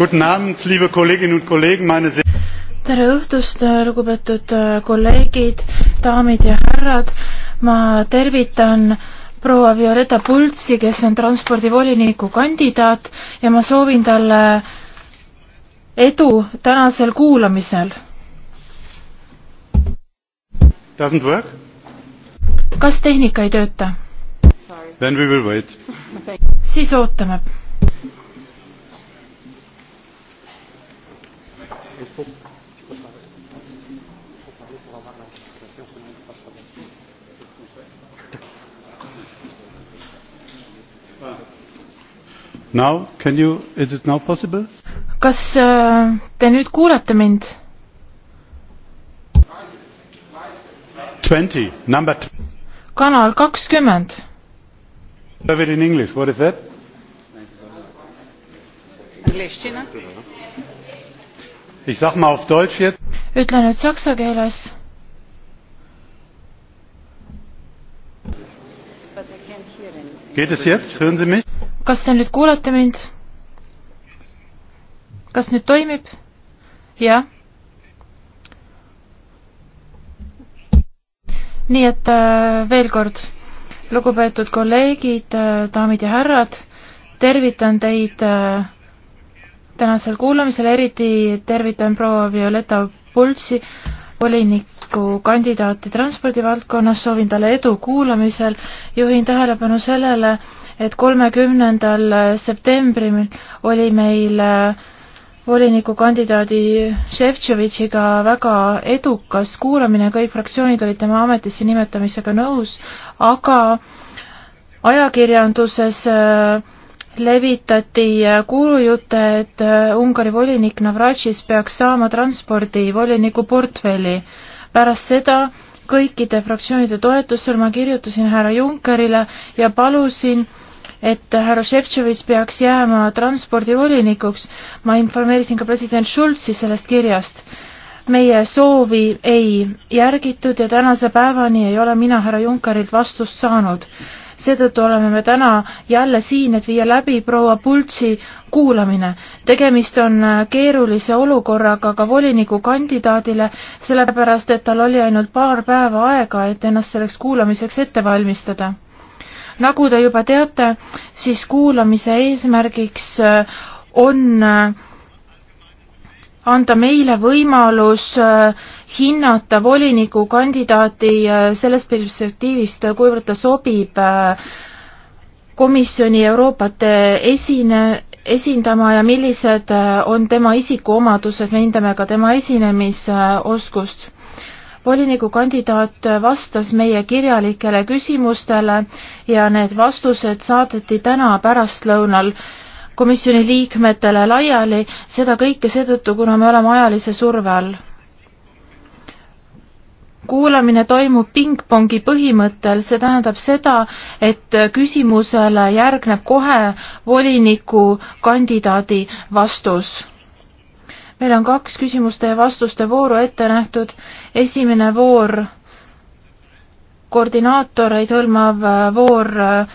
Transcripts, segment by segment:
Guten Abend, liebe Kolleginnen und Kollegen, meine sehr tere õhtust, lugupeetud äh, kolleegid, daamid ja härrad. ma tervitan proua Violeta Pultsi, kes on transpordivoliniku kandidaat ja ma soovin talle edu tänasel kuulamisel. kas tehnika ei tööta? siis ootame Il faut, il faut parler. Il faut parler pour avoir l'interprétation, sinon on ne passe pas. Qu'est-ce qu'on fait ah. Now, can you, is it now possible? kas äh, te nüüd kuulete mind? kanal kakskümmend. English, what is that? English, China ütle nüüd saksa keeles. kas te nüüd kuulete mind? kas nüüd toimib? jah. nii et äh, veel kord, lugupeetud kolleegid äh,, daamid ja härrad, tervitan teid äh, tänasel kuulamisel, eriti tervitan proua Violeta Pultsi, voliniku kandidaati transpordivaldkonnas, soovin talle edu kuulamisel, juhin tähelepanu sellele, et kolmekümnendal septembril oli meil äh, volinikukandidaadi Šefčovitšiga väga edukas kuulamine, kõik fraktsioonid olid tema ametisse nimetamisega nõus, aga ajakirjanduses äh, levitati kuulujutte, et äh, Ungari volinik Navratšis peaks saama transpordivoliniku portfelli. pärast seda kõikide fraktsioonide toetusel ma kirjutasin härra Junckerile ja palusin, et härra Šefčovitš peaks jääma transpordivolinikuks. ma informeerisin ka president Schulzi sellest kirjast. meie soovi ei järgitud ja tänase päevani ei ole mina härra Junckerilt vastust saanud seetõttu oleme me täna jälle siin, et viia läbi proua Pultsi kuulamine. tegemist on äh, keerulise olukorraga ka volinikukandidaadile, sellepärast et tal oli ainult paar päeva aega, et ennast selleks kuulamiseks ette valmistada nagu te juba teate, siis kuulamise eesmärgiks äh, on äh, anda meile võimalus äh, hinnata volinikukandidaati äh, sellest perspektiivist, äh, kuivõrd ta sobib komisjoni Euroopat esine, esindama ja millised on tema isikuomadused, me hindame ka tema esinemisoskust. volinikukandidaat vastas meie kirjalikele küsimustele ja need vastused saadeti täna pärastlõunal komisjoni liikmetele laiali, seda kõike seetõttu, kuna me oleme ajalise surve all. kuulamine toimub pingpongi põhimõttel, see tähendab seda, et küsimusele järgneb kohe volinikukandidaadi vastus meil on kaks küsimuste ja vastuste vooru ette nähtud. esimene voor, koordinaatoreid hõlmav eh, voor eh,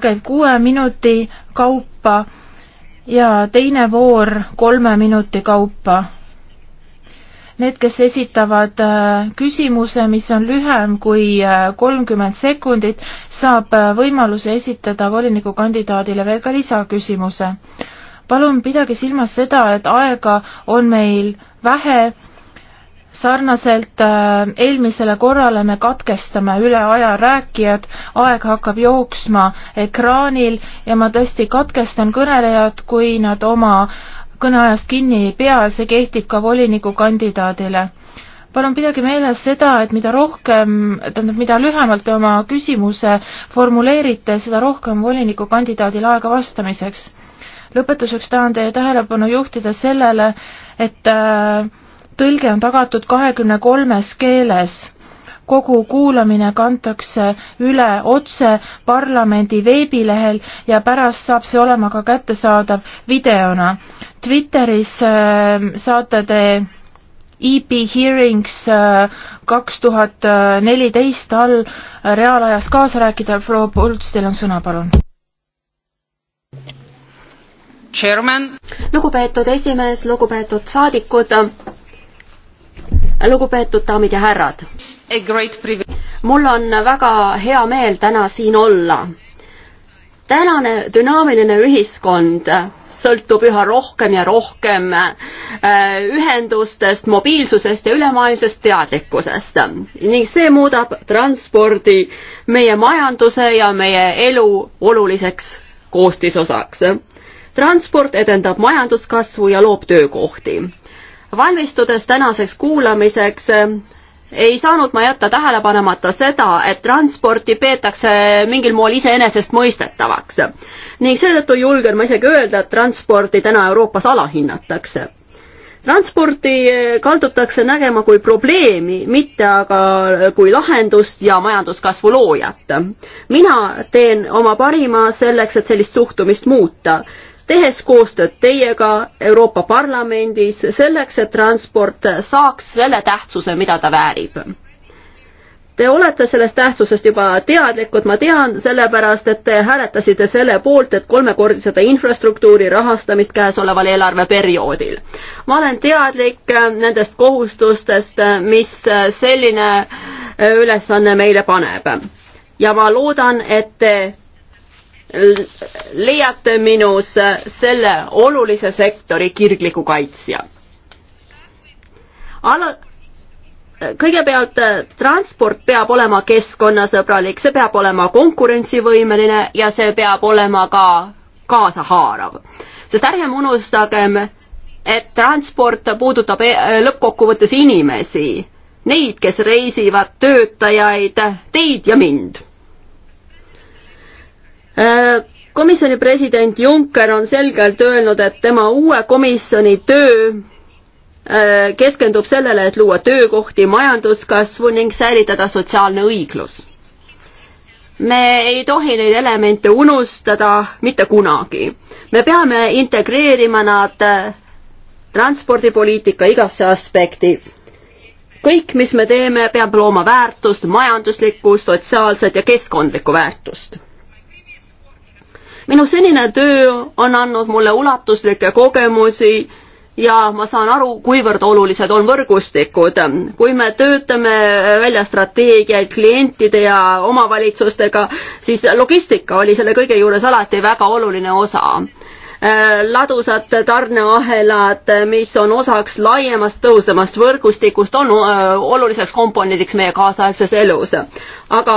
käib kuue minuti kaupa ja teine voor kolme minuti kaupa. Need, kes esitavad äh, küsimuse, mis on lühem kui äh, kolmkümmend sekundit, saab äh, võimaluse esitada volinikukandidaadile veel ka lisaküsimuse. palun pidage silmas seda, et aega on meil vähe sarnaselt äh, eelmisele korrale me katkestame üle aja rääkijad, aeg hakkab jooksma ekraanil ja ma tõesti katkestan kõnelejad, kui nad oma kõneajast kinni ei pea, see kehtib ka volinikukandidaadile. palun pidage meeles seda, et mida rohkem, tähendab, mida lühemalt te oma küsimuse formuleerite, seda rohkem volinikukandidaadil aega vastamiseks. lõpetuseks tahan teie tähelepanu juhtida sellele, et äh, tõlge on tagatud kahekümne kolmes keeles. kogu kuulamine kantakse üle otse parlamendi veebilehel ja pärast saab see olema ka kättesaadav videona. Twitteris ähm, saate te EP Hearings äh, kaks tuhat neliteist all äh, reaalajas kaasa rääkida. proua Pults, teil on sõna, palun. Chairman. lugupeetud esimees, lugupeetud saadikud lugupeetud daamid ja härrad. mul on väga hea meel täna siin olla. tänane dünaamiline ühiskond sõltub üha rohkem ja rohkem äh, ühendustest, mobiilsusest ja ülemaailmsest teadlikkusest ning see muudab transpordi meie majanduse ja meie elu oluliseks koostisosaks. transport edendab majanduskasvu ja loob töökohti valmistudes tänaseks kuulamiseks eh, ei saanud ma jätta tähele panemata seda, et transporti peetakse mingil moel iseenesestmõistetavaks. ning seetõttu julgen ma isegi öelda, et transporti täna Euroopas alahinnatakse. transporti eh, kaldutakse nägema kui probleemi, mitte aga eh, kui lahendust ja majanduskasvu loojat. mina teen oma parima selleks, et sellist suhtumist muuta tehes koostööd teiega Euroopa Parlamendis selleks, et transport saaks selle tähtsuse, mida ta väärib. Te olete sellest tähtsusest juba teadlikud, ma tean, sellepärast et te hääletasite selle poolt, et kolmekordistada infrastruktuuri rahastamist käesoleval eelarveperioodil. ma olen teadlik nendest kohustustest, mis selline ülesanne meile paneb. ja ma loodan, et te leiate minus selle olulise sektori kirgliku kaitsja. Al-, kõigepealt eh, transport peab olema keskkonnasõbralik, see peab olema konkurentsivõimeline ja see peab olema ka kaasahaarav. sest ärgem unustagem, et transport puudutab eh, lõppkokkuvõttes inimesi, neid, kes reisivad, töötajaid, teid ja mind Äh, komisjoni president Juncker on selgelt öelnud, et tema uue komisjoni töö äh, keskendub sellele, et luua töökohti, majanduskasvu ning säilitada sotsiaalne õiglus. me ei tohi neid elemente unustada mitte kunagi. me peame integreerima nad äh, transpordipoliitika igasse aspekti. kõik, mis me teeme, peab looma väärtust, majanduslikku, sotsiaalset ja keskkondlikku väärtust minu senine töö on andnud mulle ulatuslikke kogemusi ja ma saan aru, kuivõrd olulised on võrgustikud. kui me töötame välja strateegiaid klientide ja omavalitsustega, siis logistika oli selle kõige juures alati väga oluline osa ladusad tarneahelad, mis on osaks laiemast tõusemast võrgustikust, on äh, oluliseks komponendiks meie kaasaegses elus. aga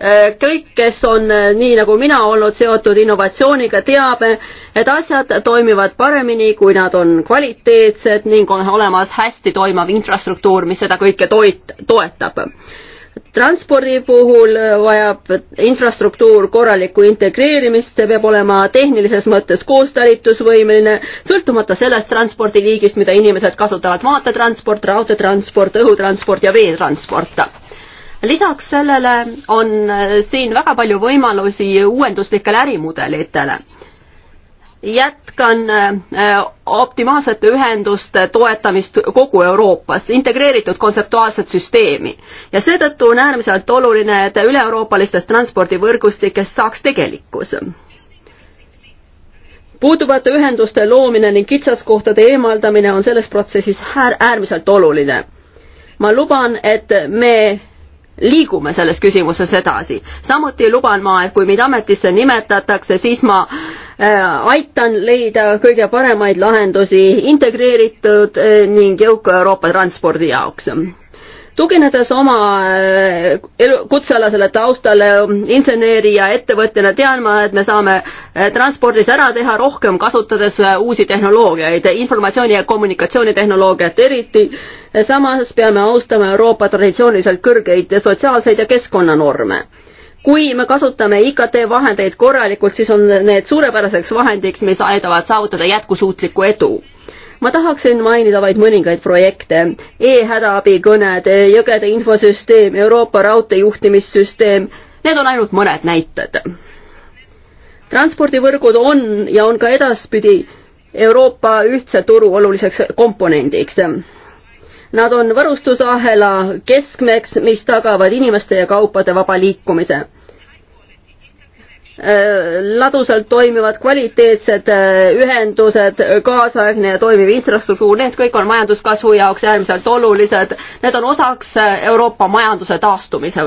Äh, kõik, kes on äh, nii nagu mina olnud seotud innovatsiooniga, teame, äh, et asjad toimivad paremini, kui nad on kvaliteetsed ning on olemas hästi toimiv infrastruktuur, mis seda kõike toit-, toetab. transpordi puhul vajab infrastruktuur korralikku integreerimist, see peab olema tehnilises mõttes koostalitusvõimeline, sõltumata sellest transpordiliigist, mida inimesed kasutavad, maanteetransport, raudteetransport, õhutransport ja veetransport lisaks sellele on äh, siin väga palju võimalusi uuenduslikele ärimudelitele jätkan äh, optimaalsete ühenduste toetamist kogu Euroopas, integreeritud kontseptuaalset süsteemi. ja seetõttu on äärmiselt oluline, et üle-euroopalistest transpordivõrgustikest saaks tegelikkus. puuduvate ühenduste loomine ning kitsaskohtade eemaldamine on selles protsessis äär, äärmiselt oluline. ma luban, et me liigume selles küsimuses edasi. samuti luban ma, et kui mind ametisse nimetatakse, siis ma äh, aitan leida kõige paremaid lahendusi integreeritud äh, ning jõuka Euroopa transpordi jaoks tuginedes oma äh, kutsealasele taustale inseneri ja ettevõtjana tean ma, et me saame äh, transpordis ära teha rohkem, kasutades äh, uusi tehnoloogiaid, informatsiooni- ja kommunikatsioonitehnoloogiat eriti. samas peame austama Euroopa traditsiooniliselt kõrgeid sotsiaalseid ja keskkonnanorme kui me kasutame IKT vahendeid korralikult, siis on need suurepäraseks vahendiks, mis aitavad saavutada jätkusuutlikku edu ma tahaksin mainida vaid mõningaid projekte e. e-hädaabikõned, jõgede infosüsteem, Euroopa raudteejuhtimissüsteem, need on ainult mõned näited. transpordivõrgud on ja on ka edaspidi Euroopa ühtse turu oluliseks komponendiks. Nad on varustusahela keskmeks, mis tagavad inimeste ja kaupade vaba liikumise Äh, ladusalt toimivad kvaliteetsed äh, ühendused, äh, kaasaegne ja toimiv infrastruktuur, need kõik on majanduskasvu jaoks äärmiselt olulised. Need on osaks Euroopa majanduse taastumise.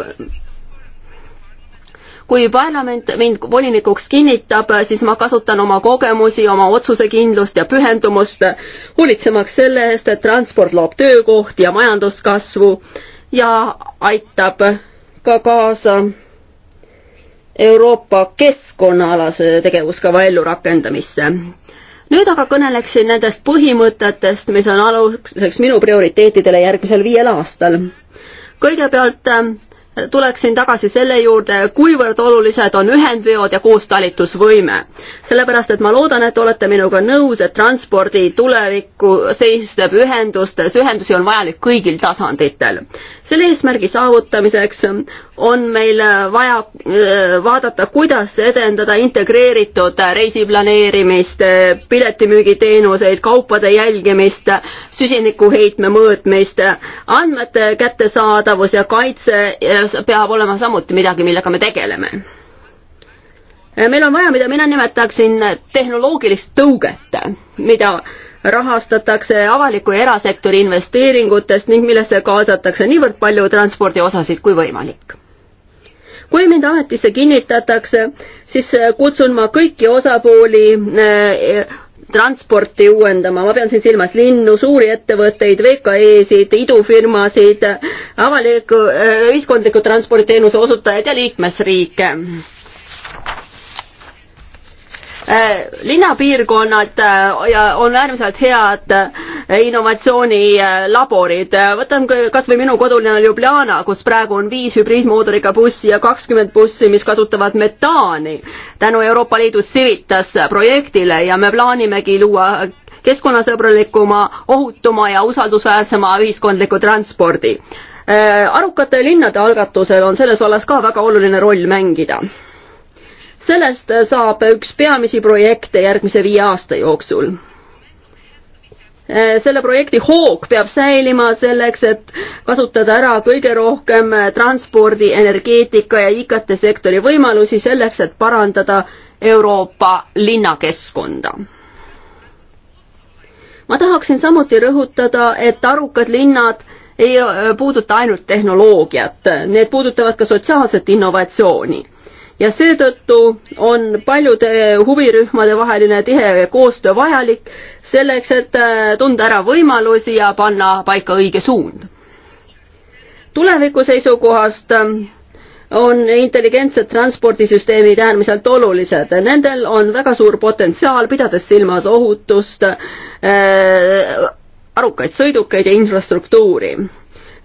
kui parlament mind volinikuks kinnitab, siis ma kasutan oma kogemusi, oma otsusekindlust ja pühendumust, hoolitsemaks selle eest, et transport loob töökohti ja majanduskasvu ja aitab ka kaasa Euroopa keskkonnaalase tegevuskava ellurakendamisse. nüüd aga kõneleksin nendest põhimõtetest, mis on aluseks minu prioriteetidele järgmisel viiel aastal. kõigepealt äh, tuleksin tagasi selle juurde, kuivõrd olulised on ühendveod ja koostalitusvõime. sellepärast, et ma loodan, et olete minuga nõus, et transpordi tulevikku seisneb ühendustes, ühendusi on vajalik kõigil tasanditel selle eesmärgi saavutamiseks on meil vaja äh, vaadata, kuidas edendada integreeritud reisiplaneerimist, piletimüügiteenuseid, kaupade jälgimist, süsinikuheitme mõõtmist, andmete kättesaadavus ja kaitse peab olema samuti midagi, millega me tegeleme äh, meil on vaja, mida mina nimetaksin tehnoloogilist tõuget, mida rahastatakse avaliku ja erasektori investeeringutest ning millesse kaasatakse niivõrd palju transpordiosasid kui võimalik. kui mind ametisse kinnitatakse, siis kutsun ma kõiki osapooli äh, transporti uuendama, ma pean siin silmas linnu, suuri ettevõtteid, VKE-sid, idufirmasid, avaliku äh,, ühiskondliku transporditeenuse osutajaid ja liikmesriike Äh, linnapiirkonnad äh, on äärmiselt head äh, innovatsioonilaborid. võtame kas või minu kodulinna Ljubljana, kus praegu on viis hübriidmooduriga bussi ja kakskümmend bussi, mis kasutavad metaani. tänu Euroopa Liidu Civitas projektile ja me plaanimegi luua keskkonnasõbralikuma, ohutuma ja usaldusväärsema ühiskondliku transpordi. arukate linnade algatusel on selles vallas ka väga oluline roll mängida sellest äh, saab üks peamisi projekte järgmise viie aasta jooksul. Äh, selle projekti hoog peab säilima selleks, et kasutada ära kõige rohkem äh, transpordi, energeetika ja IKT sektori võimalusi selleks, et parandada Euroopa linnakeskkonda ma tahaksin samuti rõhutada, et arukad linnad ei puuduta ainult tehnoloogiat, need puudutavad ka sotsiaalset innovatsiooni ja seetõttu on paljude huvirühmade vaheline tihe koostöö vajalik selleks, et äh, tunda ära võimalusi ja panna paika õige suund. tuleviku seisukohast äh, on intelligentsed transpordisüsteemid äärmiselt olulised. Nendel on väga suur potentsiaal, pidades silmas ohutust äh,, arukaid sõidukeid ja infrastruktuuri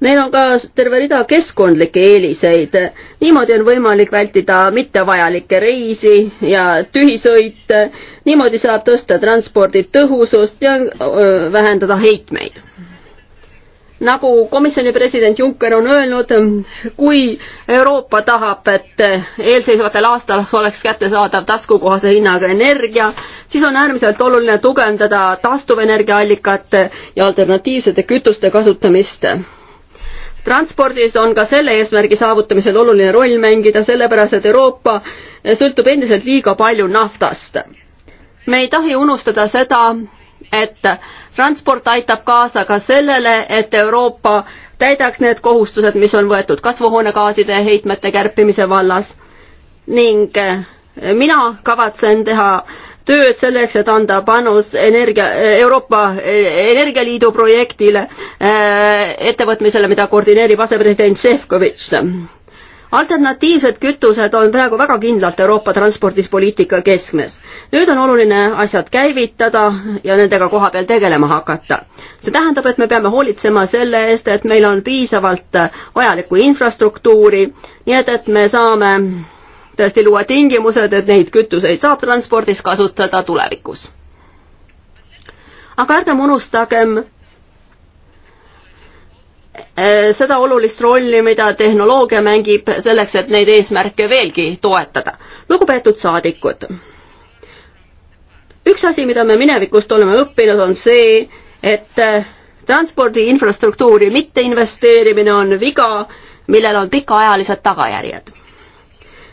Neil on ka terve rida keskkondlikke eeliseid. niimoodi on võimalik vältida mittevajalikke reisi ja tühisõite, niimoodi saab tõsta transpordi tõhusust ja öö, vähendada heitmeid. nagu komisjoni president Juncker on öelnud, kui Euroopa tahab, et eelseisvatel aastal oleks kättesaadav taskukohase hinnaga energia, siis on äärmiselt oluline tugevdada taastuvenergiaallikate ja alternatiivsete kütuste kasutamist transpordis on ka selle eesmärgi saavutamisel oluline roll mängida, sellepärast et Euroopa sõltub endiselt liiga palju naftast. me ei tohi unustada seda, et transport aitab kaasa ka sellele, et Euroopa täidaks need kohustused, mis on võetud kasvuhoonegaaside heitmete kärpimise vallas ning mina kavatsen teha tööd selleks, et anda panus energia, Euroopa Energialiidu projektile, äh, ettevõtmisele, mida koordineerib asepresident Šefkovitš. alternatiivsed kütused on praegu väga kindlalt Euroopa transpordispoliitika keskmes. nüüd on oluline asjad käivitada ja nendega koha peal tegelema hakata. see tähendab, et me peame hoolitsema selle eest, et meil on piisavalt vajalikku infrastruktuuri, nii et, et me saame tõesti luua tingimused, et neid kütuseid saab transpordis kasutada tulevikus. aga ärgem unustagem e, seda olulist rolli, mida tehnoloogia mängib selleks, et neid eesmärke veelgi toetada. lugupeetud saadikud, üks asi, mida me minevikust oleme õppinud, on see, et e, transpordi infrastruktuuri mitteinvesteerimine on viga, millel on pikaajalised tagajärjed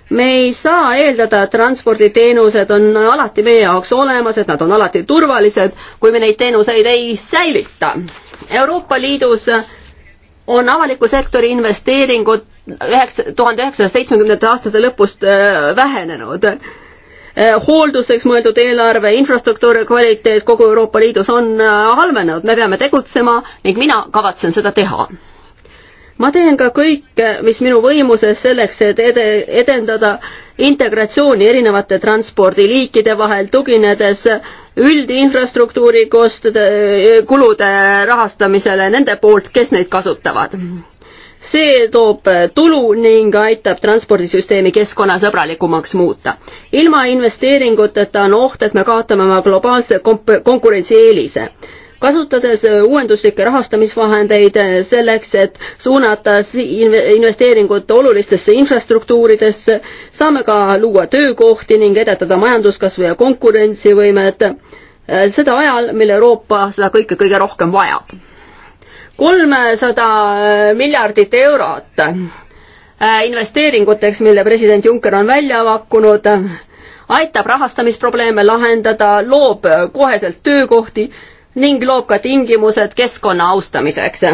me ei saa eeldada, et transporditeenused on alati meie jaoks olemas, et nad on alati turvalised, kui me neid teenuseid ei säilita. Euroopa Liidus on avaliku sektori investeeringud üheksa, tuhande üheksasaja seitsmekümnendate aastate lõpust äh, vähenenud. Äh, hoolduseks mõeldud eelarve, infrastruktuuri kvaliteet kogu Euroopa Liidus on äh, halvenenud, me peame tegutsema ning mina kavatsen seda teha ma teen ka kõike, eh, mis minu võimuses selleks, et ede-, edendada integratsiooni erinevate transpordiliikide vahel, tuginedes üldinfrastruktuuri koostööd, kulude rahastamisele nende poolt, kes neid kasutavad. see toob tulu ning aitab transpordisüsteemi keskkonnasõbralikumaks muuta. ilma investeeringuteta on oht, et me kaotame oma globaalse komp-, konkurentsieelise kasutades äh, uuenduslikke rahastamisvahendeid äh, selleks, et suunata investeeringud olulistesse infrastruktuuridesse, saame ka luua töökohti ning edetada majanduskasvu ja konkurentsivõimet, äh, seda ajal, mil Euroopa seda kõike kõige rohkem vajab. kolmsada miljardit eurot investeeringuteks, mille president Juncker on välja pakkunud, aitab rahastamisprobleeme lahendada, loob koheselt töökohti ning loob ka tingimused keskkonna austamiseks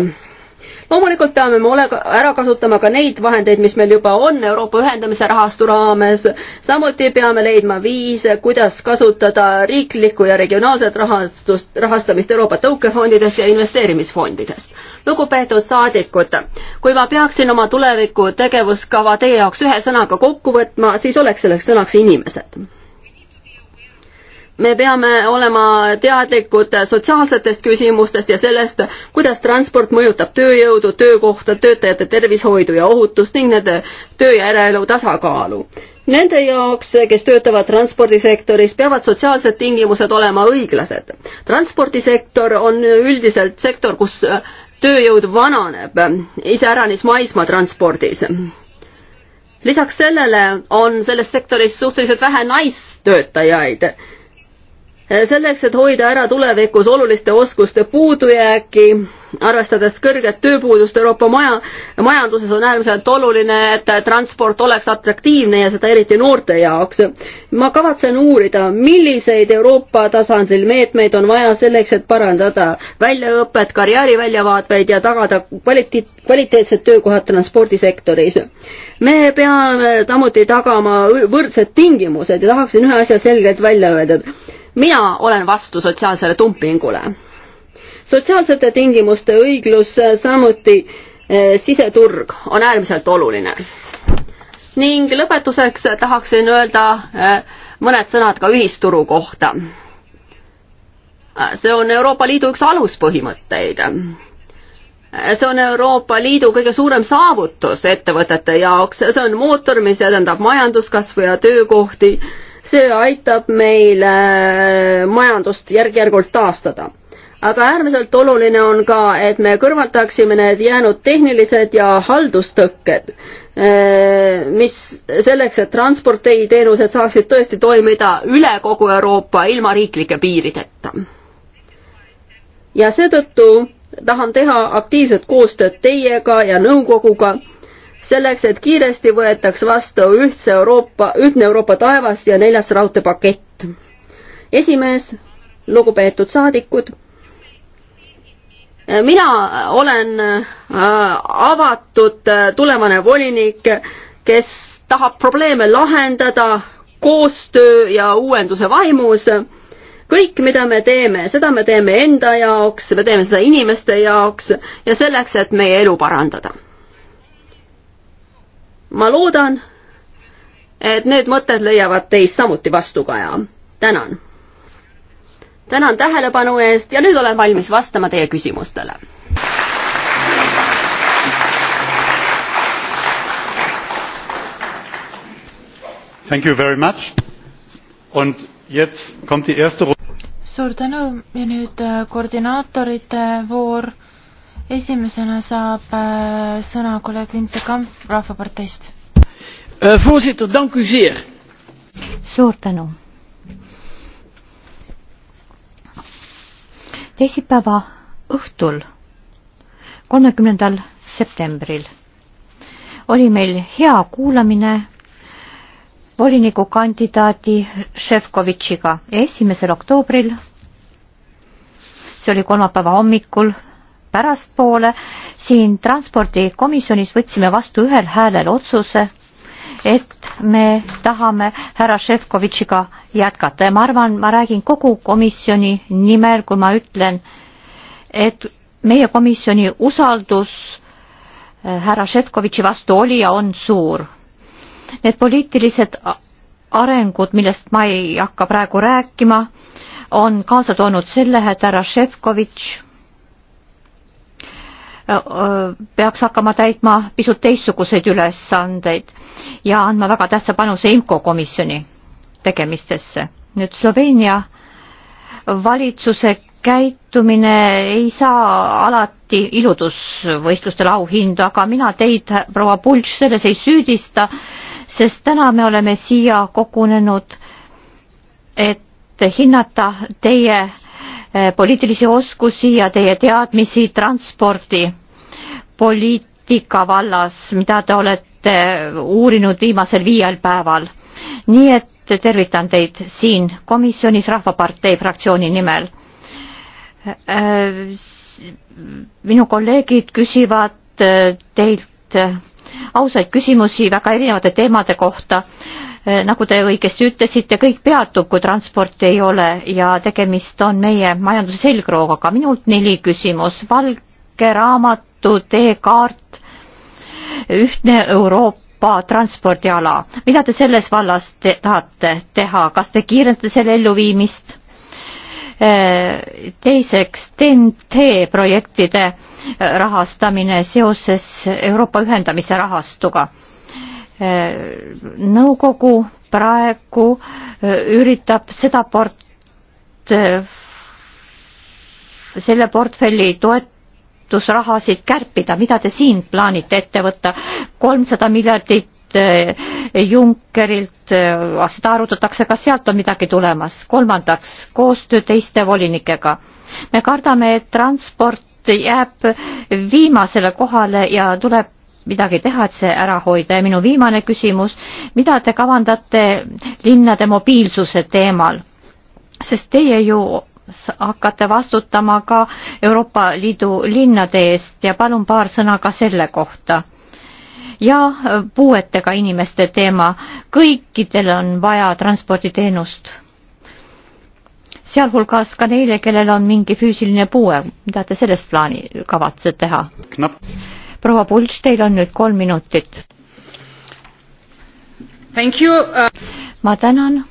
loomulikult peame me ole, ära kasutama ka neid vahendeid, mis meil juba on Euroopa ühendamise rahastu raames, samuti peame leidma viise, kuidas kasutada riiklikku ja regionaalset rahastust, rahastamist Euroopa tõukefondidest ja investeerimisfondidest. lugupeetud saadikud, kui ma peaksin oma tuleviku tegevuskava teie jaoks ühe sõnaga kokku võtma, siis oleks selleks sõnaks inimesed me peame olema teadlikud sotsiaalsetest küsimustest ja sellest, kuidas transport mõjutab tööjõudu, töökohta, töötajate tervishoidu ja ohutust ning nende töö ja eraelu tasakaalu. Nende jaoks, kes töötavad transpordisektoris, peavad sotsiaalsed tingimused olema õiglased. transpordisektor on üldiselt sektor, kus tööjõud vananeb, iseäranis maismaatranspordis lisaks sellele on selles sektoris suhteliselt vähe naistöötajaid Eh, selleks, et hoida ära tulevikus oluliste oskuste puudujääki, arvestades kõrget tööpuudust Euroopa maja, majanduses, on äärmiselt oluline, et transport oleks atraktiivne ja seda eriti noorte jaoks. ma kavatsen uurida, milliseid Euroopa tasandil meetmeid on vaja selleks, et parandada väljaõpet, karjääriväljavaateid ja tagada kvaliteet, kvaliteetsed töökohad transpordisektoris. me peame samuti tagama võrdsed tingimused ja tahaksin ühe asja selgelt välja öelda mina olen vastu sotsiaalsele dumpingule. sotsiaalsete tingimuste õiglus, äh, samuti äh, siseturg on äärmiselt oluline. ning lõpetuseks tahaksin öelda äh, mõned sõnad ka ühisturu kohta. see on Euroopa Liidu üks aluspõhimõtteid see on Euroopa Liidu kõige suurem saavutus ettevõtete jaoks, see on mootor, mis edendab majanduskasvu ja töökohti see aitab meil äh, majandust järk-järgult taastada. aga äärmiselt oluline on ka, et me kõrvaldaksime need jäänud tehnilised ja haldustõkked, äh, mis selleks, et transporditeenused saaksid tõesti toimida üle kogu Euroopa ilma riiklike piirideta. ja seetõttu tahan teha aktiivset koostööd teiega ja nõukoguga selleks, et kiiresti võetaks vastu ühtse Euroopa, ühtne Euroopa taevas ja neljas raudteepakett. esimees, lugupeetud saadikud, mina olen äh, avatud äh, tulevane volinik, kes tahab probleeme lahendada koostöö ja uuenduse vaimus kõik, mida me teeme, seda me teeme enda jaoks, me teeme seda inimeste jaoks ja selleks, et meie elu parandada ma loodan, et need mõtted leiavad teis samuti vastukaja. tänan. tänan tähelepanu eest ja nüüd olen valmis vastama teie küsimustele. Thank you very much. Und jetzt kommt die erste Suur tänu ja nüüd äh, koordinaatorite voor esimesena saab äh, sõna kolleeg Vinte Kamp Rahvaparteist. Äh, suur tänu. teisipäeva õhtul, kolmekümnendal septembril oli meil hea kuulamine volinikukandidaadi Šefkovitšiga ja esimesel oktoobril, see oli kolmapäeva hommikul, pärastpoole siin transpordikomisjonis võtsime vastu ühel häälel otsuse, et me tahame härra Šefkovitšiga jätkata ja ma arvan, ma räägin kogu komisjoni nimel, kui ma ütlen, et meie komisjoni usaldus äh, härra Šefkovitši vastu oli ja on suur. Need poliitilised arengud, millest ma ei hakka praegu rääkima, on kaasa toonud selle, et härra Šefkovitš peaks hakkama täitma pisut teistsuguseid ülesandeid ja andma väga tähtsa panuse IMCO komisjoni tegemistesse. nüüd Sloveenia valitsuse käitumine ei saa alati iludusvõistlustel auhindu, aga mina teid, proua Pulš, selles ei süüdista, sest täna me oleme siia kogunenud, et hinnata teie eh, poliitilisi oskusi ja teie teadmisi transpordi poliitika vallas, mida te olete uurinud viimasel viiel päeval. nii et tervitan teid siin komisjonis Rahvapartei fraktsiooni nimel. minu kolleegid küsivad teilt ausaid küsimusi väga erinevate teemade kohta nagu te õigesti ütlesite, kõik peatub, kui transporti ei ole ja tegemist on meie majanduse selgrooga. minult neli küsimus. Val-, valge raamatu teekaart, ühtne Euroopa transpordiala. mida te selles vallas te tahate teha, kas te kiirendate selle elluviimist? Äh, teiseks TNT projektide äh, rahastamine seoses Euroopa ühendamise rahastuga. Äh, nõukogu praegu üritab seda port-, selle portfelli toet-, ennetusrahasid kärpida, mida te siin plaanite ette võtta? kolmsada miljardit eh, Junckerilt, eh, seda arutatakse, kas sealt on midagi tulemas. kolmandaks, koostöö teiste volinikega. me kardame, et transport jääb viimasele kohale ja tuleb midagi teha, et see ära hoida ja minu viimane küsimus, mida te kavandate linnade mobiilsuse teemal? sest teie ju hakkate vastutama ka Euroopa Liidu linnade eest ja palun paar sõna ka selle kohta. ja puuetega inimeste teema, kõikidel on vaja transporditeenust, sealhulgas ka neile, kellel on mingi füüsiline puue, mida te sellest plaani kavatsete teha? proua Pultš, teil on nüüd kolm minutit. Uh ma tänan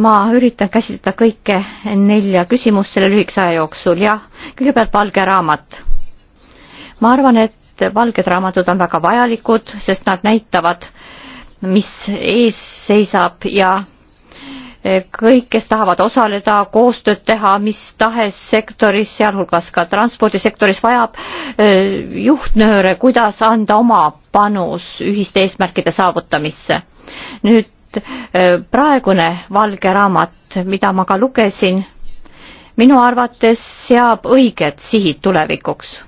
ma üritan käsitleda kõike nelja küsimust selle lühikese aja jooksul ja kõigepealt valge raamat. ma arvan, et valged raamatud on väga vajalikud, sest nad näitavad, mis ees seisab ja kõik, kes tahavad osaleda, koostööd teha mis tahes sektoris, sealhulgas ka transpordisektoris, vajab juhtnööre, kuidas anda oma panus ühiste eesmärkide saavutamisse. nüüd et äh, praegune valge raamat, mida ma ka lugesin, minu arvates seab õiged sihid tulevikuks.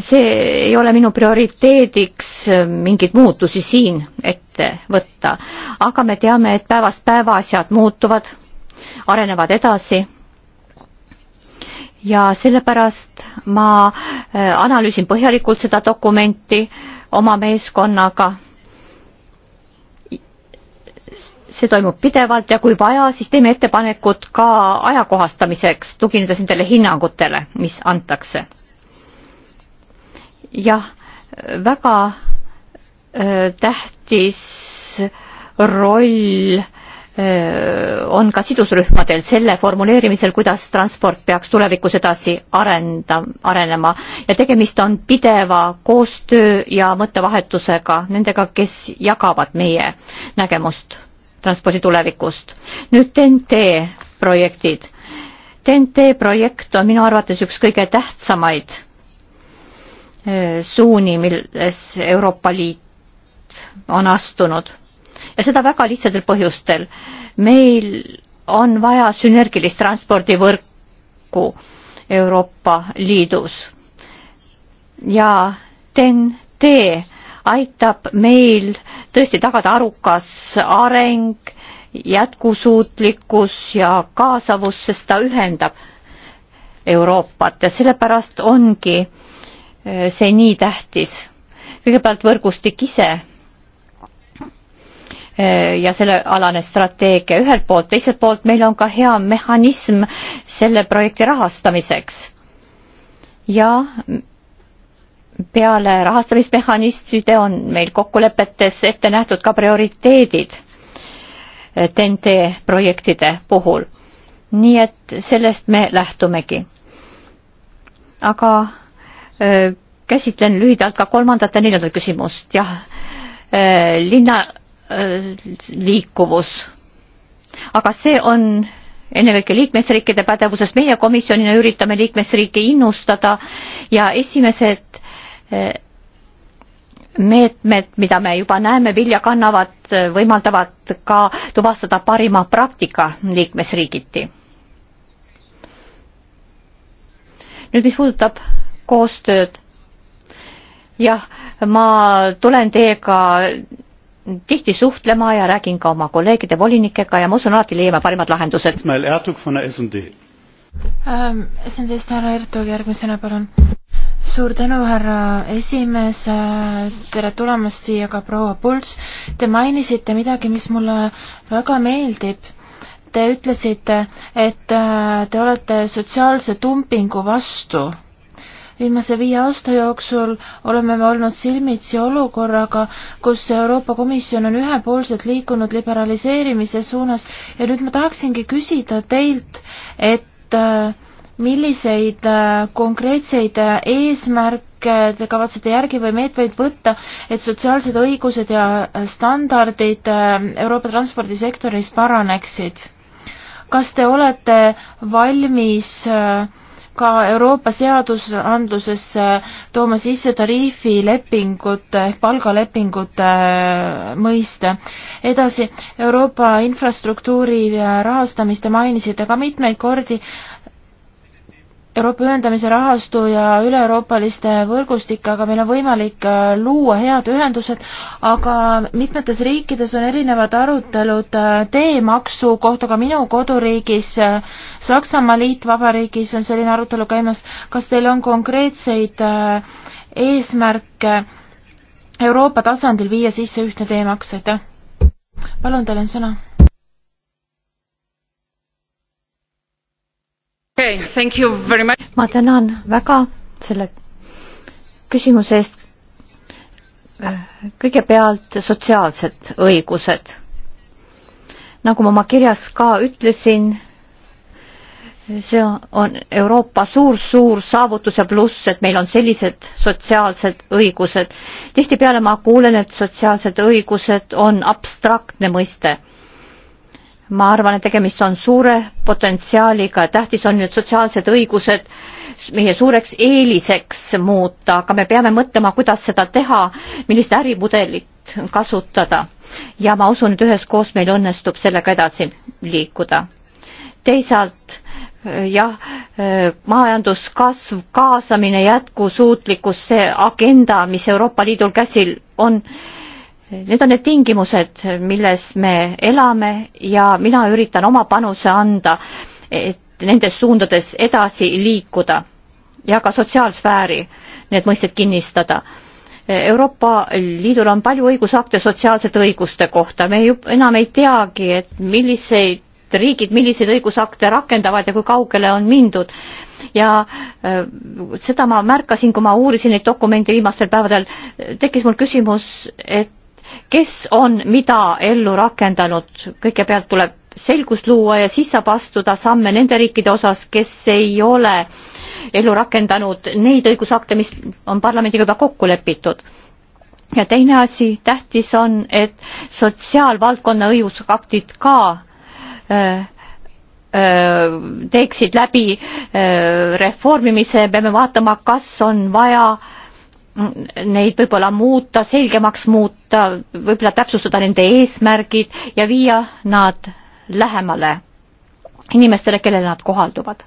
see ei ole minu prioriteediks äh, mingeid muutusi siin ette võtta, aga me teame, et päevast päeva asjad muutuvad, arenevad edasi ja sellepärast ma äh, analüüsin põhjalikult seda dokumenti oma meeskonnaga see toimub pidevalt ja kui vaja, siis teeme ettepanekud ka ajakohastamiseks, tuginedes nendele hinnangutele, mis antakse. jah, väga öö, äh, tähtis roll öö, äh, on ka sidusrühmadel selle formuleerimisel, kuidas transport peaks tulevikus edasi arenda, arenema ja tegemist on pideva koostöö ja mõttevahetusega nendega, kes jagavad meie nägemust transpordi tulevikust. nüüd TNT projektid. TNT projekt on minu arvates üks kõige tähtsamaid eh, suuni, milles Euroopa Liit on astunud ja seda väga lihtsatel põhjustel. meil on vaja sünergilist transpordivõrku Euroopa Liidus ja TEN-T aitab meil tõesti tagada arukas areng, jätkusuutlikkus ja kaasavus, sest ta ühendab Euroopat ja sellepärast ongi äh, see nii tähtis. kõigepealt võrgustik ise äh, ja sellealane strateegia ühelt poolt, teiselt poolt meil on ka hea mehhanism selle projekti rahastamiseks. ja peale rahastamismehhanistide on meil kokkulepetes ette nähtud ka prioriteedid TNT eh, projektide puhul. nii et sellest me lähtumegi. aga öö, eh, käsitlen lühidalt ka kolmandat ja neljandat küsimust, jah. Eh, linna öö, liikuvus. aga see on ennekõike liikmesriikide pädevuses, meie komisjonina üritame liikmesriike innustada ja esimesed meetmed, mida me juba näeme, vilja kannavad, võimaldavad ka tuvastada parima praktika liikmesriigiti. nüüd, mis puudutab koostööd. jah, ma tulen teiega tihti suhtlema ja räägin ka oma kolleegide volinikega ja ma usun, alati leiame parimad lahendused. Ismail Ertug von der ähm, SMD. SMD-st härra Ertug järgmisena, palun suur tänu, härra esimees, tere tulemast siia ka proua Puls. Te mainisite midagi, mis mulle väga meeldib. Te ütlesite, et äh, te olete sotsiaalse dumpingu vastu. viimase viie aasta jooksul oleme me olnud silmitsi olukorraga, kus Euroopa Komisjon on ühepoolselt liikunud liberaliseerimise suunas ja nüüd ma tahaksingi küsida teilt, et äh, milliseid äh, konkreetseid äh, eesmärke te kavatsete järgi või meetmeid võtta, et sotsiaalsed õigused ja äh, standardid Euroopa transpordisektoris paraneksid? kas te olete valmis ka Euroopa seadusandlusesse tooma sisse tariifilepingute ehk palgalepingute mõiste. edasi, Euroopa infrastruktuuri rahastamist te mainisite ka mitmeid kordi, Euroopa ühendamise rahastu ja üle-euroopaliste võrgustikega meil on võimalik äh, luua head ühendused, aga mitmetes riikides on erinevad arutelud äh, teemaksu kohta, ka minu koduriigis, äh, Saksamaa liitvabariigis on selline arutelu käimas. kas teil on konkreetseid eesmärke Euroopa tasandil viia sisse ühtne teemaks, aitäh? palun, teil on sõna okay,. ma tänan väga selle küsimuse eest. kõigepealt sotsiaalsed õigused. nagu ma oma kirjas ka ütlesin, see on Euroopa suur-suur saavutuse pluss, et meil on sellised sotsiaalsed õigused. tihtipeale ma kuulen, et sotsiaalsed õigused on abstraktne mõiste ma arvan, et tegemist on suure potentsiaaliga, tähtis on nüüd sotsiaalsed õigused meie suureks eeliseks muuta, aga me peame mõtlema, kuidas seda teha, millist ärimudelit kasutada ja ma usun, et üheskoos meil õnnestub sellega edasi liikuda. teisalt jah, majanduskasv, kaasamine, jätkusuutlikkus, see agenda, mis Euroopa Liidul käsil on Need on need tingimused, milles me elame ja mina üritan oma panuse anda, et nendes suundades edasi liikuda ja ka sotsiaalsfääri need mõisted kinnistada. Euroopa Liidul on palju õigusakte sotsiaalsete õiguste kohta, me ju enam ei teagi, et milliseid riigid milliseid õigusakte rakendavad ja kui kaugele on mindud. ja äh, seda ma märkasin, kui ma uurisin neid dokumente viimastel päevadel, tekkis mul küsimus, et kes on mida ellu rakendanud, kõigepealt tuleb selgust luua ja siis saab astuda samme nende riikide osas, kes ei ole ellu rakendanud neid õigusakte, mis on parlamendiga juba kokku lepitud. ja teine asi, tähtis on, et sotsiaalvaldkonna õigusaktid ka öö, äh, öö, äh, teeksid läbi öö, äh, reformimise, peame vaatama, kas on vaja öö, neid võib-olla muuta, selgemaks muuta, võib-olla täpsustada nende eesmärgid ja viia nad lähemale inimestele, kellele nad kohalduvad.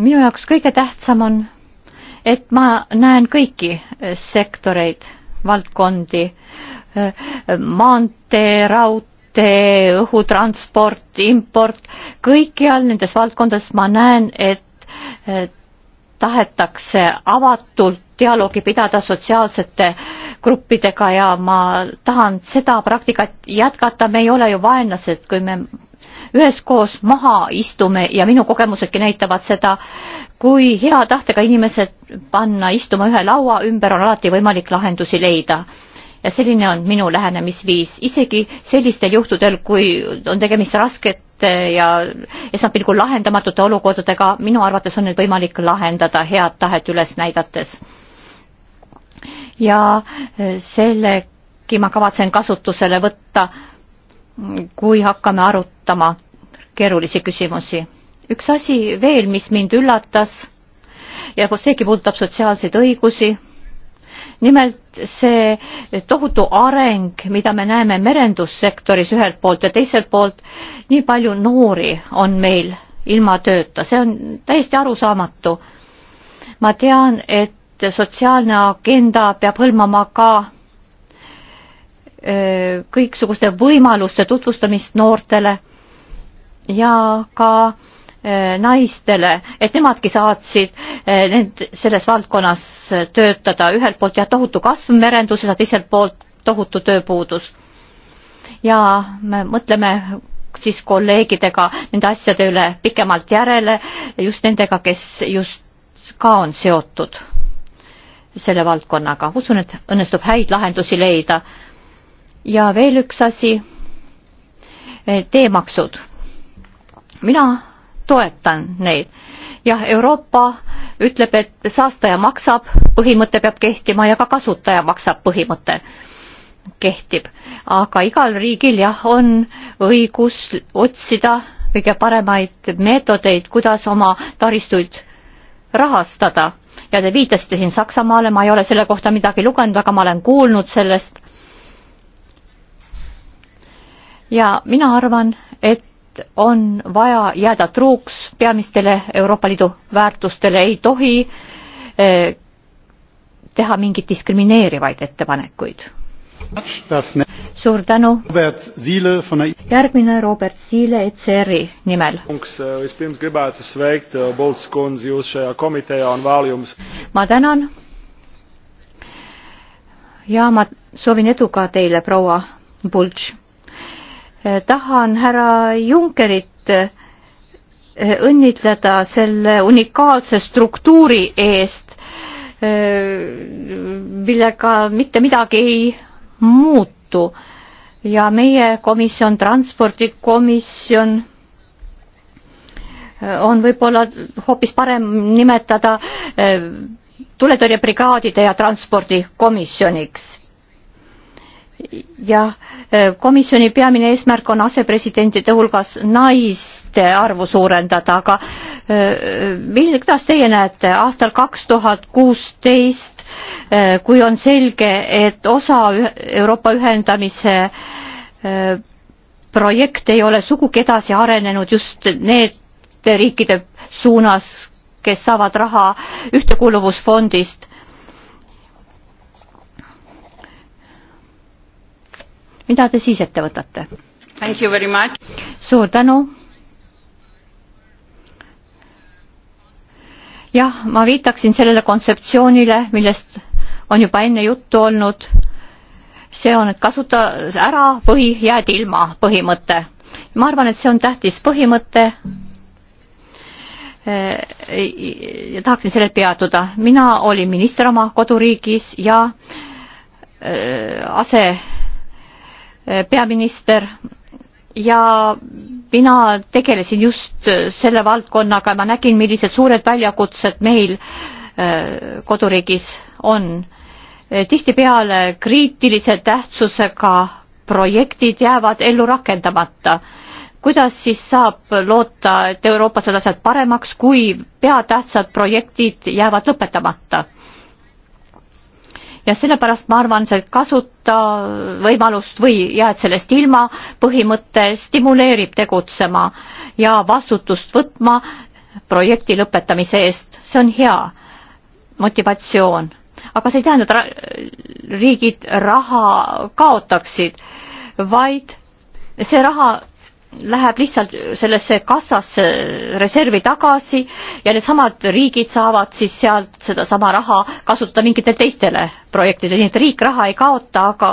minu jaoks kõige tähtsam on, et ma näen kõiki sektoreid, valdkondi, maantee, raudtee, õhutransport, import, kõikjal nendes valdkondades ma näen, et tahetakse avatult dialoogi pidada sotsiaalsete gruppidega ja ma tahan seda praktikat jätkata, me ei ole ju vaenlased, kui me üheskoos maha istume ja minu kogemusedki näitavad seda, kui hea tahtega inimesed panna istuma ühe laua ümber, on alati võimalik lahendusi leida ja selline on minu lähenemisviis, isegi sellistel juhtudel, kui on tegemist raskete ja esmapilgul lahendamatute olukordadega, minu arvates on need võimalik lahendada head tahet üles näidates. ja sellegi ma kavatsen kasutusele võtta, kui hakkame arutama keerulisi küsimusi. üks asi veel, mis mind üllatas ja seegi puudutab sotsiaalseid õigusi nimelt see tohutu areng, mida me näeme merendussektoris ühelt poolt ja teiselt poolt, nii palju noori on meil ilma tööta, see on täiesti arusaamatu. ma tean, et sotsiaalne agenda peab hõlmama ka kõiksuguste võimaluste tutvustamist noortele ja ka Eh, naistele, et nemadki saatsid eh, need selles valdkonnas töötada, ühelt poolt jah, tohutu kasv merenduses, aga teiselt poolt tohutu tööpuudus. ja me mõtleme siis kolleegidega nende asjade üle pikemalt järele, just nendega, kes just ka on seotud selle valdkonnaga. usun, et õnnestub häid lahendusi leida. ja veel üks asi, eh, teemaksud. mina toetan neid. jah, Euroopa ütleb, et saastaja maksab, põhimõte peab kehtima ja ka kasutaja maksab põhimõte kehtib, aga igal riigil jah, on õigus otsida kõige paremaid meetodeid, kuidas oma taristuid rahastada ja te viitasite siin Saksamaale, ma ei ole selle kohta midagi lugenud, aga ma olen kuulnud sellest. ja mina arvan, et on vaja jääda truuks peamistele Euroopa Liidu väärtustele, ei tohi eh, teha mingeid diskrimineerivaid ettepanekuid. suur tänu. järgmine Robert Siile ECR-i nimel. Eh, eh, ma tänan. ja ma soovin edu ka teile, proua Bultš tahan härra Junckerit eh, õnnitleda selle unikaalse struktuuri eest, eh, millega mitte midagi ei muutu ja meie komisjon, transpordikomisjon eh, on võib-olla hoopis parem nimetada tuletõrjebrigaadide ja transpordikomisjoniks jah, eh, komisjoni peamine eesmärk on asepresidentide hulgas naiste arvu suurendada, aga eh, mil-, kuidas teie näete, aastal kaks tuhat kuusteist, eh, kui on selge, et osa Euroopa ühendamise projekt ei ole sugugi edasi arenenud just need riikide suunas, kes saavad raha ühtekuuluvusfondist mida te siis ette võtate? suur tänu. jah, ma viitaksin sellele kontseptsioonile, millest on juba enne juttu olnud. see on, et kasuta ära või jääd ilma põhimõte. ma arvan, et see on tähtis põhimõte äh, ja tahaksin sellel peatuda. mina olin minister oma koduriigis ja äh, ase Eh, peaminister ja mina tegelesin just eh, selle valdkonnaga, ma nägin, millised suured väljakutsed meil eh, koduriigis on. tihtipeale kriitilise tähtsusega projektid jäävad ellu rakendamata. kuidas siis saab loota, et Euroopas need asjad paremaks, kui peatähtsad projektid jäävad lõpetamata? ja sellepärast ma arvan, see kasuta võimalust või jääd sellest ilma põhimõte stimuleerib tegutsema ja vastutust võtma projekti lõpetamise eest, see on hea motivatsioon. aga see ei tähenda, et ra riigid raha kaotaksid, vaid see raha läheb lihtsalt sellesse kassasse reservi tagasi ja needsamad riigid saavad siis sealt sedasama raha kasutada mingitele teistele projektidele, nii et riik raha ei kaota, aga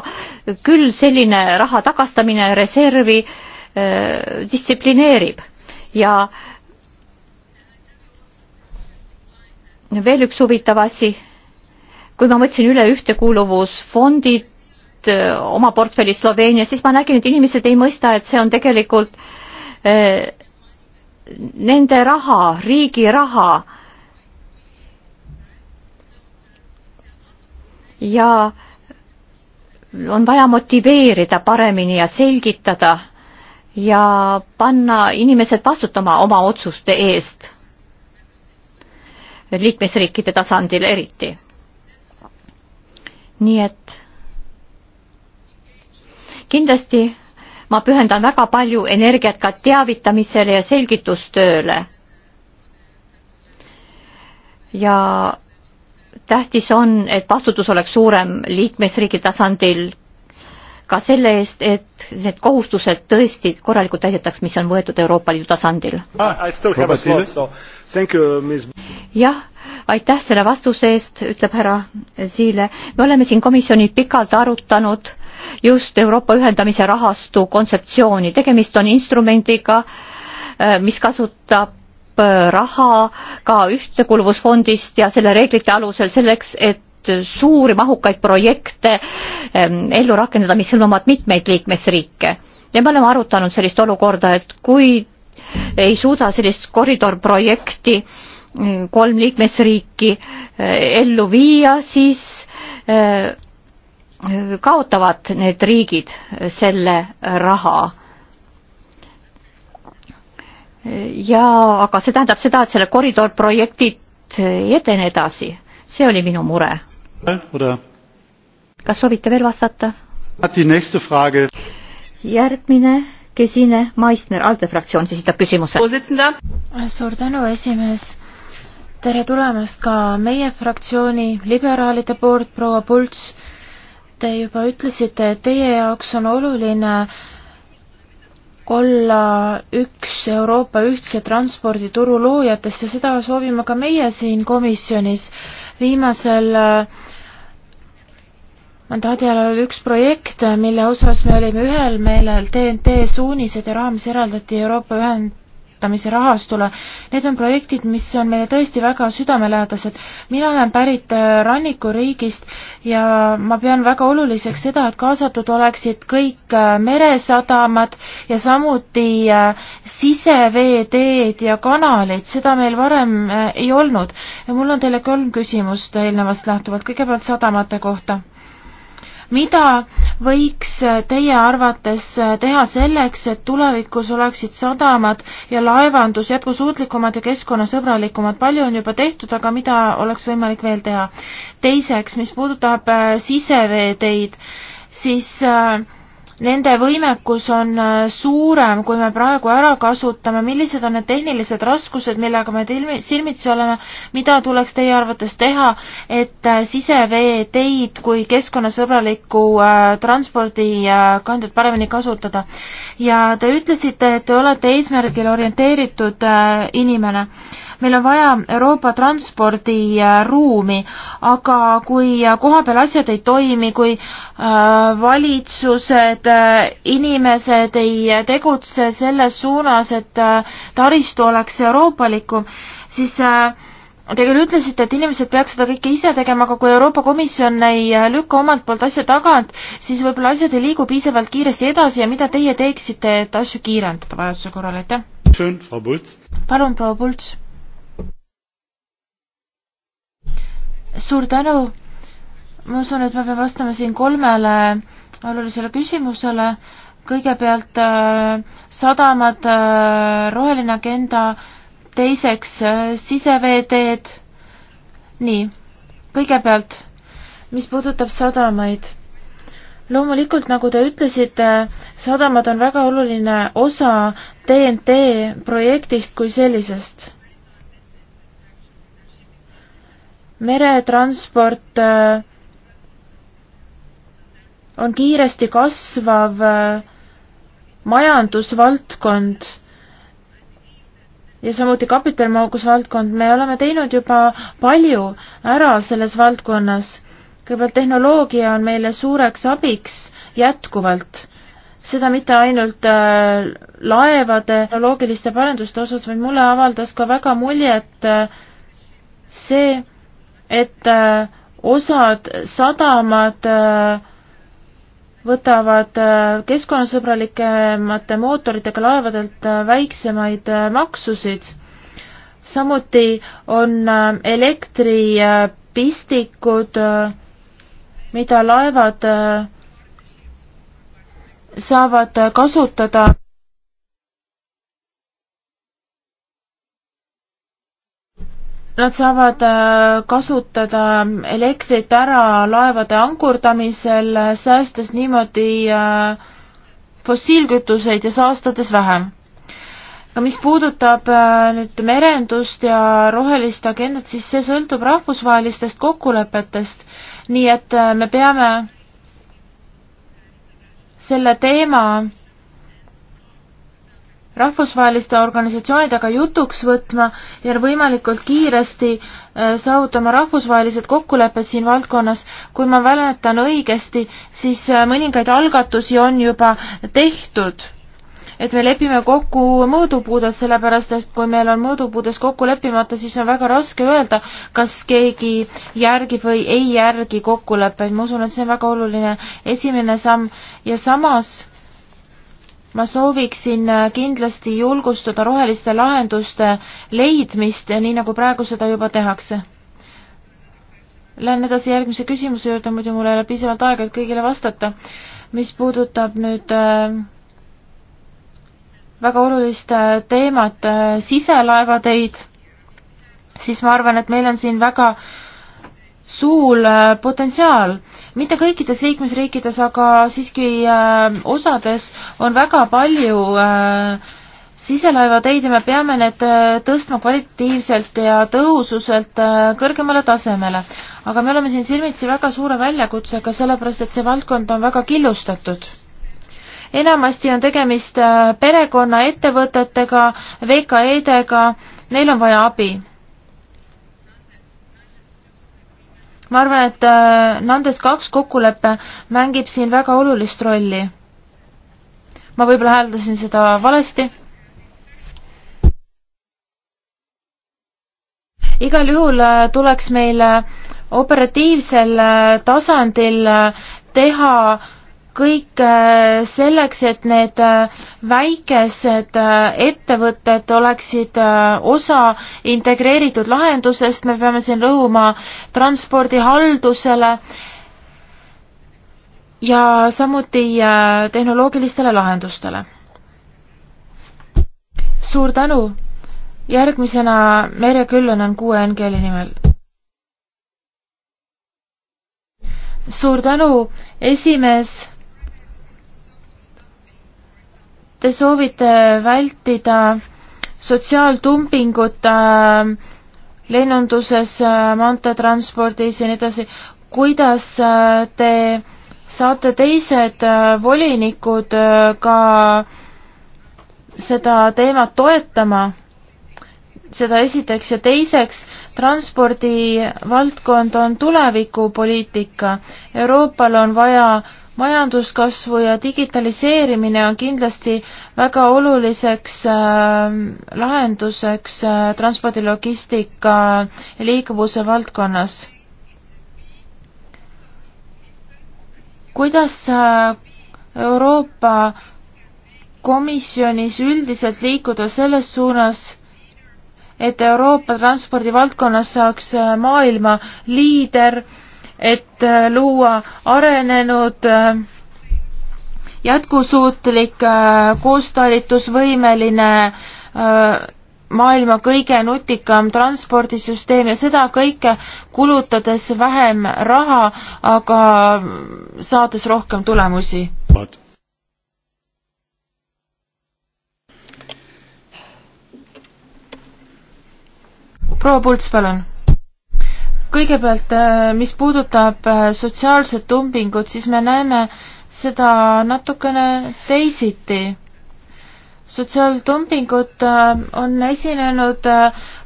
küll selline raha tagastamine reservi äh, distsiplineerib ja veel üks huvitav asi, kui ma mõtlesin üle ühtekuuluvusfondid, Äh, oma portfelli Sloveenias, siis ma nägin, et inimesed ei mõista, et see on tegelikult eh, nende raha, riigi raha. ja on vaja motiveerida paremini ja selgitada ja panna inimesed vastutama oma otsuste eest liikmesriikide tasandil eriti. nii et kindlasti ma pühendan väga palju energiat ka teavitamisele ja selgitustööle. ja tähtis on, et vastutus oleks suurem liikmesriigi tasandil ka selle eest, et need kohustused tõesti korralikult täidetaks, mis on võetud Euroopa Liidu tasandil. Ah, jah, aitäh selle vastuse eest, ütleb härra Ziile. me oleme siin komisjoni pikalt arutanud äh, just Euroopa ühendamise rahastu kontseptsiooni. tegemist on instrumendiga, äh, mis kasutab äh, raha ka ühtekuluvusfondist ja selle reeglite alusel selleks, et suuri mahukaid projekte ähm, ellu rakendada, mis hõlmavad mitmeid liikmesriike. ja me oleme arutanud sellist olukorda, et kui ei suuda sellist koridorprojekti mm, kolm liikmesriiki äh, ellu viia, siis kaotavad need riigid selle raha. ja aga see tähendab seda, et selle koridor projektid ei edene edasi, see oli minu mure. kas soovite veel vastata? järgmine Gesine Meissner, ALDE fraktsioonist esitab küsimuse. suur tänu, esimees. tere tulemast ka meie fraktsiooni liberaalide poolt, proua Pults Te juba ütlesite, et teie jaoks on oluline olla üks Euroopa ühtse transpordituru loojatest ja seda soovime ka meie siin komisjonis. viimasel äh, mandaadi ajal oli üks projekt, mille osas me olime ühel meelel, TNT suunised ja raames eraldati Euroopa ühend-, toetamise rahastule. Need on projektid, mis on meile tõesti väga südamelähedased. mina olen pärit äh, rannikuriigist ja ma pean väga oluliseks seda, et kaasatud oleksid kõik äh, meresadamad ja samuti äh, siseveeteed ja kanalid, seda meil varem ei olnud. ja mul on teile kolm küsimust eelnevast lähtuvalt, kõigepealt sadamate kohta mida võiks teie arvates teha selleks, et tulevikus oleksid sadamad ja laevandus jätkusuutlikumad ja keskkonnasõbralikumad? palju on juba tehtud, aga mida oleks võimalik veel teha? teiseks, mis puudutab äh, siseveeteid, siis äh, nende võimekus on äh, suurem, kui me praegu ära kasutame, millised on need tehnilised raskused, millega me silmitsi oleme, mida tuleks teie arvates teha, et äh, siseveeteid kui keskkonnasõbralikku äh, transpordikandjat paremini kasutada? ja te ütlesite, et te olete eesmärgil orienteeritud inimene meil on vaja Euroopa transpordiruumi, aga kui kohapeal asjad ei toimi, kui äh, valitsused, äh, inimesed ei tegutse selles suunas, et äh, taristu oleks euroopalikum, siis Te küll ütlesite, et inimesed peaks seda kõike ise tegema, aga kui Euroopa Komisjon ei lükka omalt poolt asja tagant, siis võib-olla asjad ei liigu piisavalt kiiresti edasi ja mida teie teeksite, et asju kiirendada vajaduse korral, aitäh? palun, proua Pults suur tänu. ma usun, et ma pean vastama siin kolmele olulisele küsimusele. kõigepealt äh, sadamad, äh, roheline agenda, teiseks äh, siseveeteed. nii, kõigepealt, mis puudutab sadamaid loomulikult, nagu te ütlesite, sadamad on väga oluline osa TNT projektist kui sellisest. meretransport äh, on kiiresti kasvav äh, majandusvaldkond ja samuti kapitalimahukasvaldkond, me oleme teinud juba palju ära selles valdkonnas. kõigepealt tehnoloogia on meile suureks abiks jätkuvalt. seda mitte ainult äh, laevade tehnoloogiliste paranduste osas, vaid mulle avaldas ka väga muljet äh, see, et äh, osad sadamad äh, võtavad äh, keskkonnasõbralikemate mootoritega laevadelt väiksemaid maksusid. samuti on elektripistikud, mida laevad saavad kasutada Nad saavad äh, kasutada elektrit ära laevade ankurdamisel, säästes niimoodi äh, fossiilkütuseid ja saastades vähem. aga mis puudutab äh, nüüd merendust ja rohelist agendat, siis see sõltub rahvusvahelistest kokkulepetest, nii et me peame selle teema rahvusvaheliste organisatsioonidega jutuks võtma ja võimalikult kiiresti äh, saavutama rahvusvahelised kokkulepped siin valdkonnas. kui ma mäletan õigesti, siis äh, mõningaid algatusi on juba tehtud et me lepime kokku mõõdupuudes, sellepärast et kui meil on mõõdupuudes kokku leppimata, siis on väga raske öelda, kas keegi järgib või ei järgi kokkuleppeid. ma usun, et see on väga oluline esimene samm ja samas ma sooviksin äh, kindlasti julgustada roheliste lahenduste leidmist, äh, nii nagu praegu seda juba tehakse. Lähen edasi järgmise küsimuse juurde, muidu mul ei ole piisavalt aega, et kõigile vastata. mis puudutab nüüd äh, väga olulist äh, teemat, siselaevateid, siis ma arvan, et meil on siin väga äh, suur äh, potentsiaal, mitte kõikides liikmesriikides, aga siiski äh, osades on väga palju äh, siselaevateid ja me peame need äh, tõstma kvalitatiivselt ja tõhususelt äh, kõrgemale tasemele. aga me oleme siin silmitsi väga suure väljakutsega, sellepärast et see valdkond on väga killustatud. enamasti on tegemist perekonnaettevõtetega, VKE-dega, neil on vaja abi ma arvan, et äh, Nandes kaks kokkulepe mängib siin väga olulist rolli. ma võib-olla hääldasin seda valesti. igal juhul äh, tuleks meil äh, operatiivsel tasandil teha kõik äh, selleks, et need äh, väikesed äh, ettevõtted oleksid osa integreeritud lahendusest, me peame siin rõhuma transpordihaldusele ja samuti tehnoloogilistele lahendustele. suur tänu, järgmisena Merje Küllönen kuue NGL-i nimel. suur tänu, esimees te soovite vältida sotsiaaltumpingut äh, lennunduses äh,, maanteetranspordis ja nii edasi, kuidas äh, te saate teised äh, volinikud äh, ka seda teemat toetama? seda esiteks ja teiseks, transpordivaldkond on tulevikupoliitika. Euroopal on vaja äh, majanduskasvu ja digitaliseerimine on kindlasti väga oluliseks ähm, lahenduseks äh, transpordilogistika ja liikuvuse valdkonnas. kuidas äh, Euroopa Komisjonis üldiselt liikuda selles suunas, et Euroopa transpordivaldkonnas saaks äh, maailma liider äh, et äh, luua arenenud äh, jätkusuutlik äh, koostalitusvõimeline maailma kõige nutikam transpordisüsteem ja seda kõike kulutades vähem raha, aga saades rohkem tulemusi. proua Pults, palun kõigepealt, äh, mis puudutab äh, sotsiaalset dumpingut, siis me näeme seda natukene teisiti. sotsiaaldumpingut äh, on esinenud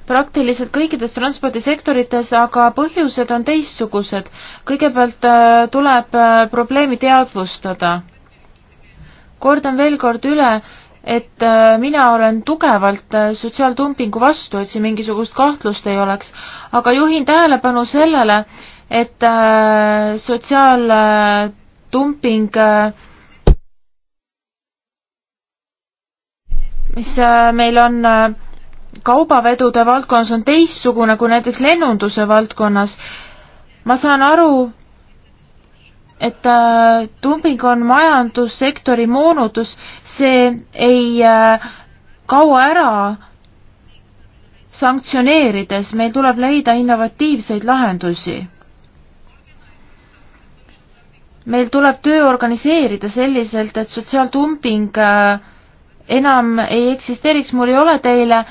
praktiliselt kõikides transpordisektorites, aga põhjused on teistsugused. kõigepealt tuleb probleemi teadvustada. kordan veel kord üle, et äh, mina olen tugevalt äh, sotsiaaltumpingu vastu, et siin mingisugust kahtlust ei oleks, aga juhin tähelepanu sellele, et äh, sotsiaaltumping, mis meil on kaubavedude valdkonnas, on teistsugune kui näiteks lennunduse valdkonnas. ma saan aru et äh, dumping on majandussektori moonutus, see ei äh, kao ära sanktsioneerides, meil tuleb leida innovatiivseid lahendusi. meil tuleb töö organiseerida selliselt, et sotsiaaltumping äh, enam ei eksisteeriks, mul ei ole teile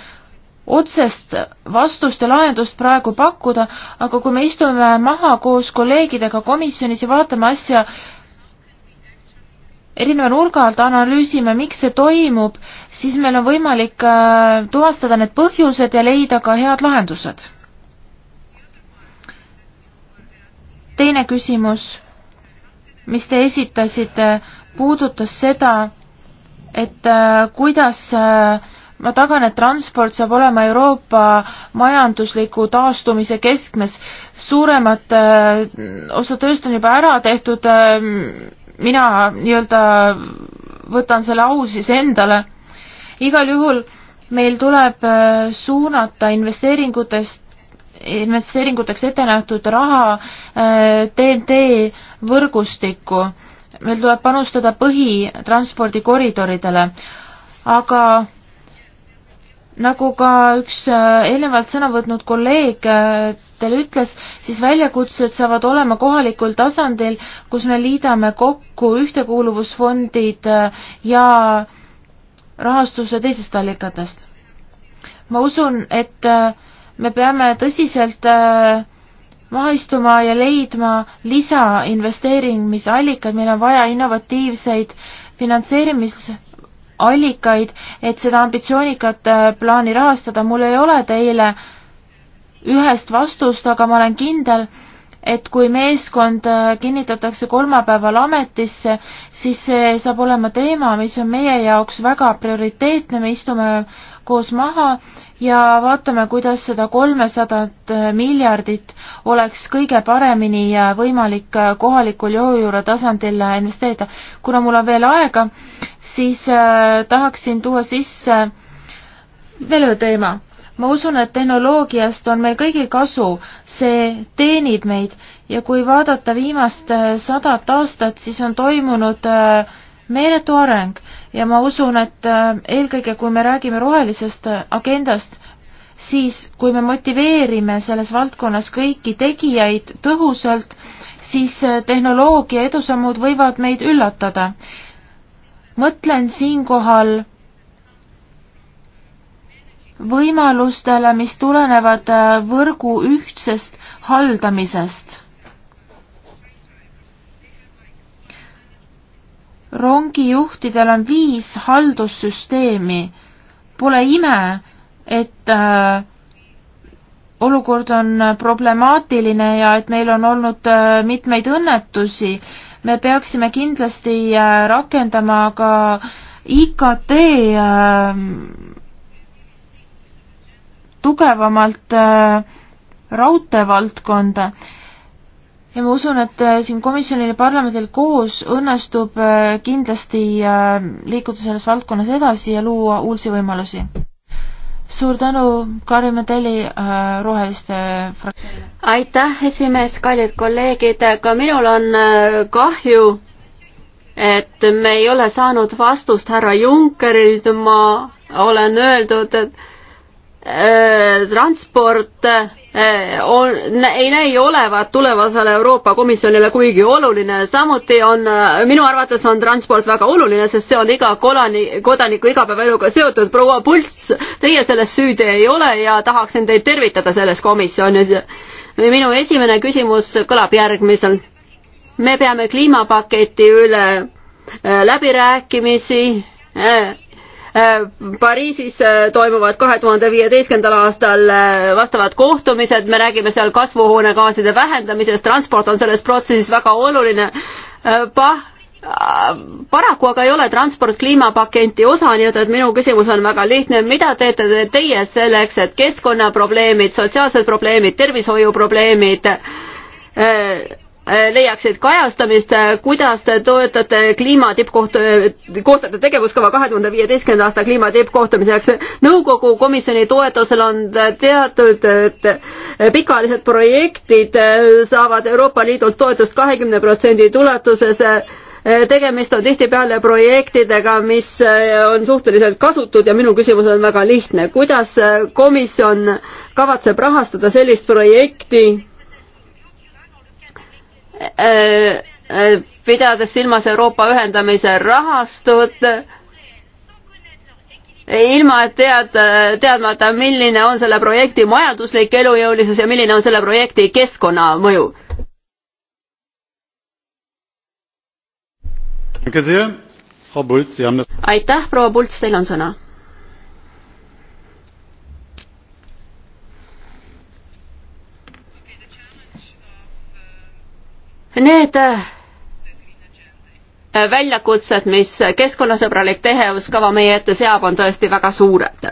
otsest vastust ja lahendust praegu pakkuda, aga kui me istume maha koos kolleegidega komisjonis ja vaatame asja erineva nurga alt, analüüsime, miks see toimub, siis meil on võimalik äh, tuvastada need põhjused ja leida ka head lahendused. teine küsimus, mis te esitasite, puudutas seda, et äh, kuidas äh, ma tagan, et transport saab olema Euroopa majandusliku taastumise keskmes. suuremad äh, osad tööst on juba ära tehtud äh,, mina nii-öelda võtan selle au siis endale. igal juhul meil tuleb äh, suunata investeeringutest investeeringuteks ette nähtud raha äh, TNT võrgustikku. meil tuleb panustada põhitranspordikoridoridele, aga nagu ka üks äh, eelnevalt sõna võtnud kolleeg äh, teile ütles, siis väljakutsed saavad olema kohalikul tasandil, kus me liidame kokku ühtekuuluvusfondid äh, ja rahastuse teisest allikatest. ma usun, et me peame tõsiselt maha istuma ja leidma lisainvesteerimisallikaid, meil on vaja innovatiivseid finantseerimis- allikaid, et seda ambitsioonikat äh, plaani rahastada. mul ei ole teile ühest vastust, aga ma olen kindel, et kui meeskond äh, kinnitatakse kolmapäeval ametisse, siis see saab olema teema, mis on meie jaoks väga prioriteetne, me istume koos maha ja vaatame, kuidas seda kolmesadat miljardit oleks kõige paremini võimalik kohalikul jõujuure tasandil investeerida. kuna mul on veel aega, siis äh, tahaksin tuua sisse veel ühe teema. ma usun, et tehnoloogiast on meil kõigil kasu, see teenib meid ja kui vaadata viimast äh, sadat aastat, siis on toimunud äh, meeletu areng ja ma usun, et äh, eelkõige, kui me räägime rohelisest äh, agendast, siis kui me motiveerime selles valdkonnas kõiki tegijaid tõhusalt, siis äh, tehnoloogia edusammud võivad meid üllatada. mõtlen siinkohal võimalustele, mis tulenevad võrgu ühtsest haldamisest rongijuhtidel on viis haldussüsteemi. Pole ime, et äh, olukord on problemaatiline ja et meil on olnud äh, mitmeid õnnetusi. me peaksime kindlasti äh, rakendama ka IKT äh, tugevamalt äh, raudteevaldkonda äh, ja ma usun, et äh, siin komisjonil ja parlamendil koos õnnestub äh, kindlasti äh, liikuda selles valdkonnas edasi ja luua uusi võimalusi. suur tänu, Kari Medeli Roheliste fraktsioonile. aitäh, esimees, kallid kolleegid, ka minul on kahju, et me ei ole saanud vastust härra Junckerilt, ma olen öeldud, et äh, transport äh, Äh, on, ei näi olevat tulevasele Euroopa Komisjonile kuigi oluline, samuti on, äh, minu arvates on transport väga oluline, sest see on iga kolani, kodaniku igapäevaeluga seotud. proua Pults, teie selles süüdi ei ole ja tahaksin teid tervitada selles komisjonis. minu esimene küsimus kõlab järgmiselt. me peame kliimapaketi üle äh, läbirääkimisi Äh, Pariisis äh, toimuvad kahe tuhande viieteistkümnendal aastal äh, vastavad kohtumised, me räägime seal kasvuhoonegaaside vähendamisest, transport on selles protsessis väga oluline. Pah-, paraku aga ei ole transport kliimapaketi osa, nii et, et minu küsimus on väga lihtne, mida teete teie selleks, et keskkonnaprobleemid, sotsiaalsed probleemid, tervishoiuprobleemid äh, Äh, leiaksid kajastamist, äh, kuidas te toetate kliima tippkoht-, äh, koostate tegevuskava kahe tuhande viieteistkümnenda aasta kliima tippkohtumiseks. nõukogu komisjoni toetusel on teatud, et pikaajalised projektid saavad Euroopa Liidult toetust kahekümne protsendi ulatuses tegemist on tihtipeale projektidega, mis on suhteliselt kasutud ja minu küsimus on väga lihtne. kuidas komisjon kavatseb rahastada sellist projekti, Äh, äh, pidades silmas Euroopa ühendamise rahastut, ilma et tead, teadmata, milline on selle projekti majanduslik elujõulisus ja milline on selle projekti keskkonnamõju. aitäh, proua Pults, teil on sõna Need äh, väljakutsed, mis keskkonnasõbralik tegevuskava meie ette seab, on tõesti väga suured.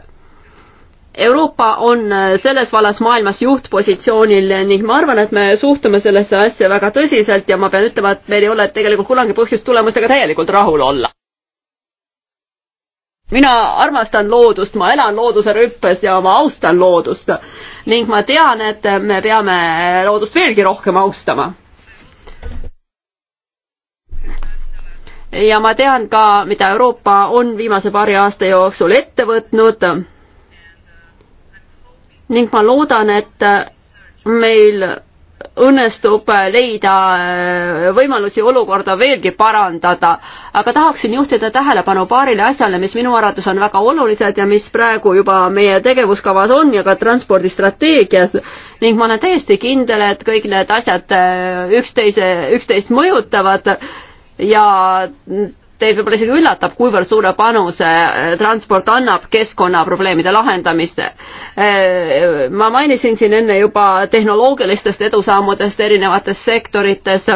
Euroopa on äh, selles vallas maailmas juhtpositsioonil ning ma arvan, et me suhtume sellesse asja väga tõsiselt ja ma pean ütlema, et meil ei ole tegelikult kunagi põhjust tulemustega täielikult rahul olla. mina armastan loodust, ma elan looduse rüppes ja ma austan loodust ning ma tean, et me peame loodust veelgi rohkem austama ja ma tean ka, mida Euroopa on viimase paari aasta jooksul ette võtnud. ning ma loodan, et meil õnnestub leida äh, võimalusi olukorda veelgi parandada, aga tahaksin juhtida tähelepanu paarile asjale, mis minu arvates on väga olulised ja mis praegu juba meie tegevuskavas on ja ka transpordistrateegias ning ma olen täiesti kindel, et kõik need asjad äh, üksteise, üksteist mõjutavad ja teid võib-olla isegi üllatab, kuivõrd suure panuse äh, transport annab keskkonnaprobleemide lahendamisse. Äh, ma mainisin siin enne juba tehnoloogilistest edusammudest erinevates sektorites.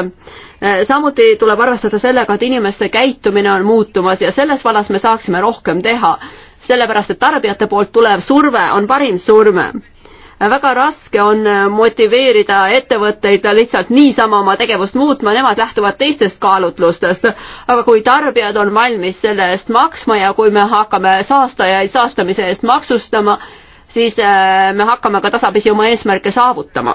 Äh, samuti tuleb arvestada sellega, et inimeste käitumine on muutumas ja selles vallas me saaksime rohkem teha, sellepärast et tarbijate poolt tulev surve on parim surve väga raske on äh, motiveerida ettevõtteid lihtsalt niisama oma tegevust muutma, nemad lähtuvad teistest kaalutlustest. aga kui tarbijad on valmis selle eest maksma ja kui me hakkame saastajaid saastamise eest maksustama, siis äh, me hakkame ka tasapisi oma eesmärke saavutama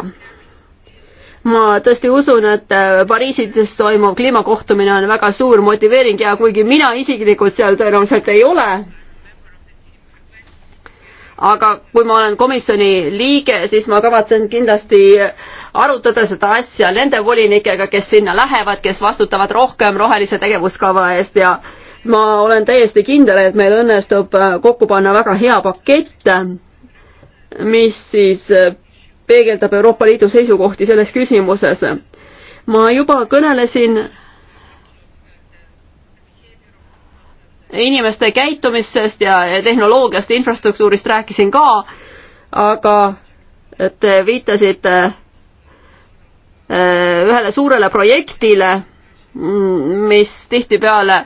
ma tõesti usun, et äh, Pariisides toimuv kliimakohtumine on väga suur motiveering ja kuigi mina isiklikult seal tõenäoliselt ei ole, aga kui ma olen komisjoni liige, siis ma kavatsen kindlasti arutada seda asja nende volinikega, kes sinna lähevad, kes vastutavad rohkem rohelise tegevuskava eest ja ma olen täiesti kindel, et meil õnnestub äh, kokku panna väga hea pakett, mis siis äh, peegeldab Euroopa Liidu seisukohti selles küsimuses. ma juba kõnelesin inimeste käitumisest ja tehnoloogiast, infrastruktuurist rääkisin ka, aga te viitasite äh, ühele suurele projektile, mis tihtipeale äh,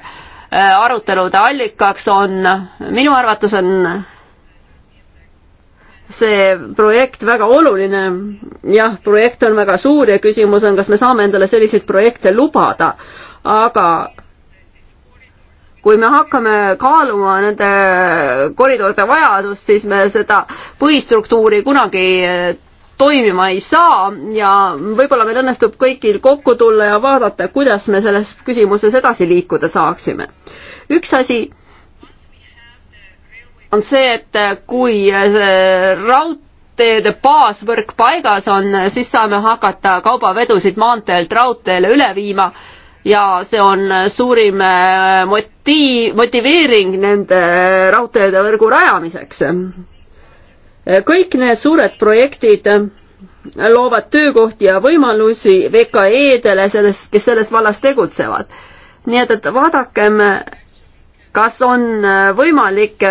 arutelude allikaks on, minu arvates on see projekt väga oluline. jah, projekt on väga suur ja küsimus on, kas me saame endale selliseid projekte lubada, aga kui me hakkame kaaluma nende koridoride vajadust, siis me seda põhistruktuuri kunagi eh, toimima ei saa ja võib-olla meil õnnestub kõigil kokku tulla ja vaadata, kuidas me selles küsimuses edasi liikuda saaksime. üks asi on see, et kui eh, raudteede baasvõrk paigas on, eh, siis saame hakata kaubavedusid maanteelt raudteele üle viima ja see on suurim äh, motiiv, motiveering nende raudteede võrgu rajamiseks. kõik need suured projektid loovad töökohti ja võimalusi VKE-dele selles, kes selles vallas tegutsevad. nii et, et vaadakem, kas on võimalik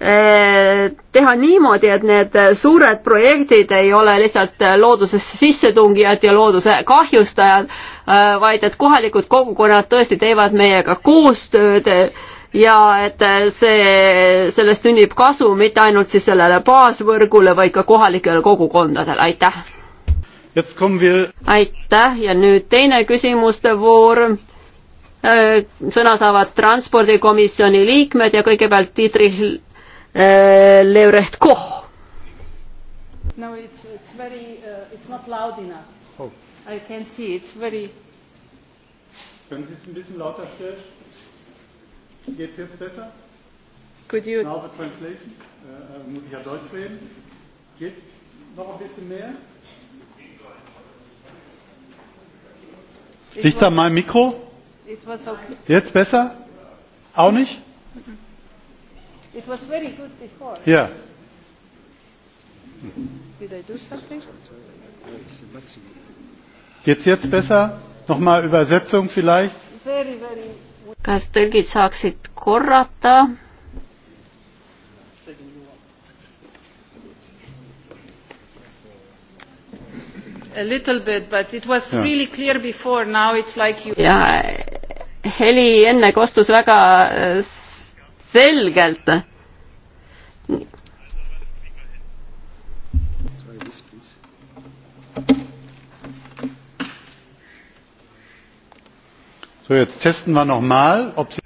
Eh, teha niimoodi, et need suured projektid ei ole lihtsalt loodusesse sissetungijad ja looduse kahjustajad, eh, vaid et kohalikud kogukonnad tõesti teevad meiega koostööd ja et see, sellest sünnib kasu mitte ainult siis sellele baasvõrgule, vaid ka kohalikele kogukondadele, aitäh! aitäh ja nüüd teine küsimuste voor eh, sõna saavad transpordikomisjoni liikmed ja kõigepealt Dietrich Eh, Leurecht Koch. No, it's, it's very, uh, it's not loud enough. Oh. I can see, it's very... Können Sie es ein bisschen lauter stellen? Geht es jetzt besser? Could you... Now the translation. Äh, äh, muss ich ja Deutsch reden. Geht noch ein bisschen mehr? Liegt es an meinem Mikro? It was okay. Jetzt besser? Auch nicht? Mm -mm. It was very good before. Yeah. Did I do something? Geht's jetzt besser? Nochmal Übersetzung vielleicht? Very, very... Kas tõlgid saaksid korrata? A little bit, but it was ja. really clear before, now it's like you... Ja, heli enne kostus väga äh, selgelt.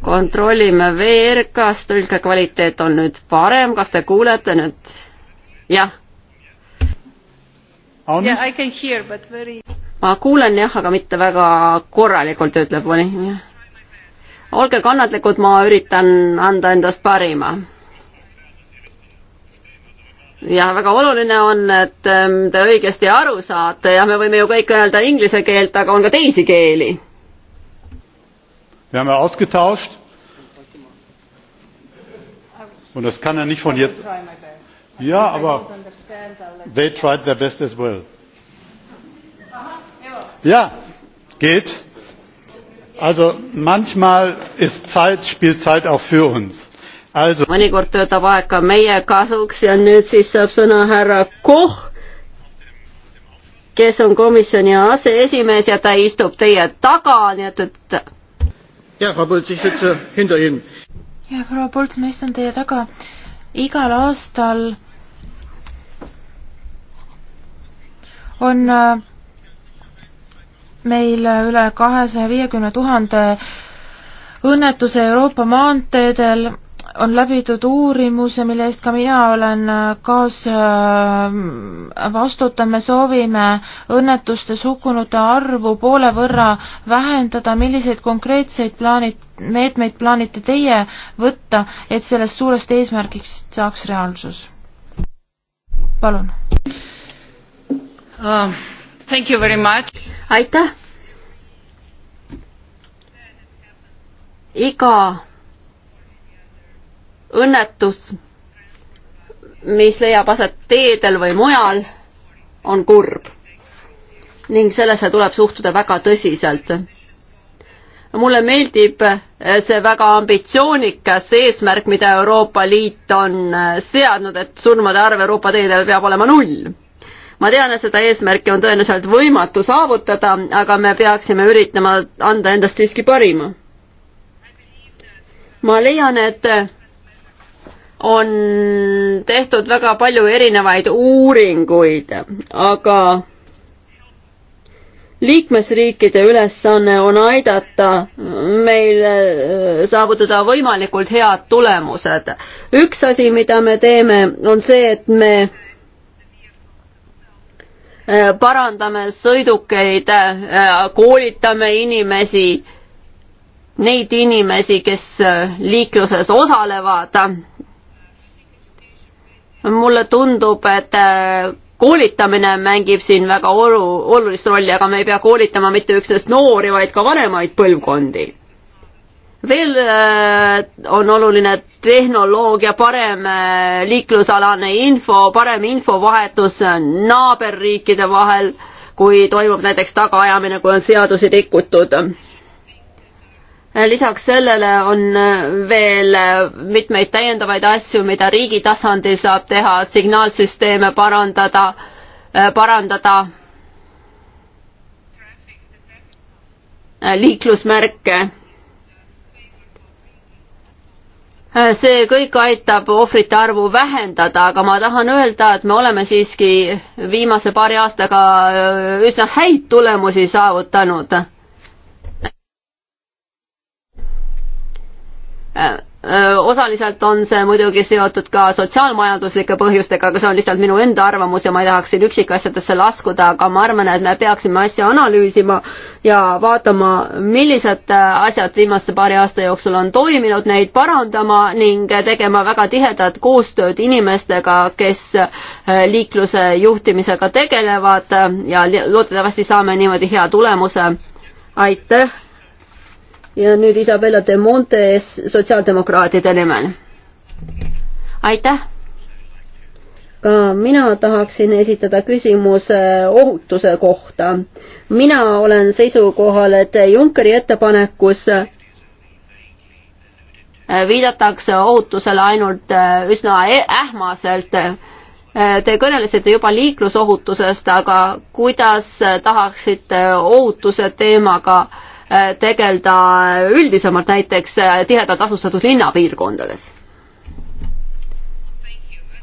kontrollime veel, kas tõlke kvaliteet on nüüd parem, kas te kuulete nüüd? jah. Yeah, very... ma kuulen jah, aga mitte väga korralikult, ütleb mõni olge kannatlikud, ma üritan anda endast parima. jah, väga oluline on, et ähm, te õigesti aru saate ja me võime ju kõik öelda inglise keelt, aga on ka teisi keeli. me oleme ausgetauscht. Und das kann er nicht von jetzt. Ja, aber they tried their best as well. Ja, geht. Also manchmal ist Zeit, spielt Zeit auch für uns. Also. mõnikord töötab aeg ka meie kasuks ja nüüd siis saab sõna härra Koch, kes on komisjoni aseesimees ja ta istub teie taga, nii et, et. jah, Frau Pults, ich sitze hinter Ihnen. jah, Frau Pults, ma istun teie taga. igal aastal on äh, meil üle kahesaja viiekümne tuhande õnnetuse Euroopa maanteedel on läbitud uurimuse, mille eest ka mina olen kaasvastutav, äh, me soovime õnnetustes hukkunute arvu poole võrra vähendada, milliseid konkreetseid plaanid, meetmeid plaanite teie võtta, et sellest suurest eesmärgist saaks reaalsus? palun uh, aitäh. iga õnnetus, mis leiab aset teedel või mujal, on kurb ning sellesse tuleb suhtuda väga tõsiselt. mulle meeldib see väga ambitsioonikas eesmärk, mida Euroopa Liit on seadnud, et surmade arv Euroopa teedel peab olema null ma tean, et seda eesmärki on tõenäoliselt võimatu saavutada, aga me peaksime üritama anda endast siiski parima. ma leian, et on tehtud väga palju erinevaid uuringuid, aga liikmesriikide ülesanne on aidata meil äh, saavutada võimalikult head tulemused. üks asi, mida me teeme, on see, et me Äh, parandame sõidukeid, äh, koolitame inimesi, neid inimesi, kes äh, liikluses osalevad. mulle tundub, et koolitamine mängib siin väga olu-, olulist rolli, aga me ei pea koolitama mitte üksnes noori, vaid ka vanemaid põlvkondi veel äh, on oluline tehnoloogia, parem äh, liiklusalane info, parem infovahetus äh, naaberriikide vahel, kui toimub näiteks tagaajamine, kui on seadusi rikutud. lisaks sellele on veel mitmeid täiendavaid asju, mida riigi tasandil saab teha, signaalsüsteeme parandada, parandada liiklusmärke Äh, see kõik aitab ohvrite arvu vähendada, aga ma tahan öelda, et me oleme siiski viimase paari aastaga äh, üsna häid tulemusi saavutanud äh, osaliselt on see muidugi seotud ka sotsiaalmajanduslike põhjustega, aga see on lihtsalt minu enda arvamus ja ma ei tahaks siin üksikasjadesse laskuda, aga ma arvan, et me peaksime asja analüüsima ja vaatama, millised äh, asjad viimaste paari aasta jooksul on toiminud, neid parandama ning tegema väga tihedat koostööd inimestega, kes äh, liikluse juhtimisega tegelevad äh, ja loodetavasti saame niimoodi hea tulemuse. aitäh! ja nüüd Isabella de Monte sotsiaaldemokraatide nimel. aitäh! ka mina tahaksin esitada küsimuse ohutuse kohta. mina olen seisukohal, et Junckeri ettepanekus viidatakse ohutusele ainult äh, üsna e-, ähmaselt. Äh, te kõnelesite juba liiklusohutusest, aga kuidas äh, tahaksite ohutuse teemaga äh, Äh, tegeleda üldisemalt näiteks äh, tihedalt asustatud linnapiirkondades?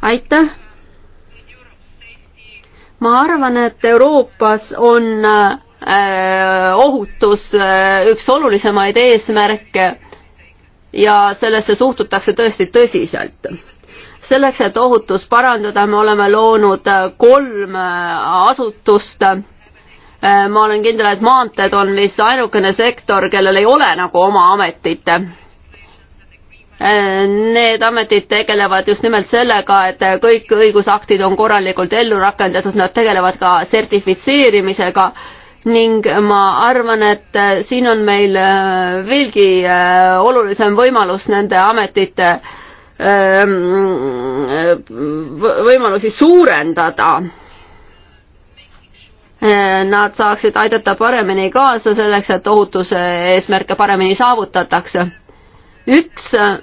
aitäh! ma arvan, et Euroopas on äh, ohutus üks olulisemaid eesmärke ja sellesse suhtutakse tõesti tõsiselt. selleks, et ohutust parandada, me oleme loonud kolm asutust Äh, ma olen kindel, et maanteed on vist ainukene sektor, kellel ei ole nagu oma ametit. Äh, need ametid tegelevad just nimelt sellega, et kõik õigusaktid on korralikult ellu rakendatud, nad tegelevad ka sertifitseerimisega ning ma arvan, et äh, siin on meil veelgi olulisem võimalus nende ametite mm, võimalusi suurendada Äh, nad saaksid aidata paremini kaasa selleks, et ohutuse eesmärke paremini saavutatakse. üks äh,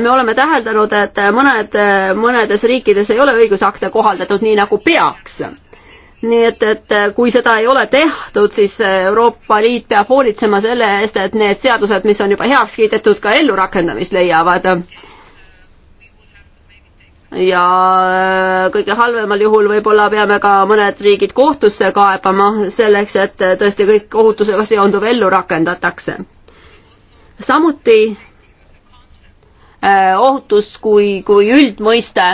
me oleme täheldanud, et mõned, mõnedes riikides ei ole õigusakte kohaldatud nii, nagu peaks. nii et, et kui seda ei ole tehtud, siis Euroopa Liit peab hoolitsema selle eest, et need seadused, mis on juba heaks kiidetud, ka ellurakendamist leiavad ja äh, kõige halvemal juhul võib-olla peame ka mõned riigid kohtusse kaebama selleks, et äh, tõesti kõik ohutusega seonduv ellu rakendatakse. samuti äh, ohutus kui, kui üldmõiste.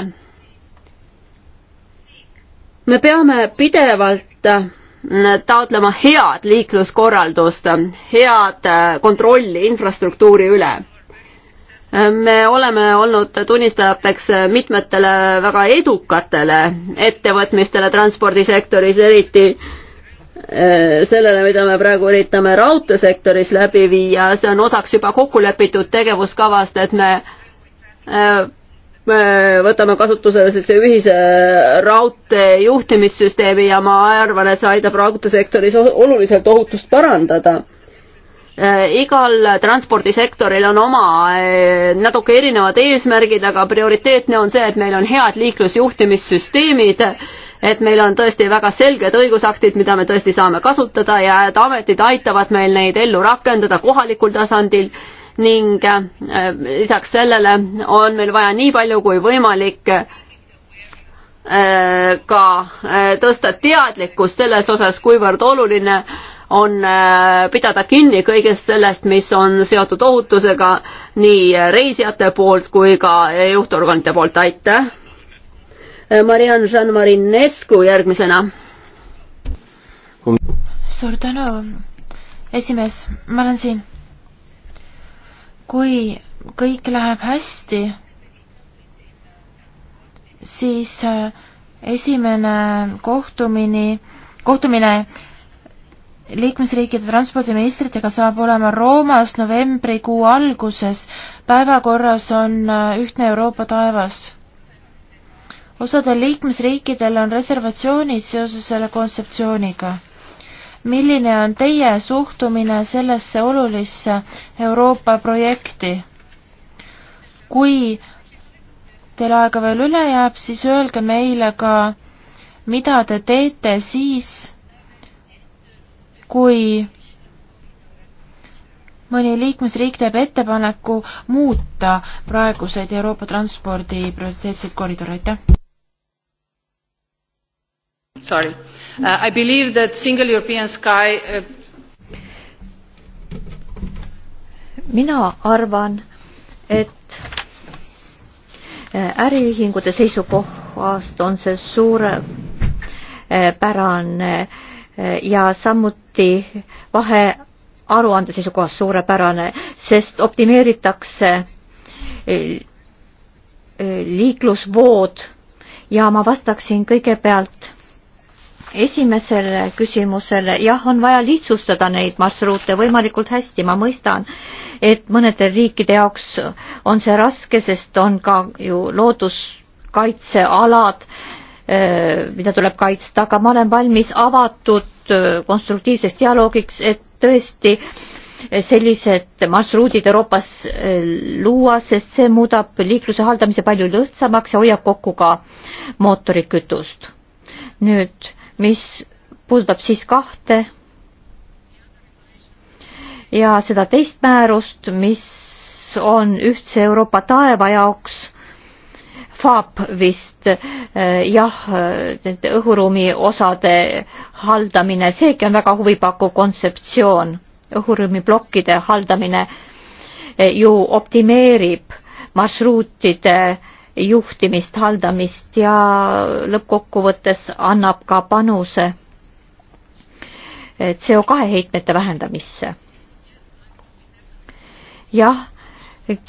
me peame pidevalt taotlema head liikluskorraldust, head kontrolli infrastruktuuri üle me oleme olnud tunnistajateks mitmetele väga edukatele ettevõtmistele transpordisektoris, eriti eh, sellele, mida me praegu üritame raudteesektoris läbi viia, see on osaks juba kokku lepitud tegevuskavast, et me eh, me võtame kasutusele sellise ühise raudtee juhtimissüsteemi ja ma arvan, et see aitab raudteesektoris oluliselt ohutust parandada Äh, igal transpordisektoril on oma äh, natuke erinevad eesmärgid, aga prioriteetne on see, et meil on head liiklusjuhtimissüsteemid, et meil on tõesti väga selged õigusaktid, mida me tõesti saame kasutada ja et ametid aitavad meil neid ellu rakendada kohalikul tasandil ning äh, lisaks sellele on meil vaja nii palju kui võimalik ka tõsta teadlikkust selles osas, kuivõrd oluline on äh, pidada kinni kõigest sellest, mis on seotud ohutusega nii reisijate poolt kui ka juhtorganite poolt, aitäh. Äh, Mariann Žanmarinescu järgmisena. suur tänu, esimees, ma olen siin. kui kõik läheb hästi, siis äh, esimene kohtumini, kohtumine, kohtumine liikmesriikide transpordiministritega saab olema Roomas novembrikuu alguses. päevakorras on äh, ühtne Euroopa taevas. osadel liikmesriikidel on reservatsioonid seoses selle kontseptsiooniga. milline on teie suhtumine sellesse olulisse Euroopa projekti? kui teil aega veel üle jääb, siis öelge meile ka, mida te teete siis, kui mõni liikmesriik teeb ettepaneku muuta praeguseid Euroopa transpordi prioriteetseid koridore, aitäh! Sorry uh,, I believe that single European sky uh... mina arvan, et uh, äriühingute seisukohast on see suurepärane uh, uh, ja samuti tõesti vahearuande seisukohast suurepärane, sest optimeeritakse eh, eh, liiklusvood ja ma vastaksin kõigepealt esimesele küsimusele, jah, on vaja lihtsustada neid marsruute võimalikult hästi, ma mõistan, et mõnede riikide jaoks on see raske, sest on ka ju looduskaitsealad Äh, mida tuleb kaitsta, aga ma olen valmis avatud äh, konstruktiivseks dialoogiks, et tõesti äh, sellised marsruudid Euroopas luua, sest see muudab liikluse haldamise palju lõhtsamaks ja hoiab kokku ka mootorikütust. nüüd, mis puudutab siis kahte ja seda teist määrust, mis on ühtse Euroopa taeva jaoks FAP vist eh, jah, nende õhuruumi osade haldamine, seegi on väga huvipakkuv kontseptsioon, õhuruumi plokkide haldamine eh, ju optimeerib marsruutide juhtimist, haldamist ja lõppkokkuvõttes annab ka panuse eh, CO2 heitmete vähendamisse. jah,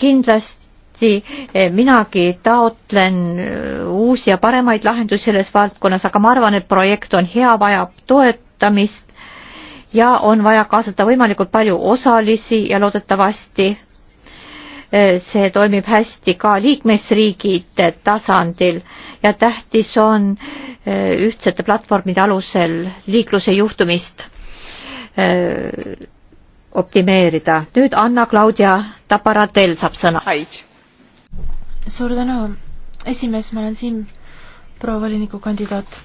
kindlasti kindlasti eh, minagi taotlen eh, uusi ja paremaid lahendusi selles valdkonnas, aga ma arvan, et projekt on hea, vajab toetamist ja on vaja kaasata võimalikult palju osalisi ja loodetavasti eh, see toimib hästi ka liikmesriigide tasandil ja tähtis on ühtsete platvormide alusel liikluse juhtumist optimeerida. nüüd Anna-Claudia Taparadel saab sõna suur tänu, esimees, ma olen siin proua volinikukandidaat.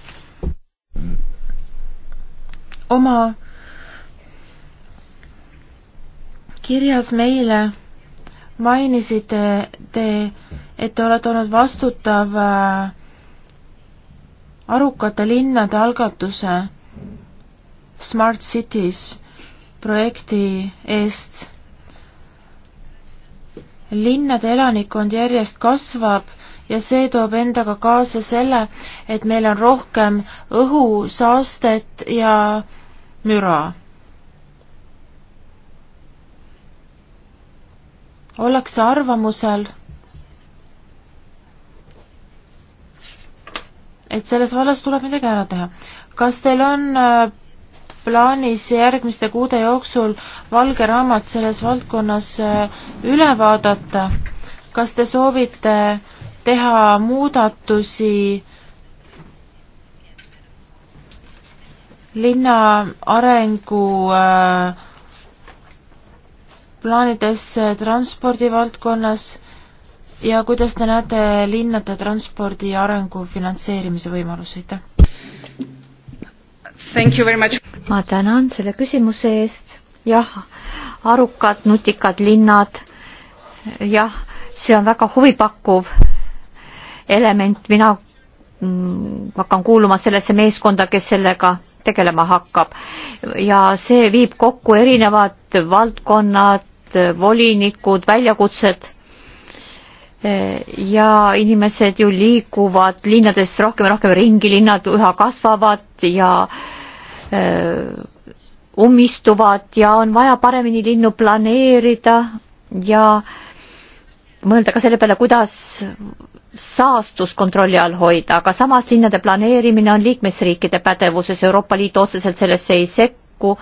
oma kirjas meile mainisite te, et te olete olnud vastutav äh, arukate linnade algatuse Smart Cities projekti eest linnade elanikkond järjest kasvab ja see toob endaga kaasa selle, et meil on rohkem õhusaastet ja müra. ollakse arvamusel, et selles vallas tuleb midagi ära teha. kas teil on äh, plaanis järgmiste kuude jooksul valge raamat selles valdkonnas äh, üle vaadata? kas te soovite teha muudatusi linna arengu äh, plaanides äh, transpordi valdkonnas ja kuidas te näete linnade transpordi arengu finantseerimise võimalusi, aitäh? ma tänan selle küsimuse eest. jah, arukad, nutikad linnad. jah, see on väga huvipakkuv element, mina mm, hakkan kuuluma sellesse meeskonda, kes sellega tegelema hakkab. ja see viib kokku erinevad valdkonnad, volinikud, väljakutsed ja inimesed ju liiguvad linnadest rohkem ja rohkem ringi, linnad üha kasvavad ja äh, Äh, ummistuvad ja on vaja paremini linnu planeerida ja mõelda ka selle peale, kuidas saastus kontrolli all hoida, aga samas linnade planeerimine on liikmesriikide pädevuses, Euroopa Liit otseselt sellesse ei sekku,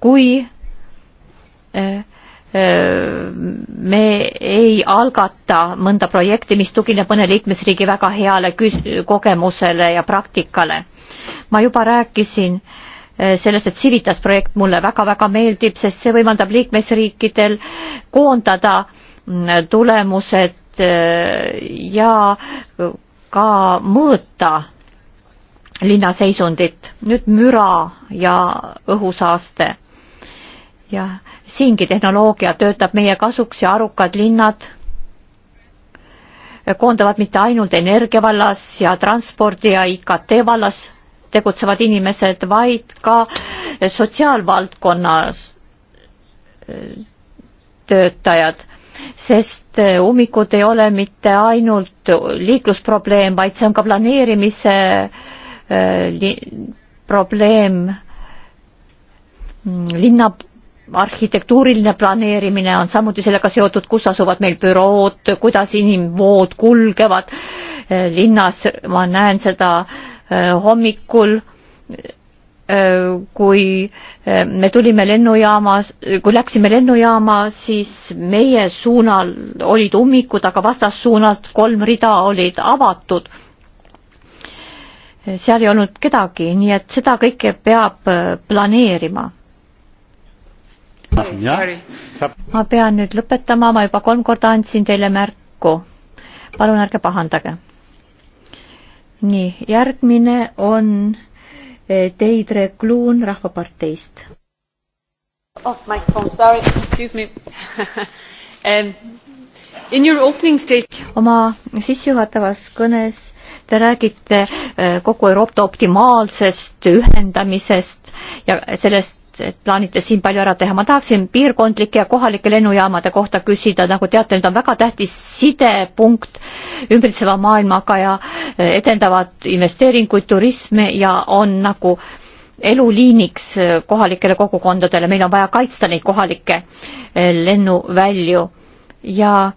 kui äh, äh, me ei algata mõnda projekti, mis tugineb mõne liikmesriigi väga heale kogemusele ja praktikale. ma juba rääkisin äh, Äh, sellest, et Civitas projekt mulle väga-väga meeldib, sest see võimaldab liikmesriikidel koondada mm, tulemused äh, ja ka mõõta linna seisundit, nüüd müra ja õhusaaste. ja siingi tehnoloogia töötab meie kasuks ja arukad linnad koondavad mitte ainult energia vallas ja transpordi ja IKT vallas tegutsevad inimesed, vaid ka sotsiaalvaldkonnas äh, töötajad, sest äh, ummikud ei ole mitte ainult liiklusprobleem, vaid see on ka planeerimise äh, probleem, mm, linna arhitektuuriline planeerimine on samuti sellega seotud, kus asuvad meil bürood, kuidas inimvood kulgevad linnas, ma näen seda äh, Äh, hommikul, äh, kui äh, me tulime lennujaamas, kui läksime lennujaama, siis meie suunal olid ummikud, aga vastassuunalt kolm rida olid avatud. seal ei olnud kedagi, nii et seda kõike peab planeerima ma pean nüüd lõpetama, ma juba kolm korda andsin teile märku. palun ärge pahandage nii, järgmine on Deidre eh, Kluun Rahvaparteist. Oh, my phone, sorry, excuse me um, In your opening state... oma sissejuhatavas kõnes te räägite eh, kogu Euroopa optimaalsest ühendamisest ja sellest, et plaanite siin palju ära teha. ma tahaksin piirkondlike ja kohalike lennujaamade kohta küsida, nagu teate, need on väga tähtis sidepunkt ümbritseva maailmaga ja eh, edendavad investeeringuid, turismi ja on nagu eluliiniks eh, kohalikele kogukondadele, meil on vaja kaitsta neid kohalikke eh, lennuvälju ja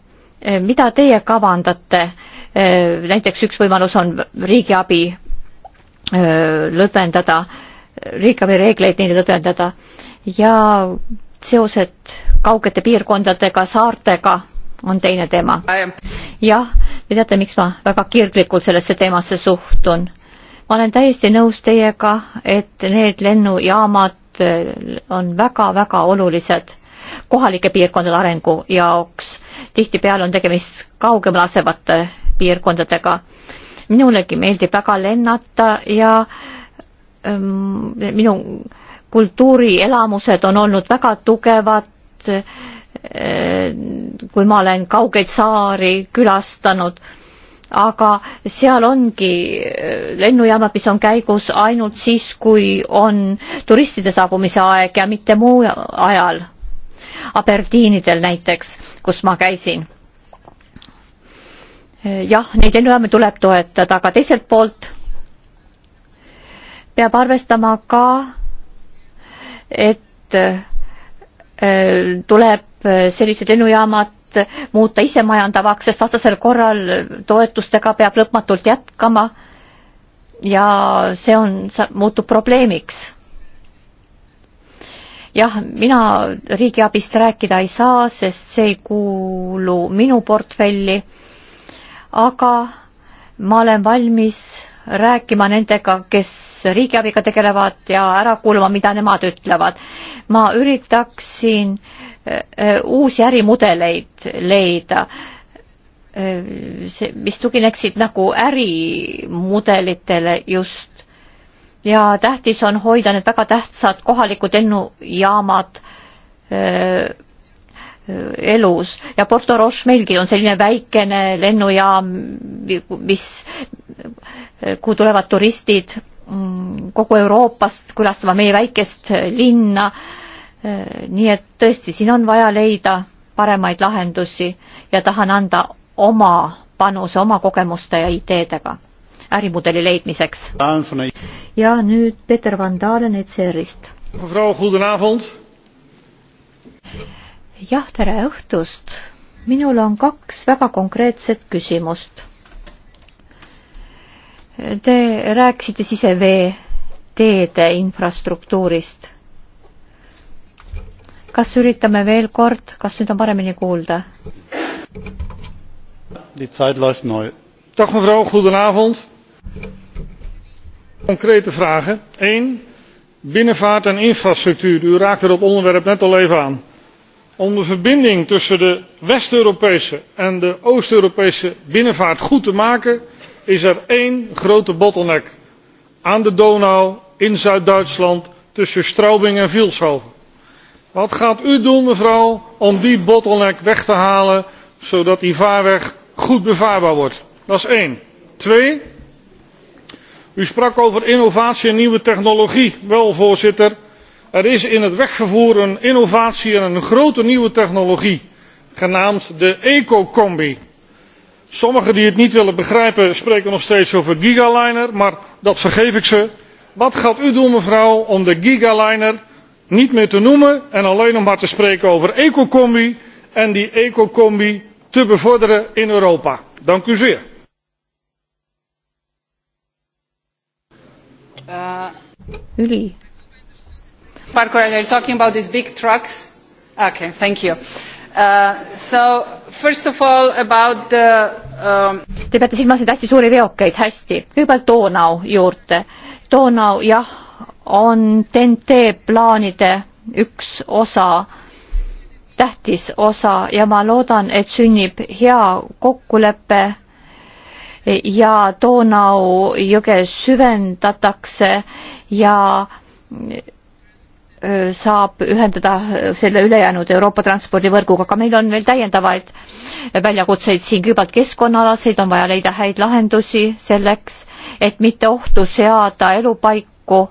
mida teie kavandate? näiteks üks võimalus on riigiabi lõdvendada riigiabireegleid neile tõdendada ja seosed kaugete piirkondadega, saartega on teine teema. jah, te teate, miks ma väga kirglikult sellesse teemasse suhtun. ma olen täiesti nõus teiega, et need lennujaamad äh, on väga-väga olulised kohalike piirkondade arengu jaoks. tihtipeale on tegemist kaugemal asevate piirkondadega. minulegi meeldib väga lennata ja äh, Ehm, minu kultuurielamused on olnud väga tugevad, ehm, kui ma olen kaugeid saari külastanud, aga seal ongi ehm, lennujaamad, mis on käigus ainult siis, kui on turistide saabumise aeg ja mitte muu ajal. Aberdiinidel näiteks, kus ma käisin. jah, neid lennujaame tuleb toetada, aga teiselt poolt peab arvestama ka, et äh, tuleb sellised lennujaamad muuta isemajandavaks, sest vastasel korral toetustega peab lõpmatult jätkama ja see on, muutub probleemiks. jah, mina riigiabist rääkida ei saa, sest see ei kuulu minu portfelli, aga ma olen valmis rääkima nendega, kes riigiabiga tegelevad ja ära kuulama, mida nemad ütlevad. ma üritaksin eh, eh, uusi ärimudeleid leida, eh, see, mis tugineksid nagu ärimudelitele just. ja tähtis on hoida need väga tähtsad kohalikud lennujaamad elus ja Porto Roche meilgi on selline väikene lennujaam, mis, kuhu tulevad turistid mm, kogu Euroopast külastama meie väikest linna. nii et tõesti, siin on vaja leida paremaid lahendusi ja tahan anda oma panuse oma kogemuste ja ideedega ärimudeli leidmiseks. ja nüüd Peeter Van Dalen ECR-ist. mevrouw, goedenavond jah, tere õhtust. minul on kaks väga konkreetset küsimust. Te rääkisite siseveeteede infrastruktuurist. kas üritame veel kord, kas nüüd on paremini kuulda? Die Zeit läuft neu. Dag mevrouw, goedenavond. Concrete vragen. 1. Binnenvaart en infrastructuur. U raakte er dat onderwerp net al even aan om de verbinding tussen de west europese en de oost europese binnenvaart goed te maken is er één grote bottleneck aan de donau in zuid duitsland tussen straubing en vilshofen. wat gaat u doen mevrouw om die bottleneck weg te halen zodat die vaarweg goed bevaarbaar wordt? dat is één. twee u sprak over innovatie en nieuwe technologie. wel voorzitter er is in het wegvervoer een innovatie en een grote nieuwe technologie genaamd de ecocombi. sommigen die het niet willen begrijpen spreken nog steeds over gigaliner maar dat vergeef ik ze. wat gaat u doen mevrouw om de gigaliner niet meer te noemen en alleen nog maar te spreken over ecocombi en die ecocombi te bevorderen in europa? dank u zeer. Yli eh, Parker, are you talking about these big trucks? Okay, thank you. Uh, so first of all about the um... Te peate silmas neid hästi suuri veokeid, hästi. kõigepealt Donau juurde. Donau jah, on TNT plaanide üks osa, tähtis osa ja ma loodan, et sünnib hea kokkulepe ja Donau jõge süvendatakse ja saab ühendada selle ülejäänud Euroopa transpordivõrguga, aga meil on veel täiendavaid väljakutseid siin, kõigepealt keskkonnaalaseid, on vaja leida häid lahendusi selleks, et mitte ohtu seada elupaiku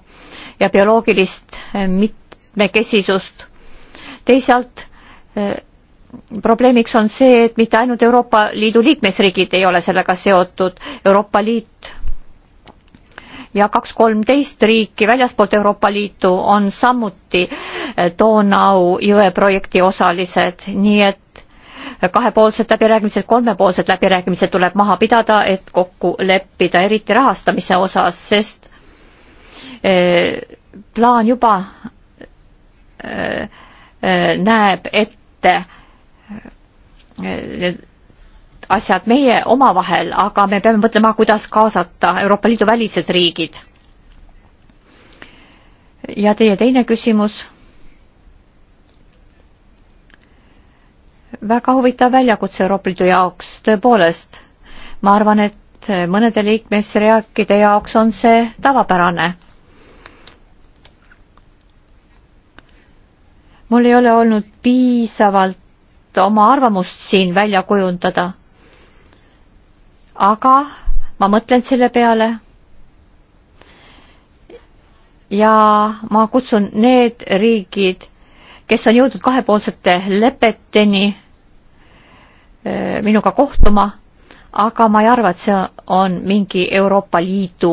ja bioloogilist mitmekesisust. teisalt probleemiks on see, et mitte ainult Euroopa Liidu liikmesriigid ei ole sellega seotud, Euroopa Liit ja kaks kolmteist riiki väljaspoolt Euroopa Liitu on samuti eh, Donau jõe projekti osalised, nii et kahepoolsed läbirääkimised, kolmepoolsed läbirääkimised tuleb maha pidada, et kokku leppida, eriti rahastamise osas, sest eh, plaan juba eh, näeb ette asjad meie omavahel, aga me peame mõtlema, kuidas kaasata Euroopa Liidu välised riigid. ja teie teine küsimus? väga huvitav väljakutse Euroopa Liidu jaoks, tõepoolest. ma arvan, et mõnede liikmesriikide jaoks on see tavapärane. mul ei ole olnud piisavalt oma arvamust siin välja kujundada aga ma mõtlen selle peale. ja ma kutsun need riigid, kes on jõudnud kahepoolsete lepeteni eh, minuga kohtuma, aga ma ei arva, et see on mingi Euroopa Liidu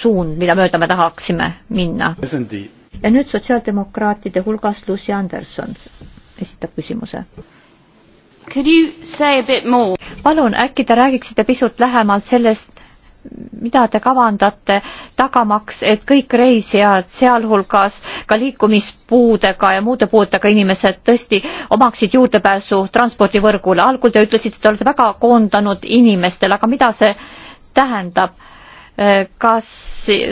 suund, mida mööda me tahaksime minna. ja nüüd sotsiaaldemokraatide hulgas Lucy Anderson esitab küsimuse palun, äkki te räägiksite pisut lähemalt sellest, mida te kavandate tagamaks, et kõik reisijad, sealhulgas ka liikumispuudega ja muude puudega inimesed tõesti omaksid juurdepääsu transpordivõrgule. algul te ütlesite, et te olete väga koondanud inimestele, aga mida see tähendab? Äh, kas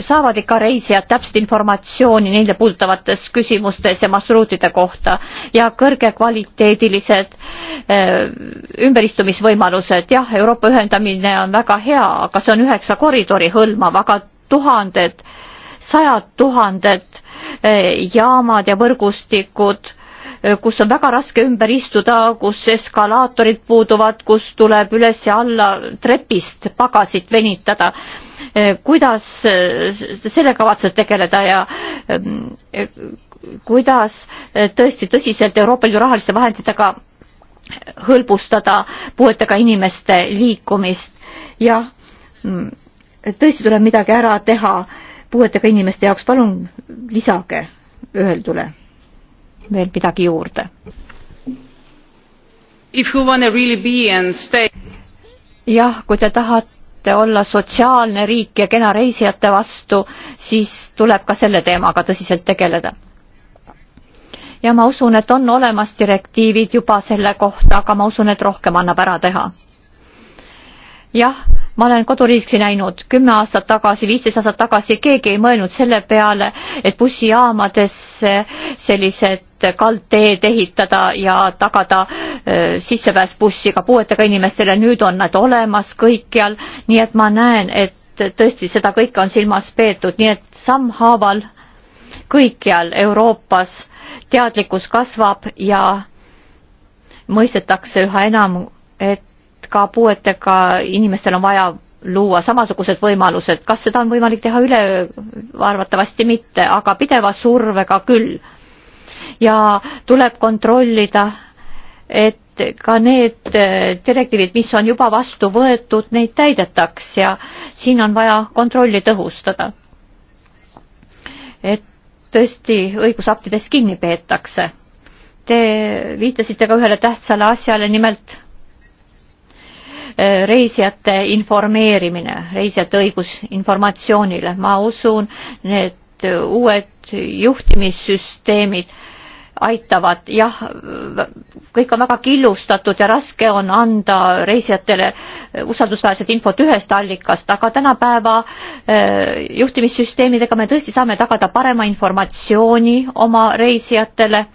saavad ikka reisijad täpset informatsiooni neile puudutavates küsimustes ja marsruutide kohta ja kõrgekvaliteedilised äh, ümberistumisvõimalused. jah, Euroopa ühendamine on väga hea, aga see on üheksa koridori hõlmav, aga tuhanded, sajad tuhanded äh, jaamad ja võrgustikud Eh, kus on väga raske ümber istuda, kus eskalaatorid puuduvad, kus tuleb üles ja alla trepist pagasit venitada. Eh, kuidas eh, selle kavatsed tegeleda ja kuidas tõesti tõsiselt Euroopa Liidu rahaliste vahenditega hõlbustada puuetega inimeste liikumist ja mm, tõesti tuleb midagi ära teha puuetega inimeste jaoks, palun lisage öeldule veel midagi juurde. jah, kui te tahate olla sotsiaalne riik ja kena reisijate vastu, siis tuleb ka selle teemaga tõsiselt tegeleda ja ma usun, et on olemas direktiivid juba selle kohta, aga ma usun, et rohkem annab ära teha. jah, ma olen koduriiski näinud kümme aastat tagasi, viisteist aastat tagasi keegi ei mõelnud selle peale, et bussijaamadesse sellised kaldteed ehitada ja tagada äh, sissepääs bussiga puuetega inimestele, nüüd on nad olemas kõikjal, nii et ma näen, et tõesti seda kõike on silmas peetud, nii et sammhaaval kõikjal Euroopas teadlikkus kasvab ja mõistetakse üha enam, et ka puuetega inimestel on vaja luua samasugused võimalused, kas seda on võimalik teha üleöö, arvatavasti mitte, aga pideva survega küll ja tuleb kontrollida, et ka need äh, direktiivid, mis on juba vastu võetud, neid täidetaks ja siin on vaja kontrolli tõhustada. et tõesti õigusaktidest kinni peetakse. Te viitasite ka ühele tähtsale asjale, nimelt äh, reisijate informeerimine, reisijate õigus informatsioonile. ma usun, need uued juhtimissüsteemid äh, aitavad, jah, kõik on väga killustatud ja raske on anda reisijatele usaldusväärset infot ühest allikast, aga tänapäeva eh, juhtimissüsteemidega me tõesti saame tagada parema informatsiooni oma reisijatele,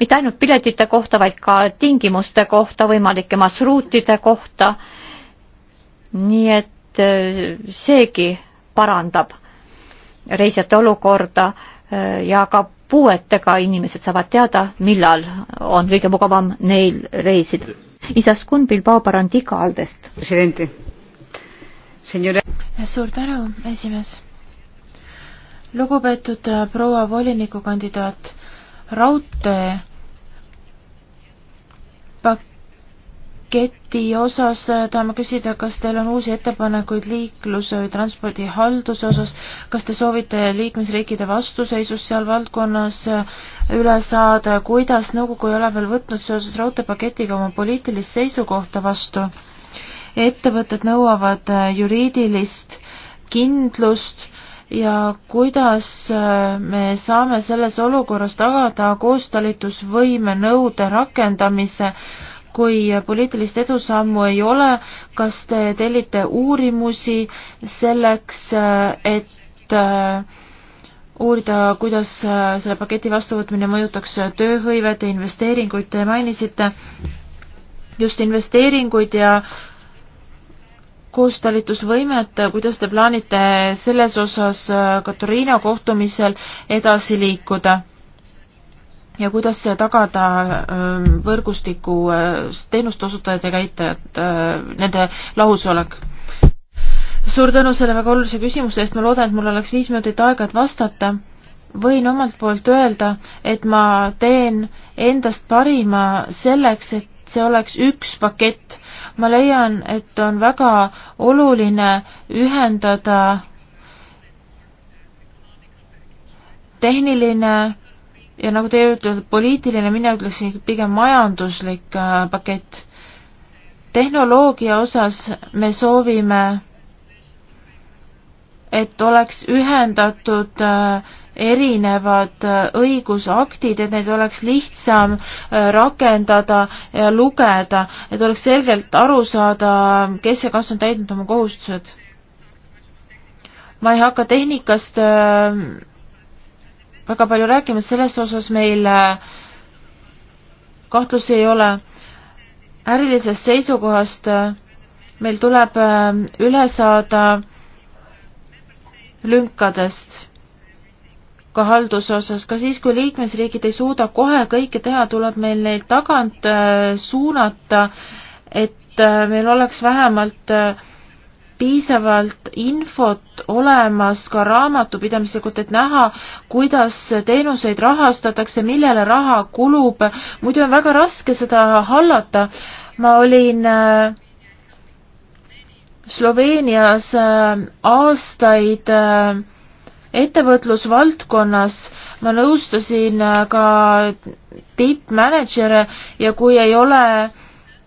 mitte ainult piletite kohta, vaid ka tingimuste kohta, võimalike marsruutide kohta, nii et eh, seegi parandab reisijate olukorda eh, ja ka puuetega inimesed saavad teada, millal on kõige mugavam neil reisida. Isaskun Bilbao Barandiga Aldest. suur tänu, esimees. lugupeetud äh, proua volinikukandidaat, raudtee paketi osas äh, tahame küsida, kas teil on uusi ettepanekuid liikluse või transpordihalduse osas, kas te soovite liikmesriikide vastuseisust seal valdkonnas äh, üle saada ja kuidas nõukogu ei ole veel võtnud seoses raudteepaketiga oma poliitilist seisukohta vastu? ettevõtted nõuavad äh, juriidilist kindlust ja kuidas me saame selles olukorras tagada koostalitusvõime nõude rakendamise äh, kui poliitilist edusammu ei ole, kas te tellite uurimusi selleks, et äh, uurida, kuidas äh, selle paketi vastuvõtmine mõjutaks tööhõivet ja investeeringuid, te mainisite just investeeringuid ja koostalitusvõimet, kuidas te plaanite selles osas äh, Katariina kohtumisel edasi liikuda? ja kuidas tagada ähm, võrgustiku äh, teenuste osutajad ja käitajad, äh, nende lahusolek? suur tänu selle väga olulise küsimuse eest, ma loodan, et mul oleks viis minutit aega, et vastata. võin omalt poolt öelda, et ma teen endast parima selleks, et see oleks üks pakett. ma leian, et on väga oluline ühendada tehniline ja nagu teie ütlete, poliitiline, mina ütleksin pigem majanduslik äh, pakett. tehnoloogia osas me soovime, et oleks ühendatud äh, erinevad äh, õigusaktid, et neid oleks lihtsam rakendada ja lugeda, et oleks selgelt aru saada, kes ja kas on täitnud oma kohustused. ma ei hakka tehnikast äh, väga palju rääkimas, selles osas meil äh, kahtlusi ei ole. ärilisest seisukohast äh, meil tuleb äh, üle saada lünkadest ka halduse osas, ka siis, kui liikmesriigid ei suuda kohe kõike teha, tuleb meil neid tagant suunata, et meil oleks vähemalt äh, piisavalt infot olemas ka raamatupidamislikult, et näha, kuidas teenuseid rahastatakse, millele raha kulub, muidu on väga raske seda hallata. ma olin äh, Sloveenias äh, aastaid äh, ettevõtlusvaldkonnas ma nõustasin ka tippmänedžere ja kui ei ole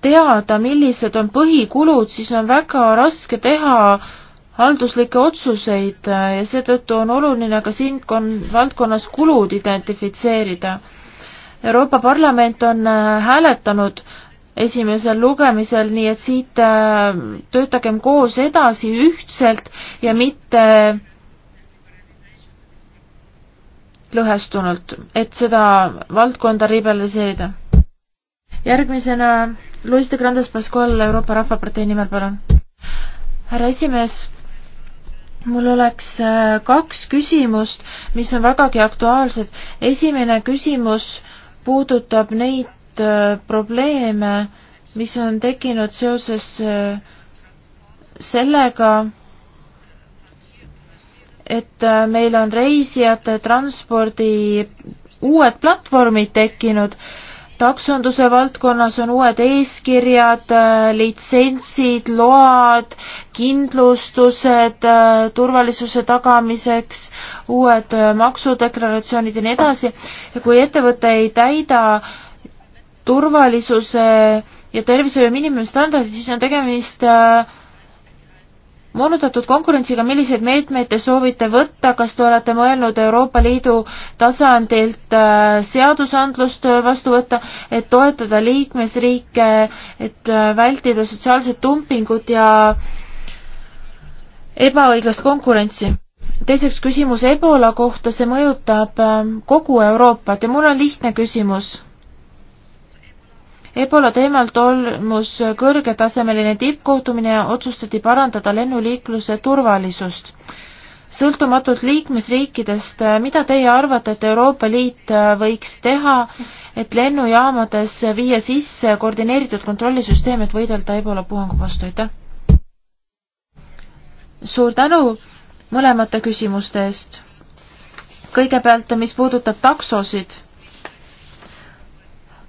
teada, millised on põhikulud, siis on väga raske teha halduslikke otsuseid ja seetõttu on oluline ka siin valdkonnas kulud identifitseerida. Euroopa Parlament on äh, hääletanud esimesel lugemisel, nii et siit äh, töötagem koos edasi ühtselt ja mitte lõhestunult, et seda valdkonda liberaliseerida järgmisena Luis de Grandes Pascual Euroopa Rahvapartei nimel, palun. härra esimees, mul oleks äh, kaks küsimust, mis on vägagi aktuaalsed. esimene küsimus puudutab neid äh, probleeme, mis on tekkinud seoses äh, sellega, et meil on reisijate transpordi uued platvormid tekkinud taksonduse valdkonnas on uued eeskirjad, äh, litsentsid, load, kindlustused äh, turvalisuse tagamiseks, uued äh, maksudeklaratsioonid ja nii edasi. ja kui ettevõte ei täida turvalisuse ja tervishoiu miinimumstandardid, siis on tegemist äh, moonutatud konkurentsiga, milliseid meetmeid te soovite võtta, kas te olete mõelnud Euroopa Liidu tasandilt äh, seadusandlust äh, vastu võtta, et toetada liikmesriike, et äh, vältida sotsiaalset dumpingut ja ebaõiglast konkurentsi? teiseks küsimus Ebola kohta, see mõjutab kogu Euroopat ja mul on lihtne küsimus Ebola teemal tolmus kõrgetasemeline tippkohtumine ja otsustati parandada lennuliikluse turvalisust. sõltumatult liikmesriikidest, äh, mida teie arvate, et Euroopa Liit äh, võiks teha, et lennujaamades viia sisse koordineeritud kontrollisüsteem, et võidelda Ebola puhangu vastu, aitäh! suur tänu mõlemate küsimuste eest! kõigepealt, mis puudutab taksosid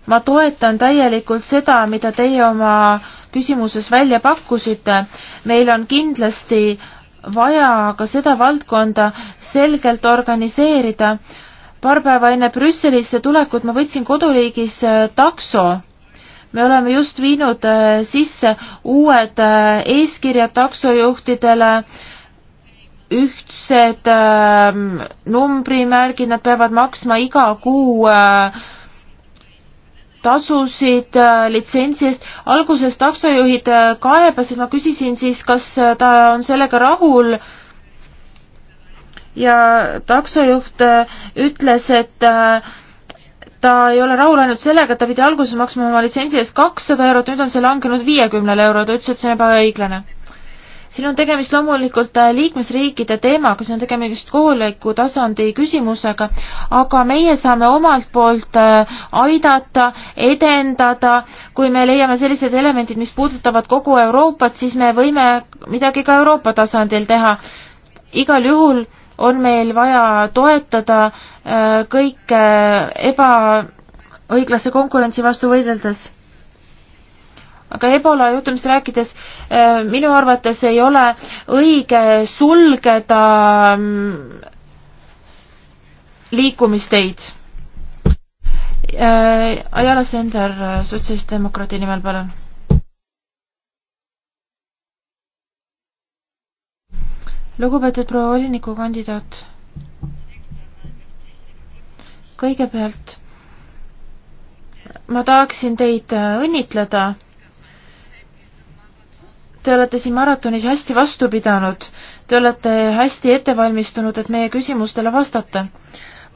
ma toetan täielikult seda, mida teie oma küsimuses välja pakkusite. meil on kindlasti vaja ka seda valdkonda selgelt organiseerida. paar päeva enne Brüsselisse tulekut ma võtsin koduriigis äh, takso. me oleme just viinud äh, sisse uued äh, eeskirjad taksojuhtidele, ühtsed ähm, numbrimärgid, nad peavad maksma iga kuu äh, tasusid äh, litsentsi eest. alguses taksojuhid äh, kaebasid, ma küsisin siis, kas äh, ta on sellega rahul ja taksojuht ütles, et ta ei ole rahul ainult sellega, et ta pidi alguses maksma oma litsentsi eest kakssada eurot, nüüd on see langenud viiekümnele eurole, ta ütles, et see on ebaõiglane siin on tegemist loomulikult äh, liikmesriikide teemaga, siin on tegemist kohaliku tasandi küsimusega, aga meie saame omalt poolt äh, aidata, edendada, kui me leiame sellised elemendid, mis puudutavad kogu Euroopat, siis me võime midagi ka Euroopa tasandil teha. igal juhul on meil vaja toetada äh, kõike ebaõiglase konkurentsi vastu võideldes aga Ebola juhtumist rääkides, äh, minu arvates ei ole õige sulgeda mm, liikumisteid. Äh, Ajala Sender, äh, sotsialistdemokraadi nimel, palun. lugupeetud proua volinikukandidaat. kõigepealt ma tahaksin teid õnnitleda Te olete siin maratonis hästi vastu pidanud. Te olete hästi ette valmistunud, et meie küsimustele vastata.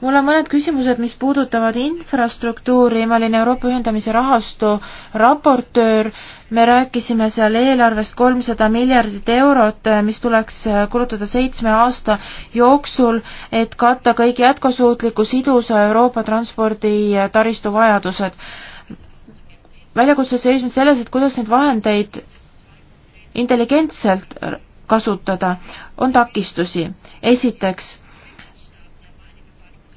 mul on mõned küsimused, mis puudutavad infrastruktuuri, ma olin Euroopa Ühendamise Rahastu raportöör, me rääkisime seal eelarvest kolmsada miljardit eurot, mis tuleks kulutada seitsme aasta jooksul, et katta kõik jätkusuutliku sidusa Euroopa transporditaristu vajadused väljakutse seisnes selles, et kuidas neid vahendeid intelligentselt kasutada, on takistusi. esiteks,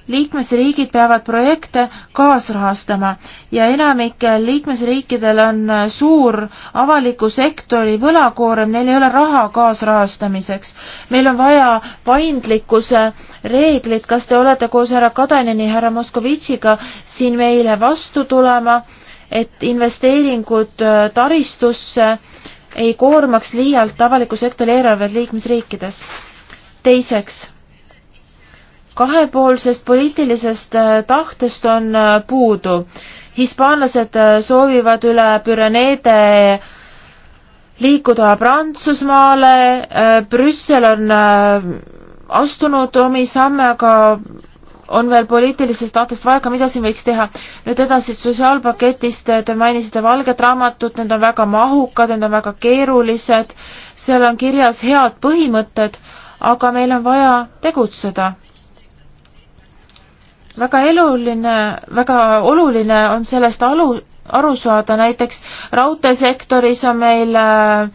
liikmesriigid peavad projekte kaasrahastama ja enamikel liikmesriikidel on suur avaliku sektori võlakoorem, neil ei ole raha kaasrahastamiseks. meil on vaja paindlikkuse reeglid, kas te olete koos härra Kadanini, härra Moskovitšiga siin meile vastu tulema, et investeeringud äh, taristusse ei koormaks liialt avaliku sektori eelarved liikmesriikides. teiseks, kahepoolsest poliitilisest äh, tahtest on äh, puudu. hispaanlased äh, soovivad üle Püreneede liikuda Prantsusmaale, Brüssel on astunud omi samme, aga on veel poliitilisest vaatest vaja ka, mida siin võiks teha. nüüd edasi sotsiaalpaketist, te mainisite valget raamatut, need on väga mahukad, need on väga keerulised, seal on kirjas head põhimõtted, aga meil on vaja tegutseda. väga eluline, väga oluline on sellest alu, aru saada, näiteks raudteesektoris on meil äh,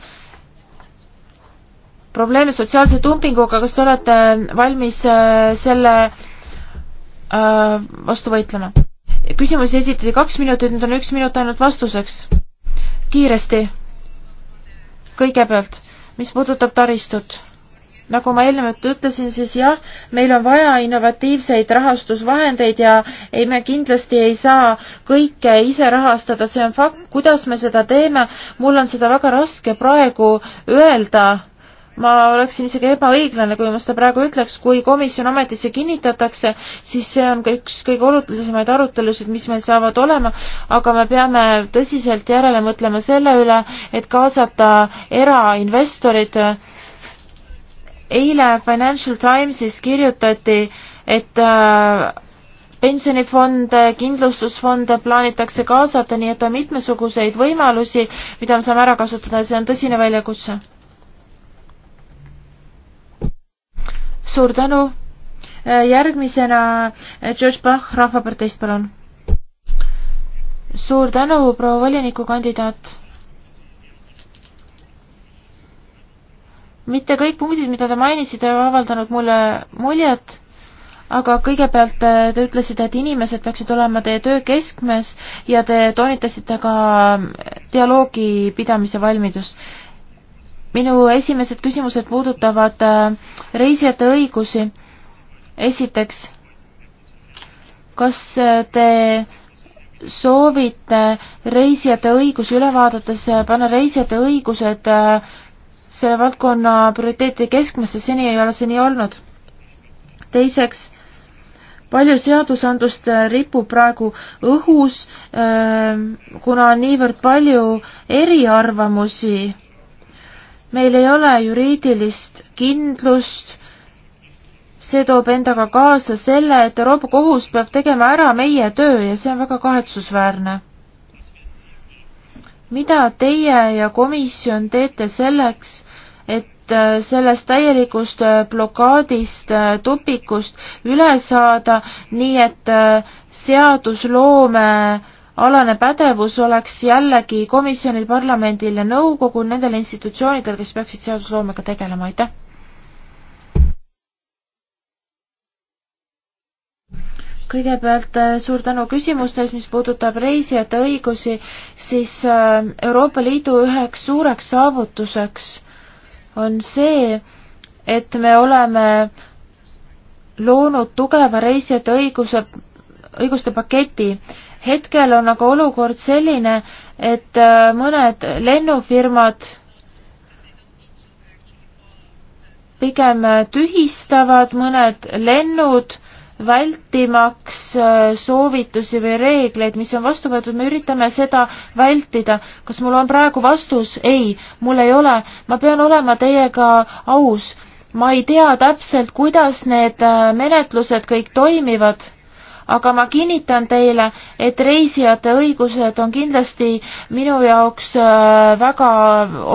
probleeme sotsiaalse dumpinguga, kas te olete valmis äh, selle Äh, vastu võitlema. küsimusi esitati kaks minutit, nüüd on üks minut ainult vastuseks. kiiresti. kõigepealt, mis puudutab taristut nagu ma eelnevalt ütlesin, siis jah, meil on vaja innovatiivseid rahastusvahendeid ja ei, me kindlasti ei saa kõike ise rahastada, see on fakt, kuidas me seda teeme, mul on seda väga raske praegu öelda ma oleksin isegi ebaõiglane, kui ma seda praegu ütleks, kui komisjon ametisse kinnitatakse, siis see on ka üks kõige olulisemaid arutelusid, mis meil saavad olema, aga me peame tõsiselt järele mõtlema selle üle, et kaasata erainvestorid. eile Financial Timesis kirjutati, et äh, pensionifonde, kindlustusfonde plaanitakse kaasata, nii et on mitmesuguseid võimalusi, mida me saame ära kasutada ja see on tõsine väljakutse suur tänu. Äh, järgmisena äh, George Bach Rahvaparteist, palun. suur tänu, proua volinikukandidaat mitte kõik punktid, mida te mainisite, ei avaldanud mulle muljet, aga kõigepealt äh, te ütlesite, et inimesed peaksid olema teie töö keskmes ja te toonitasite ka dialoogi pidamise valmidust minu esimesed küsimused puudutavad äh, reisijate õigusi. esiteks, kas äh, te soovite reisijate õigusi üle vaadates äh, panna reisijate õigused selle valdkonna prioriteeti keskmesse, seni ei ole see nii olnud. teiseks, palju seadusandlust ripub praegu õhus, kuna on niivõrd palju eriarvamusi meil ei ole juriidilist kindlust, see toob endaga kaasa selle, et Euroopa Kohus peab tegema ära meie töö ja see on väga kahetsusväärne. mida teie ja komisjon teete selleks, et äh, sellest täielikust äh, blokaadist, äh, tupikust üle saada, nii et seadusloome alane pädevus oleks jällegi komisjonil, parlamendil ja nõukogul, nendel institutsioonidel, kes peaksid seadusloomega tegelema, aitäh! kõigepealt äh, suur tänu küsimuste eest, mis puudutab reisijate õigusi, siis äh, Euroopa Liidu üheks suureks saavutuseks on see, et me oleme loonud tugeva reisijate õiguse, õiguste paketi hetkel on aga olukord selline, et äh, mõned lennufirmad pigem äh, tühistavad mõned lennud, vältimaks äh, soovitusi või reegleid, mis on vastu võetud, me üritame seda vältida. kas mul on praegu vastus? ei, mul ei ole. ma pean olema teiega aus. ma ei tea täpselt, kuidas need menetlused kõik toimivad aga ma kinnitan teile, et reisijate õigused on kindlasti minu jaoks äh, väga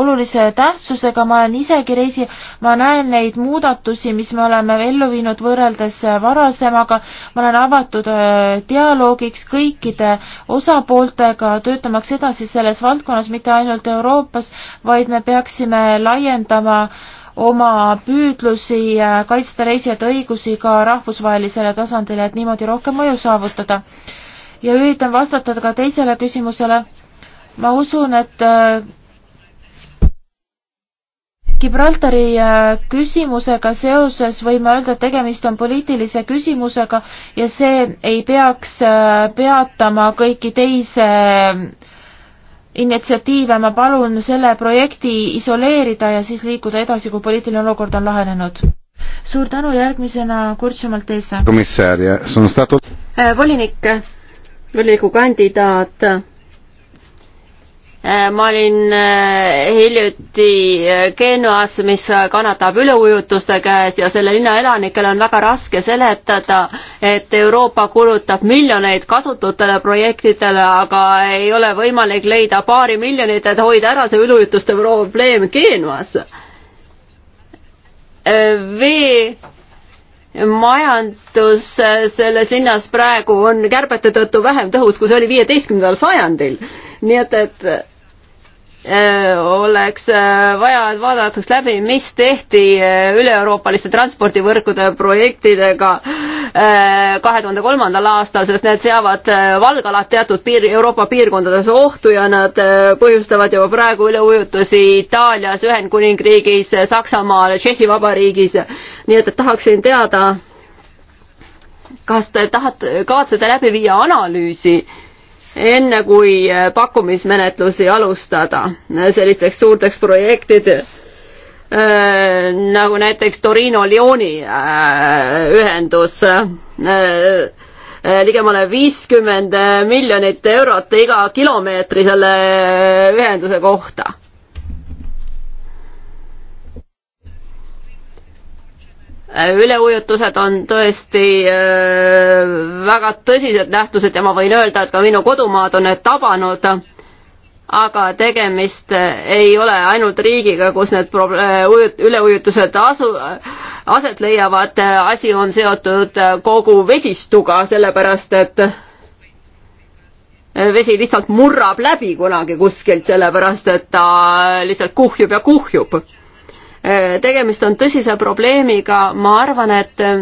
olulise tähtsusega, ma olen isegi reisi, ma näen neid muudatusi, mis me oleme ellu viinud võrreldes äh, varasemaga, ma olen avatud äh, dialoogiks kõikide osapooltega, töötamaks edasi selles valdkonnas, mitte ainult Euroopas, vaid me peaksime laiendama äh, oma püüdlusi kaitsta reisijate õigusi ka rahvusvahelisele tasandile, et niimoodi rohkem mõju saavutada. ja üritan vastata ka teisele küsimusele. ma usun, et äh, Gibraltari äh, küsimusega seoses võime öelda, et tegemist on poliitilise küsimusega ja see ei peaks äh, peatama kõiki teise initsiatiive, ma palun selle projekti isoleerida ja siis liikuda edasi, kui poliitiline olukord on lahenenud. suur tänu, järgmisena Kurtsu Maltese. Äh, volinik, volikogu kandidaat Äh, ma olin äh, hiljuti Genoas, äh, mis kannatab üleujutuste käes ja selle linna elanikel on väga raske seletada, et Euroopa kulutab miljoneid kasututele projektidele, aga ei ole võimalik leida paari miljonit, et hoida ära see üleujutuste probleem Genoas. vee majandus selles linnas praegu on kärbete tõttu vähem tõhus, kui see oli viieteistkümnendal sajandil. nii et, et Äh, oleks äh, vaja, et vaadataks läbi, mis tehti äh, üle-euroopaliste transpordivõrkude projektidega kahe tuhande kolmandal aastal, sest need seavad valgalad teatud piir, Euroopa piirkondades ohtu ja nad põhjustavad juba praegu üleujutusi Itaalias, Ühendkuningriigis, Saksamaal, Tšehhi Vabariigis. nii et, et tahaksin teada, kas te tahate, kavatsete läbi viia analüüsi enne kui äh, pakkumismenetlusi alustada äh, sellisteks suurteks projektideks äh, nagu näiteks Torino-Lyoni ühendus ligemale viiskümmend miljonit eurot iga kilomeetri selle ühenduse kohta. Äh, üleujutused on tõesti äh, väga tõsised nähtused ja ma võin öelda, et ka minu kodumaad on need tabanud. aga tegemist äh, ei ole ainult riigiga, kus need üleujutused asu, aset leiavad, asi on seotud kogu vesistuga, sellepärast et vesi lihtsalt murrab läbi kunagi kuskilt, sellepärast et ta lihtsalt kuhjub ja kuhjub Äh, tegemist on tõsise probleemiga, ma arvan, et äh,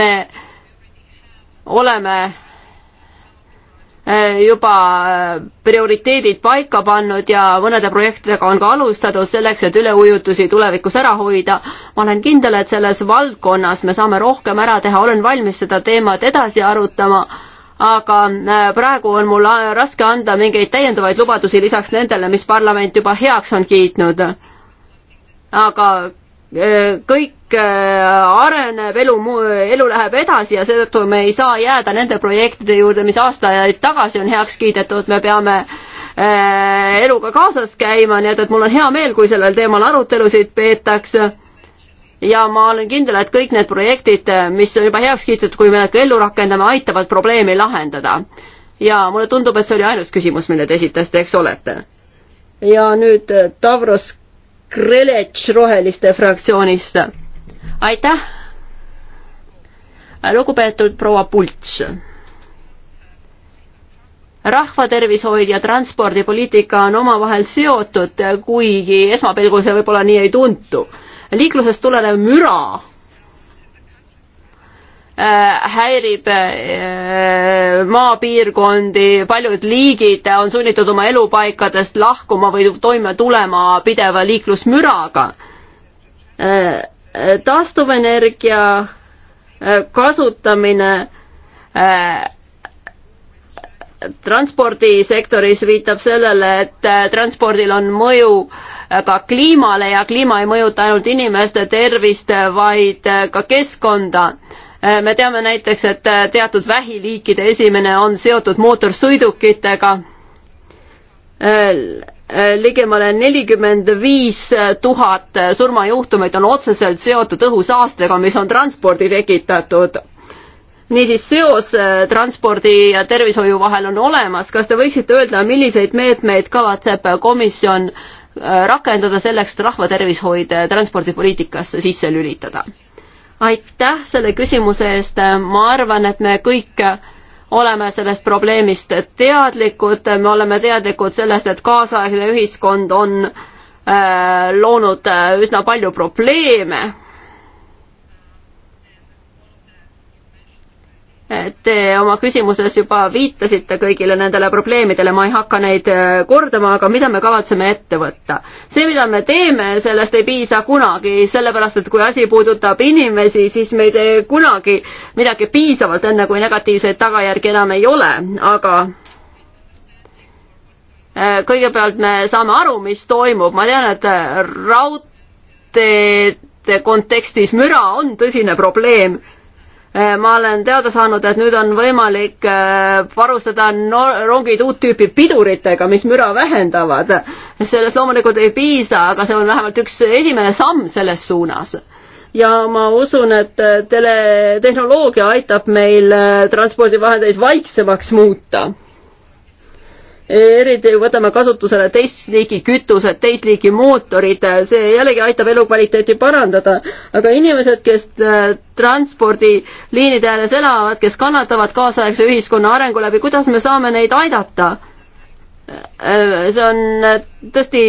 me oleme äh, juba prioriteedid paika pannud ja mõnede projektidega on ka alustatud selleks, et üleujutusi tulevikus ära hoida. ma olen kindel, et selles valdkonnas me saame rohkem ära teha, olen valmis seda teemat edasi arutama, aga praegu on mul raske anda mingeid täiendavaid lubadusi lisaks nendele, mis parlament juba heaks on kiitnud aga äh, kõik äh, areneb, elu, elu läheb edasi ja seetõttu me ei saa jääda nende projektide juurde, mis aastaid tagasi on heaks kiidetud, me peame äh, eluga kaasas käima, nii et, et mul on hea meel, kui sellel teemal arutelusid peetakse. ja ma olen kindel, et kõik need projektid, mis on juba heaks kiidetud, kui me need ka ellu rakendame, aitavad probleemi lahendada. ja mulle tundub, et see oli ainus küsimus, mille te esitasite, eks olete? ja nüüd Tavros Kreletš Roheliste fraktsioonist. aitäh. lugupeetud proua Pults. rahvatervishoid ja transpordipoliitika on omavahel seotud, kuigi esmapilgul see võib-olla nii ei tuntu. liiklusest tulenev müra Äh, häirib äh, maapiirkondi, paljud liigid on sunnitud oma elupaikadest lahkuma või toime tulema pideva liiklusmüraga. Äh, taastuvenergia kasutamine transpordisektoris viitab sellele, et transpordil on mõju ka kliimale ja kliima ei mõjuta ainult inimeste tervist, vaid ka keskkonda Äh, me teame näiteks, et äh, teatud vähiliikide esimene on seotud mootorsõidukitega. Äh, ligemale nelikümmend viis tuhat surmajuhtumeid on otseselt seotud õhusaastega, mis on transpordi tekitatud niisiis seos transpordi ja tervishoiu vahel on olemas, kas te võiksite öelda, milliseid meetmeid kavatseb komisjon rakendada selleks, et rahvatervishoid transpordipoliitikasse sisse lülitada? aitäh selle küsimuse eest, ma arvan, et me kõik oleme sellest probleemist teadlikud, me oleme teadlikud sellest, et kaasaegne ühiskond on äh, loonud äh, üsna palju probleeme Te oma küsimuses juba viitasite kõigile nendele probleemidele, ma ei hakka neid äh, kordama, aga mida me kavatseme ette võtta? see, mida me teeme, sellest ei piisa kunagi, sellepärast et kui asi puudutab inimesi, siis me ei tee kunagi midagi piisavalt, enne kui negatiivseid tagajärgi enam ei ole, aga äh, kõigepealt me saame aru, mis toimub, ma tean, et raudteed kontekstis müra on tõsine probleem Äh, ma olen teada saanud, et nüüd on võimalik äh, varustada no rongid uut tüüpi piduritega, mis müra vähendavad. sellest loomulikult ei piisa, aga see on vähemalt üks esimene samm selles suunas. ja ma usun, et äh, tele, tehnoloogia aitab meil transpordivahendeid vaiksemaks muuta eriti võtame kasutusele teist liiki kütused, teist liiki mootorid, see jällegi aitab elukvaliteeti parandada, aga inimesed, kes äh, transpordiliinide ääres elavad, kes kannatavad kaasaegse ühiskonna arengu läbi, kuidas me saame neid aidata? Äh, see on äh, tõesti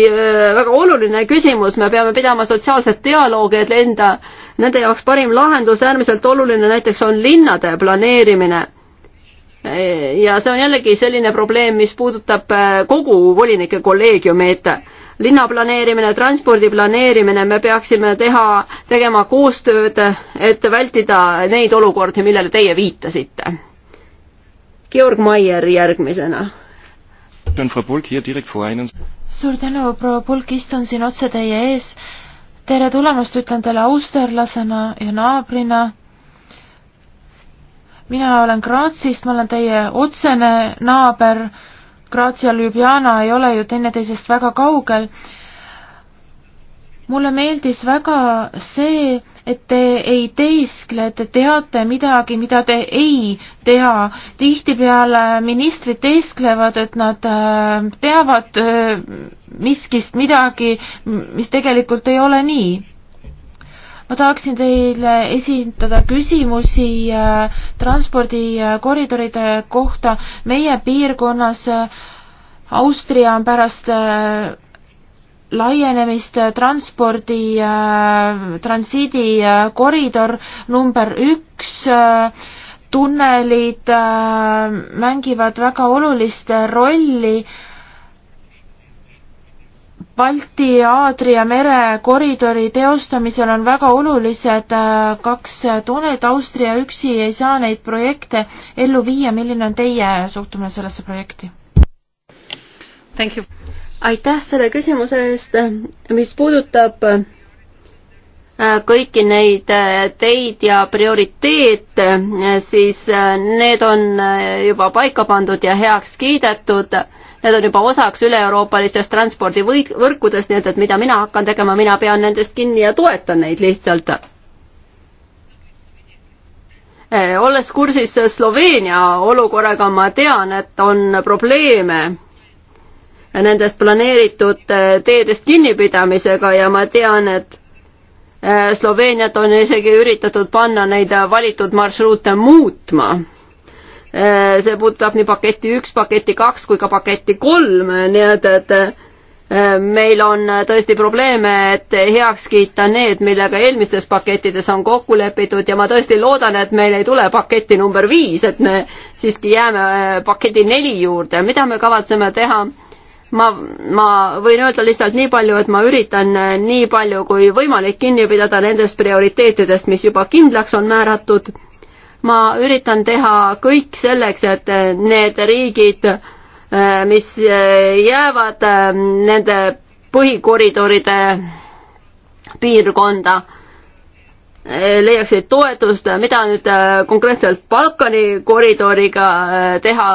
väga oluline küsimus, me peame pidama sotsiaalset dialoogi, et enda, nende jaoks parim lahendus, äärmiselt oluline näiteks on linnade planeerimine ja see on jällegi selline probleem, mis puudutab äh, kogu volinike kolleegiumit linnaplaneerimine, transpordi planeerimine, me peaksime teha, tegema koostööd, et vältida neid olukordi, millele teie viitasite. Georg Maier järgmisena. suur tänu, proua Pulk, istun siin otse teie ees. tere tulemast, ütlen teile austerlasena ja naabrina mina olen Graatsist, ma olen teie otsene naaber, Graats ja Ljubljana ei ole ju teineteisest väga kaugel. mulle meeldis väga see, et te ei teiskle, et te teate midagi, mida te ei tea. tihtipeale ministrid teisklevad, et nad äh, teavad äh, miskist midagi, mis tegelikult ei ole nii ma tahaksin teile esitada küsimusi äh, transpordikoridoride äh, kohta. meie piirkonnas äh, Austria on pärast laienemist transpordi transiidikoridor number üks tunnelid mängivad väga olulist rolli äh, Balti, Aadria mere koridori teostamisel on väga olulised äh, kaks tunnet, Austria üksi ei saa neid projekte ellu viia, milline on teie suhtumine sellesse projekti? aitäh selle küsimuse eest, mis puudutab äh, kõiki neid äh, teid ja prioriteete, siis need on juba paika pandud ja heaks kiidetud Need on juba osaks üle-euroopalistest transpordivõrkudest, nii et, et mida mina hakkan tegema, mina pean nendest kinni ja toetan neid lihtsalt. Eh, olles kursis Sloveenia olukorraga, ma tean, et on probleeme nendest planeeritud eh, teedest kinnipidamisega ja ma tean, et eh, Sloveeniat on isegi üritatud panna neid valitud marsruute muutma Äh, see puudutab nii paketti üks, paketti kaks kui ka paketti kolm, nii et, et äh, meil on tõesti probleeme, et heaks kiita need, millega eelmistes pakettides on kokku lepitud ja ma tõesti loodan, et meil ei tule paketti number viis, et me siiski jääme äh, paketi neli juurde, mida me kavatseme teha ma, ma võin öelda lihtsalt nii palju, et ma üritan nii palju kui võimalik kinni pidada nendest prioriteetidest, mis juba kindlaks on määratud ma üritan teha kõik selleks, et need riigid, äh, mis äh, jäävad äh, nende põhikoridoride piirkonda, leiaksid toetust, mida nüüd konkreetselt Balkani koridoriga teha,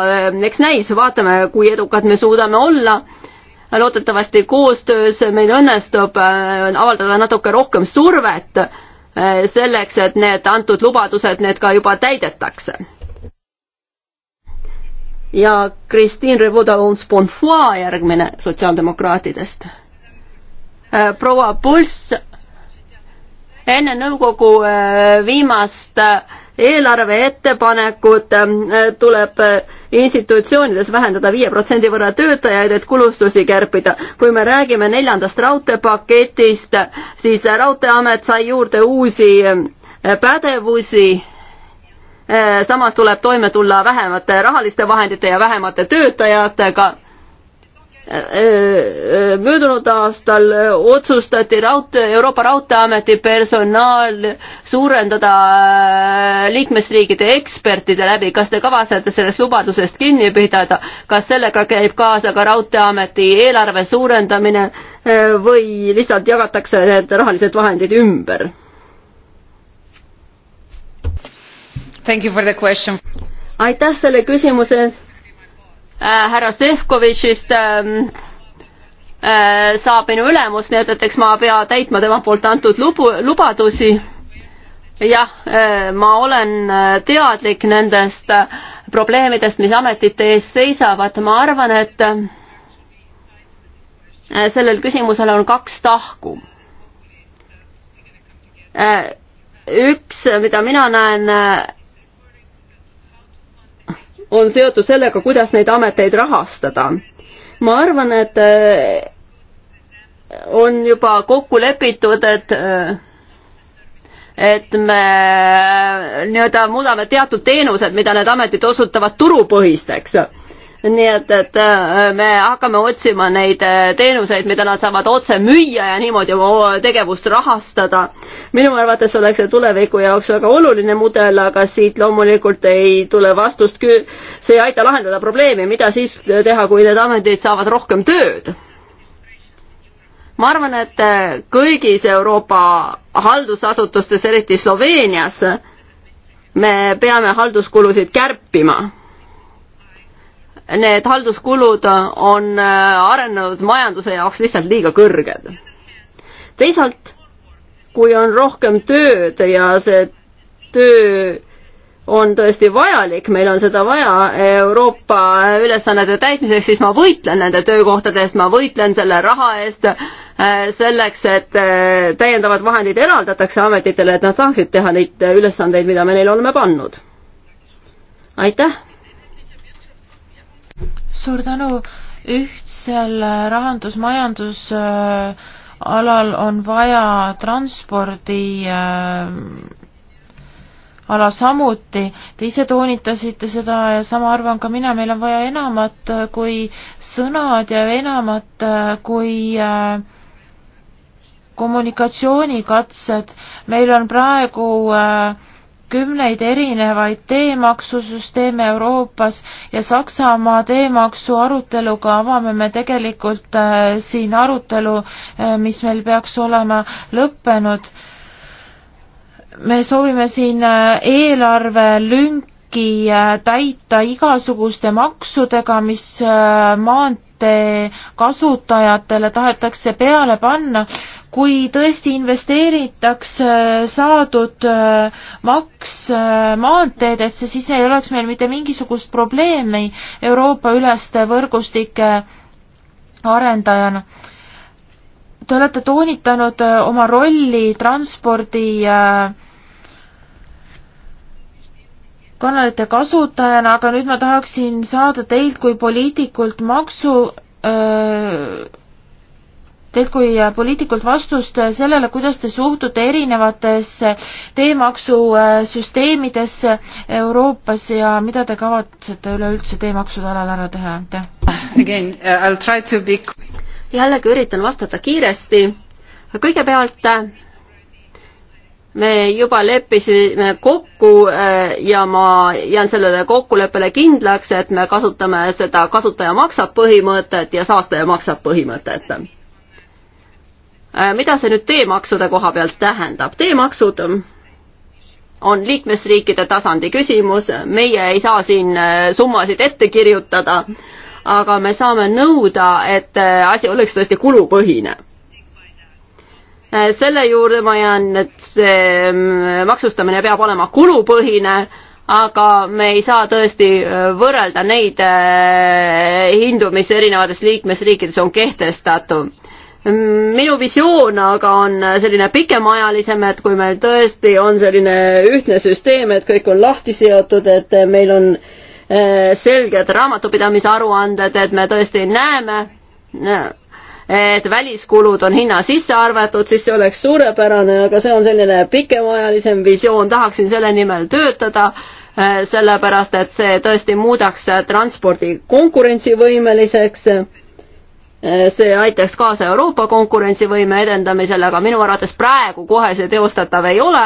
eks näis, vaatame, kui edukad me suudame olla. loodetavasti koostöös meil õnnestub avaldada natuke rohkem survet Äh, selleks, et need antud lubadused, need ka juba täidetakse. ja Christine Revaudalon-Sponfoy järgmine sotsiaaldemokraatidest. Äh, proua Puls, enne nõukogu äh, viimast äh, eelarve ettepanekud äh, tuleb äh, institutsioonides vähendada viie protsendi võrra töötajaid, et kulustusi kärpida. kui me räägime neljandast raudteepaketist, siis Raudteeamet sai juurde uusi äh, pädevusi, samas tuleb toime tulla vähemate rahaliste vahendite ja vähemate töötajatega möödunud aastal otsustati raudtee, Euroopa Raudteeameti personaal suurendada äh, liikmesriikide ekspertide läbi, kas te kavatsete sellest lubadusest kinni pidada, kas sellega käib kaasa ka Raudteeameti eelarve suurendamine äh, või lihtsalt jagatakse need rahalised vahendid ümber? aitäh selle küsimuse eest Äh, härra Stefkovitšist ähm, äh, saab minu ülemus, nii et, et eks ma pea täitma tema poolt antud lubu, lubadusi. jah, äh, ma olen teadlik nendest probleemidest, mis ametite ees seisavad, ma arvan, et sellel küsimusel on kaks tahku. üks, mida mina näen on seotud sellega, kuidas neid ameteid rahastada. ma arvan, et äh, on juba kokku lepitud, et äh, et me äh, nii-öelda muudame teatud teenused, mida need ametid osutavad, turupõhisteks nii et, et äh, me hakkame otsima neid äh, teenuseid, mida nad saavad otse müüa ja niimoodi oma tegevust rahastada. minu arvates oleks see tuleviku jaoks väga oluline mudel, aga siit loomulikult ei tule vastust, see ei aita lahendada probleemi, mida siis teha, kui need ametid saavad rohkem tööd ma arvan, et äh, kõigis Euroopa haldusasutustes, eriti Sloveenias, me peame halduskulusid kärpima need halduskulud on äh, arenenud majanduse jaoks lihtsalt liiga kõrged. teisalt, kui on rohkem tööd ja see töö on tõesti vajalik, meil on seda vaja Euroopa ülesannete täitmiseks, siis ma võitlen nende töökohtade eest, ma võitlen selle raha eest äh, selleks, et äh, täiendavad vahendid eraldatakse ametitele, et nad saaksid teha neid ülesandeid, mida me neile oleme pannud. aitäh! suur tänu, ühtsel rahandusmajandus äh, alal on vaja transpordi äh, ala samuti, te ise toonitasite seda ja sama arvan ka mina, meil on vaja enamat äh, kui sõnad ja enamat kui kommunikatsioonikatsed. meil on praegu äh, kümneid erinevaid teemaksusüsteeme Euroopas ja Saksamaa teemaksu aruteluga avame me tegelikult äh, siin arutelu, äh, mis meil peaks olema lõppenud. me soovime siin äh, eelarvelünki täita igasuguste maksudega, mis maantee kasutajatele tahetakse peale panna kui tõesti investeeritakse saadud äh, maks äh, maanteed, et see siis ei oleks meil mitte mingisugust probleemi Euroopa-üleste võrgustike arendajana. Te olete toonitanud äh, oma rolli transpordi kanalite kasutajana, aga nüüd ma tahaksin saada teilt kui poliitikult maksu öö, teilt kui äh, poliitikult vastust äh, sellele, kuidas te suhtute erinevatesse teemaksusüsteemidesse Euroopas ja mida te kavatsete üleüldse teemaksude alal ära teha, aitäh! Uh, be... jällegi üritan vastata kiiresti. kõigepealt äh, me juba leppisime kokku ja ma jään sellele kokkuleppele kindlaks, et me kasutame seda kasutaja maksab põhimõtet ja saastaja maksab põhimõtet Äh, mida see nüüd teemaksude koha pealt tähendab? teemaksud on liikmesriikide tasandi küsimus, meie ei saa siin äh, summasid ette kirjutada, aga me saame nõuda, et äh, asi oleks tõesti kulupõhine. selle juurde ma jään, et see mm, maksustamine peab olema kulupõhine, aga me ei saa tõesti võrrelda neid hindu, mis erinevates liikmesriikides on kehtestatud minu visioon aga on selline pikemaajalisem, et kui meil tõesti on selline ühtne süsteem, et kõik on lahti seotud, et meil on eh, selged raamatupidamise aruanded, et me tõesti näeme, et väliskulud on hinna sisse arvatud, siis see oleks suurepärane, aga see on selline pikemaajalisem visioon, tahaksin selle nimel töötada, eh, sellepärast et see tõesti muudaks transpordi konkurentsivõimeliseks Eh, see aitaks kaasa Euroopa konkurentsivõime edendamisele, aga minu arvates praegu kohe see teostatav ei ole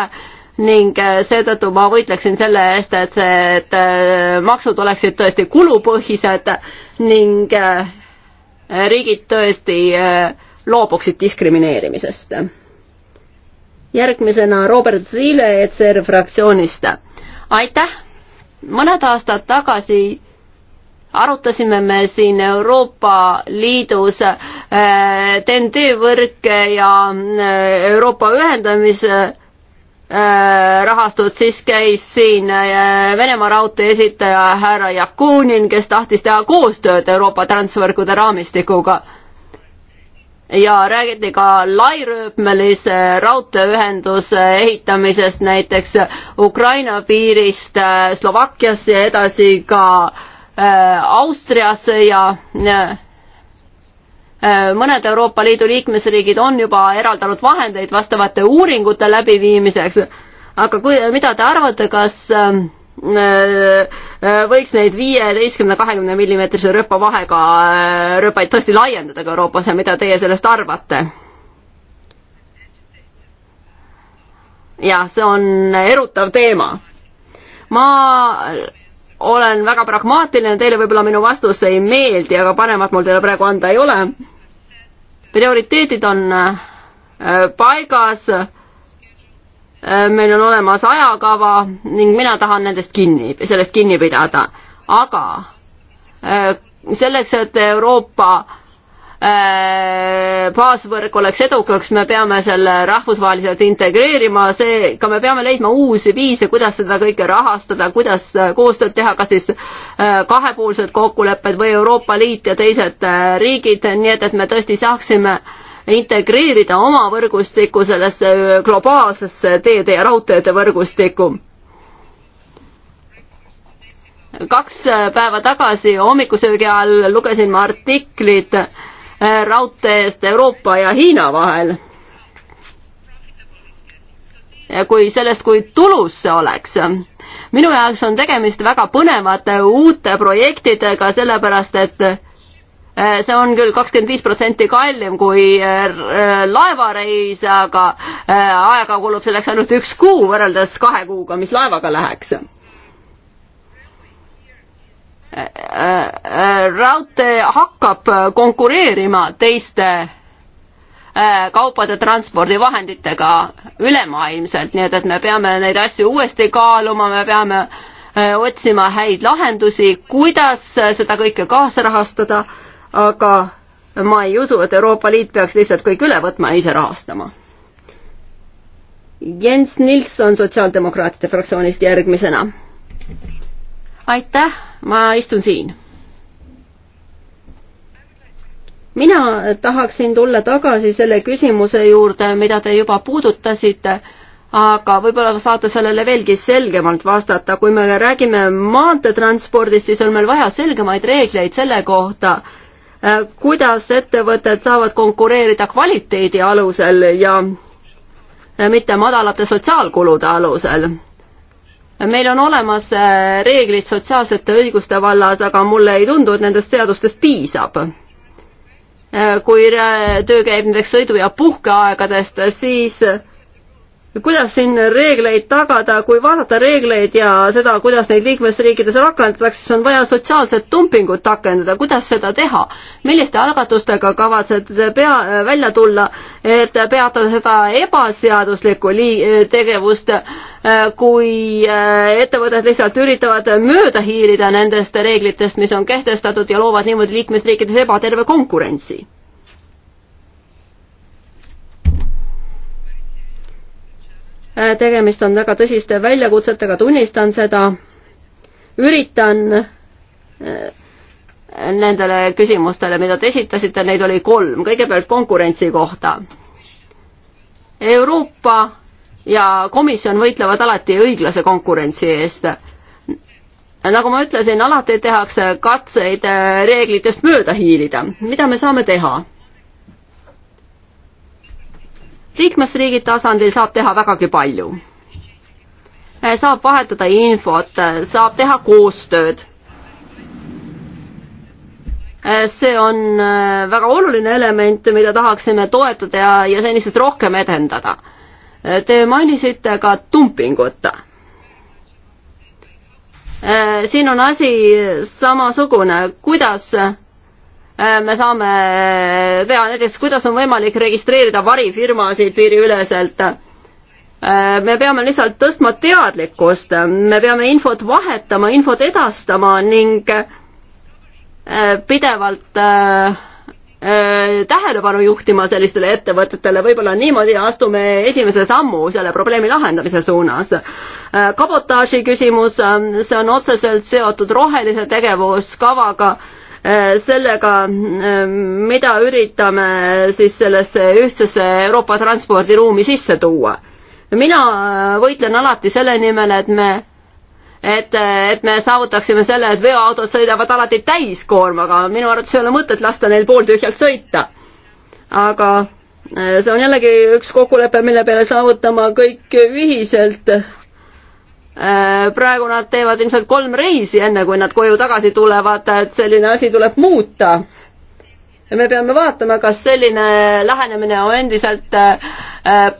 ning eh, seetõttu ma võitleksin selle eest, et see, et eh, maksud oleksid tõesti kulupõhised ning riigid tõesti loobuksid diskrimineerimisest. järgmisena Robert Zile ECR fraktsioonist. aitäh! mõned aastad tagasi arutasime me siin Euroopa Liidus TNT äh, võrke ja äh, Euroopa ühendamise äh, rahastut, siis käis siin Venemaa raudtee esitaja härra Jakunin, kes tahtis teha koostööd Euroopa transvõrkude raamistikuga ja räägiti ka lairööpmelise raudteeühenduse ehitamisest näiteks Ukraina piirist Slovakkiasse ja edasi ka Äh, Austrias ja äh, äh, mõned Euroopa Liidu liikmesriigid on juba eraldanud vahendeid vastavate uuringute läbiviimiseks. aga kui, mida te arvate, kas ähm, võiks neid viieteistkümne, kahekümne millimeetrise rööpavahega rööpaid tõesti laiendada ka Euroopas ja mida teie sellest arvate? jah, see on erutav teema. ma olen väga pragmaatiline, teile võib-olla minu vastus ei meeldi, aga paremat mul teile praegu anda ei ole. prioriteedid on äh, paigas, äh, meil on olemas ajakava ning mina tahan nendest kinni, sellest kinni pidada. aga äh, selleks, et Euroopa Äh, baasvõrk oleks edukaks, me peame selle rahvusvaheliselt integreerima, seega me peame leidma uusi viise, kuidas seda kõike rahastada, kuidas äh, koostööd teha, kas siis äh, kahepoolsed kokkulepped või Euroopa Liit ja teised riigid, nii et, et me tõesti saaksime integreerida oma võrgustikku sellesse globaalsesse teede ja raudteede võrgustikku kaks päeva tagasi hommikusöögi all lugesin ma artiklit äh, Äh, raudteest Euroopa ja Hiina vahel. kui sellest, kui tulus see oleks. minu jaoks on tegemist väga põnevate uute projektidega, sellepärast et äh, see on küll kakskümmend viis protsenti kallim kui äh, laevareis, aga aega kulub selleks ainult üks kuu võrreldes kahe kuuga, mis laevaga läheks raudtee hakkab äh, konkureerima teiste äh, kaupade transpordivahenditega ülemaailmselt, nii et, et me peame neid asju uuesti kaaluma, me peame äh, otsima häid lahendusi, kuidas seda kõike kaasrahastada, aga ma ei usu, et Euroopa Liit peaks lihtsalt kõik üle võtma ja ise rahastama. Jens Nilsson sotsiaaldemokraatide fraktsioonist järgmisena aitäh, ma istun siin. mina tahaksin tulla tagasi selle küsimuse juurde, mida te juba puudutasite, aga võib-olla saate sellele veelgi selgemalt vastata. kui me räägime maanteetranspordist, siis on meil vaja selgemaid reegleid selle kohta, äh, kuidas ettevõtted saavad konkureerida kvaliteedi alusel ja äh, mitte madalate sotsiaalkulude alusel meil on olemas äh, reeglid sotsiaalsete õiguste vallas, aga mulle ei tundu, et nendest seadustest piisab. Äh, kui äh, töö käib näiteks sõidu- ja puhkeaegadest, siis kuidas siin reegleid tagada, kui vaadata reegleid ja seda, kuidas neid liikmesriikides rakendatakse, siis on vaja sotsiaalset dumpingut rakendada, kuidas seda teha? milliste algatustega kavatsed pea, välja tulla, et peatada seda ebaseaduslikku lii-, tegevust, kui äh, ettevõtted lihtsalt üritavad mööda hiilida nendest reeglitest, mis on kehtestatud ja loovad niimoodi liikmesriikides ebaterve konkurentsi? Äh, tegemist on väga tõsiste väljakutsetega, tunnistan seda, üritan äh, nendele küsimustele, mida te esitasite, neid oli kolm, kõigepealt konkurentsi kohta. Euroopa ja komisjon võitlevad alati õiglase konkurentsi eest. nagu ma ütlesin, alati tehakse katseid äh, reeglitest mööda hiilida. mida me saame teha? liikmesriigi tasandil saab teha vägagi palju. Eh, saab vahetada infot, eh, saab teha koostööd. Eh, see on väga oluline element, mida tahaksime toetada ja, ja senisest rohkem edendada. Te mainisite ka dumpingut siin on asi samasugune, kuidas Äh, me saame äh, teha näiteks, kuidas on võimalik registreerida varifirmasid piiriüleselt. Äh, me peame lihtsalt tõstma teadlikkust, me peame infot vahetama, infot edastama ning pidevalt tähelepanu juhtima sellistele ettevõtetele, võib-olla niimoodi astume esimese sammu selle probleemi lahendamise suunas. kabotaaži küsimus, see on otseselt seotud rohelise tegevuskavaga Äh, sellega, äh, mida üritame siis sellesse ühtsesse Euroopa transpordiruumi sisse tuua. mina äh, võitlen alati selle nimel, et me et, et me saavutaksime selle, et veoautod sõidavad alati täiskoormaga, minu arvates ei ole mõtet lasta neil pooltühjalt sõita. aga see on jällegi üks kokkulepe, mille peale saavutama kõik ühiselt Äh, praegu nad teevad ilmselt kolm reisi, enne kui nad koju tagasi tulevad, et selline asi tuleb muuta. me peame vaatama, kas selline lähenemine on endiselt äh,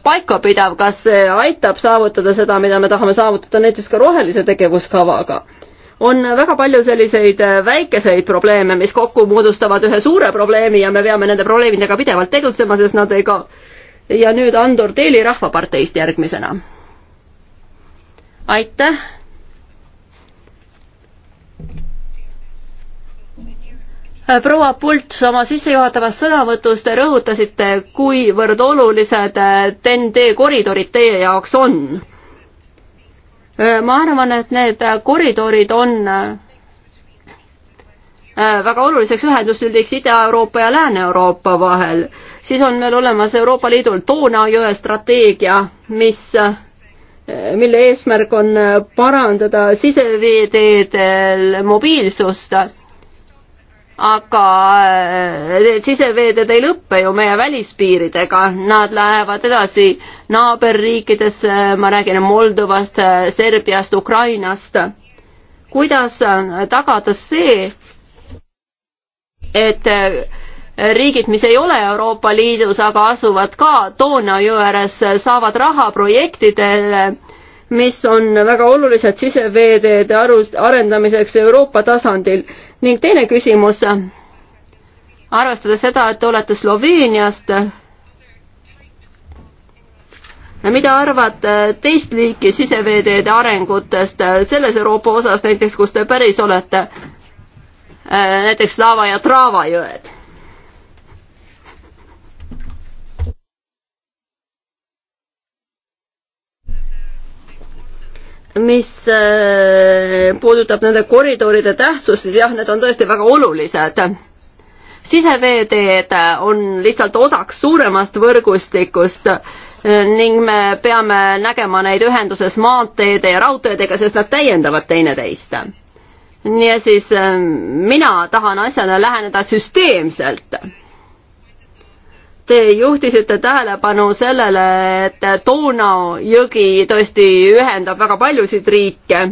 paikapidav, kas see aitab saavutada seda, mida me tahame saavutada näiteks ka rohelise tegevuskavaga on väga palju selliseid äh, väikeseid probleeme, mis kokku moodustavad ühe suure probleemi ja me peame nende probleemidega pidevalt tegutsema, sest nad ei kao. ja nüüd Andor Teeli Rahvaparteist järgmisena aitäh. proua Pults, oma sissejuhatavas sõnavõtus te rõhutasite, kuivõrd olulised TEN-T äh, koridorid teie jaoks on. Äh, ma arvan, et need äh, koridorid on väga oluliseks ühenduslüliks Ida-Euroopa ja Lääne-Euroopa vahel. siis on meil olemas Euroopa Liidul Doona jõe strateegia, mis mille eesmärk on parandada siseveeteedel mobiilsust. aga eh, siseveeteed ei lõppe ju meie välispiiridega, nad lähevad edasi naaberriikidesse, ma räägin Moldovast, Serbiast, Ukrainast. kuidas tagada see, et riigid, mis ei ole Euroopa Liidus, aga asuvad ka Donau jõe ääres, saavad raha projektidele, mis on väga olulised siseveeteede arendamiseks Euroopa tasandil. ning teine küsimus, arvestades seda, et te olete Sloveeniast, no mida arvad teist liiki siseveeteede arengutest selles Euroopa osas näiteks, kus te päris olete, näiteks Lava ja Trava jõed? mis äh, puudutab nende koridoride tähtsust, siis jah, need on tõesti väga olulised. siseveeteed on lihtsalt osaks suuremast võrgustikust äh, ning me peame nägema neid ühenduses maanteede ja raudteedega, sest nad täiendavad teineteist. nii ja siis äh, mina tahan asjale läheneda süsteemselt Te juhtisite tähelepanu sellele, et Donau jõgi tõesti ühendab väga paljusid riike.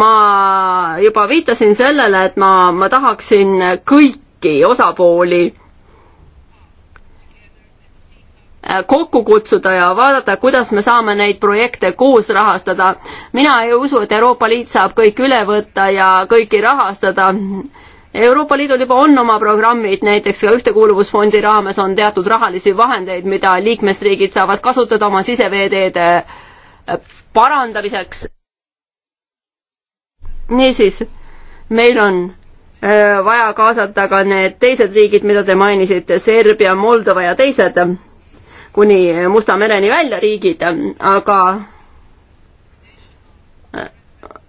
ma juba viitasin sellele, et ma, ma tahaksin kõiki osapooli kokku kutsuda ja vaadata, kuidas me saame neid projekte koos rahastada. mina ei usu, et Euroopa Liit saab kõik üle võtta ja kõiki rahastada Euroopa Liidul juba on oma programmid, näiteks ka Ühtekuuluvusfondi raames on teatud rahalisi vahendeid, mida liikmesriigid saavad kasutada oma siseveeteede äh, parandamiseks. niisiis, meil on äh, vaja kaasata ka need teised riigid, mida te mainisite, Serbia, Moldova ja teised, kuni Musta mereni välja riigid, aga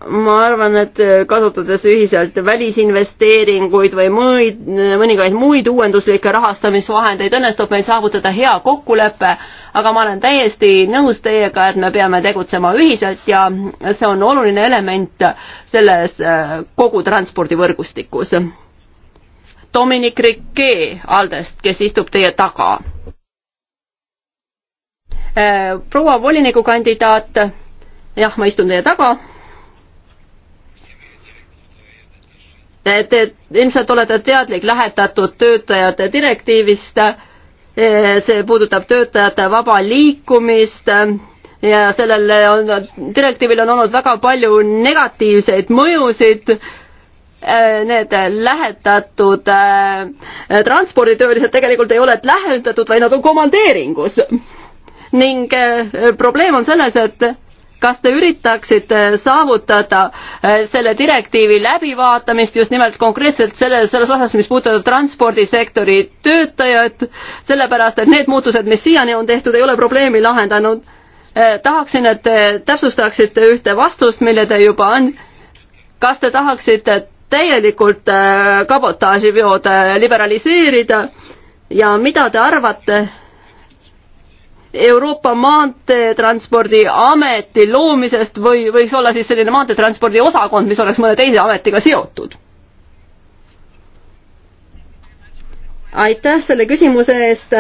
ma arvan, et kasutades ühiselt välisinvesteeringuid või muid, mõningaid muid uuenduslikke rahastamisvahendeid, õnnestub meil saavutada hea kokkulepe, aga ma olen täiesti nõus teiega, et me peame tegutsema ühiselt ja see on oluline element selles äh, kogu transpordivõrgustikus. Dominic Riquet Aldest, kes istub teie taga. Äh, proua volinikukandidaat, jah, ma istun teie taga Te ilmselt olete teadlik lähetatud töötajate direktiivist, eh, see puudutab töötajate vaba liikumist ja sellel on, direktiivil on olnud väga palju negatiivseid mõjusid eh, need lähetatud äh, transporditöölised tegelikult ei ole lähetatud, vaid nad on komandeeringus. ning äh, probleem on selles, et kas te üritaksite saavutada äh, selle direktiivi läbivaatamist just nimelt konkreetselt selle, selles osas, mis puudutab transpordisektori töötajat, sellepärast et need muutused, mis siiani on tehtud, ei ole probleemi lahendanud. Äh, tahaksin, et te täpsustaksite ühte vastust, mille te juba on-, kas te tahaksite täielikult äh, kabotaaživeod liberaliseerida ja mida te arvate Euroopa Maanteetranspordiameti loomisest või võiks olla siis selline maanteetranspordi osakond, mis oleks mõne teise ametiga seotud? aitäh selle küsimuse eest.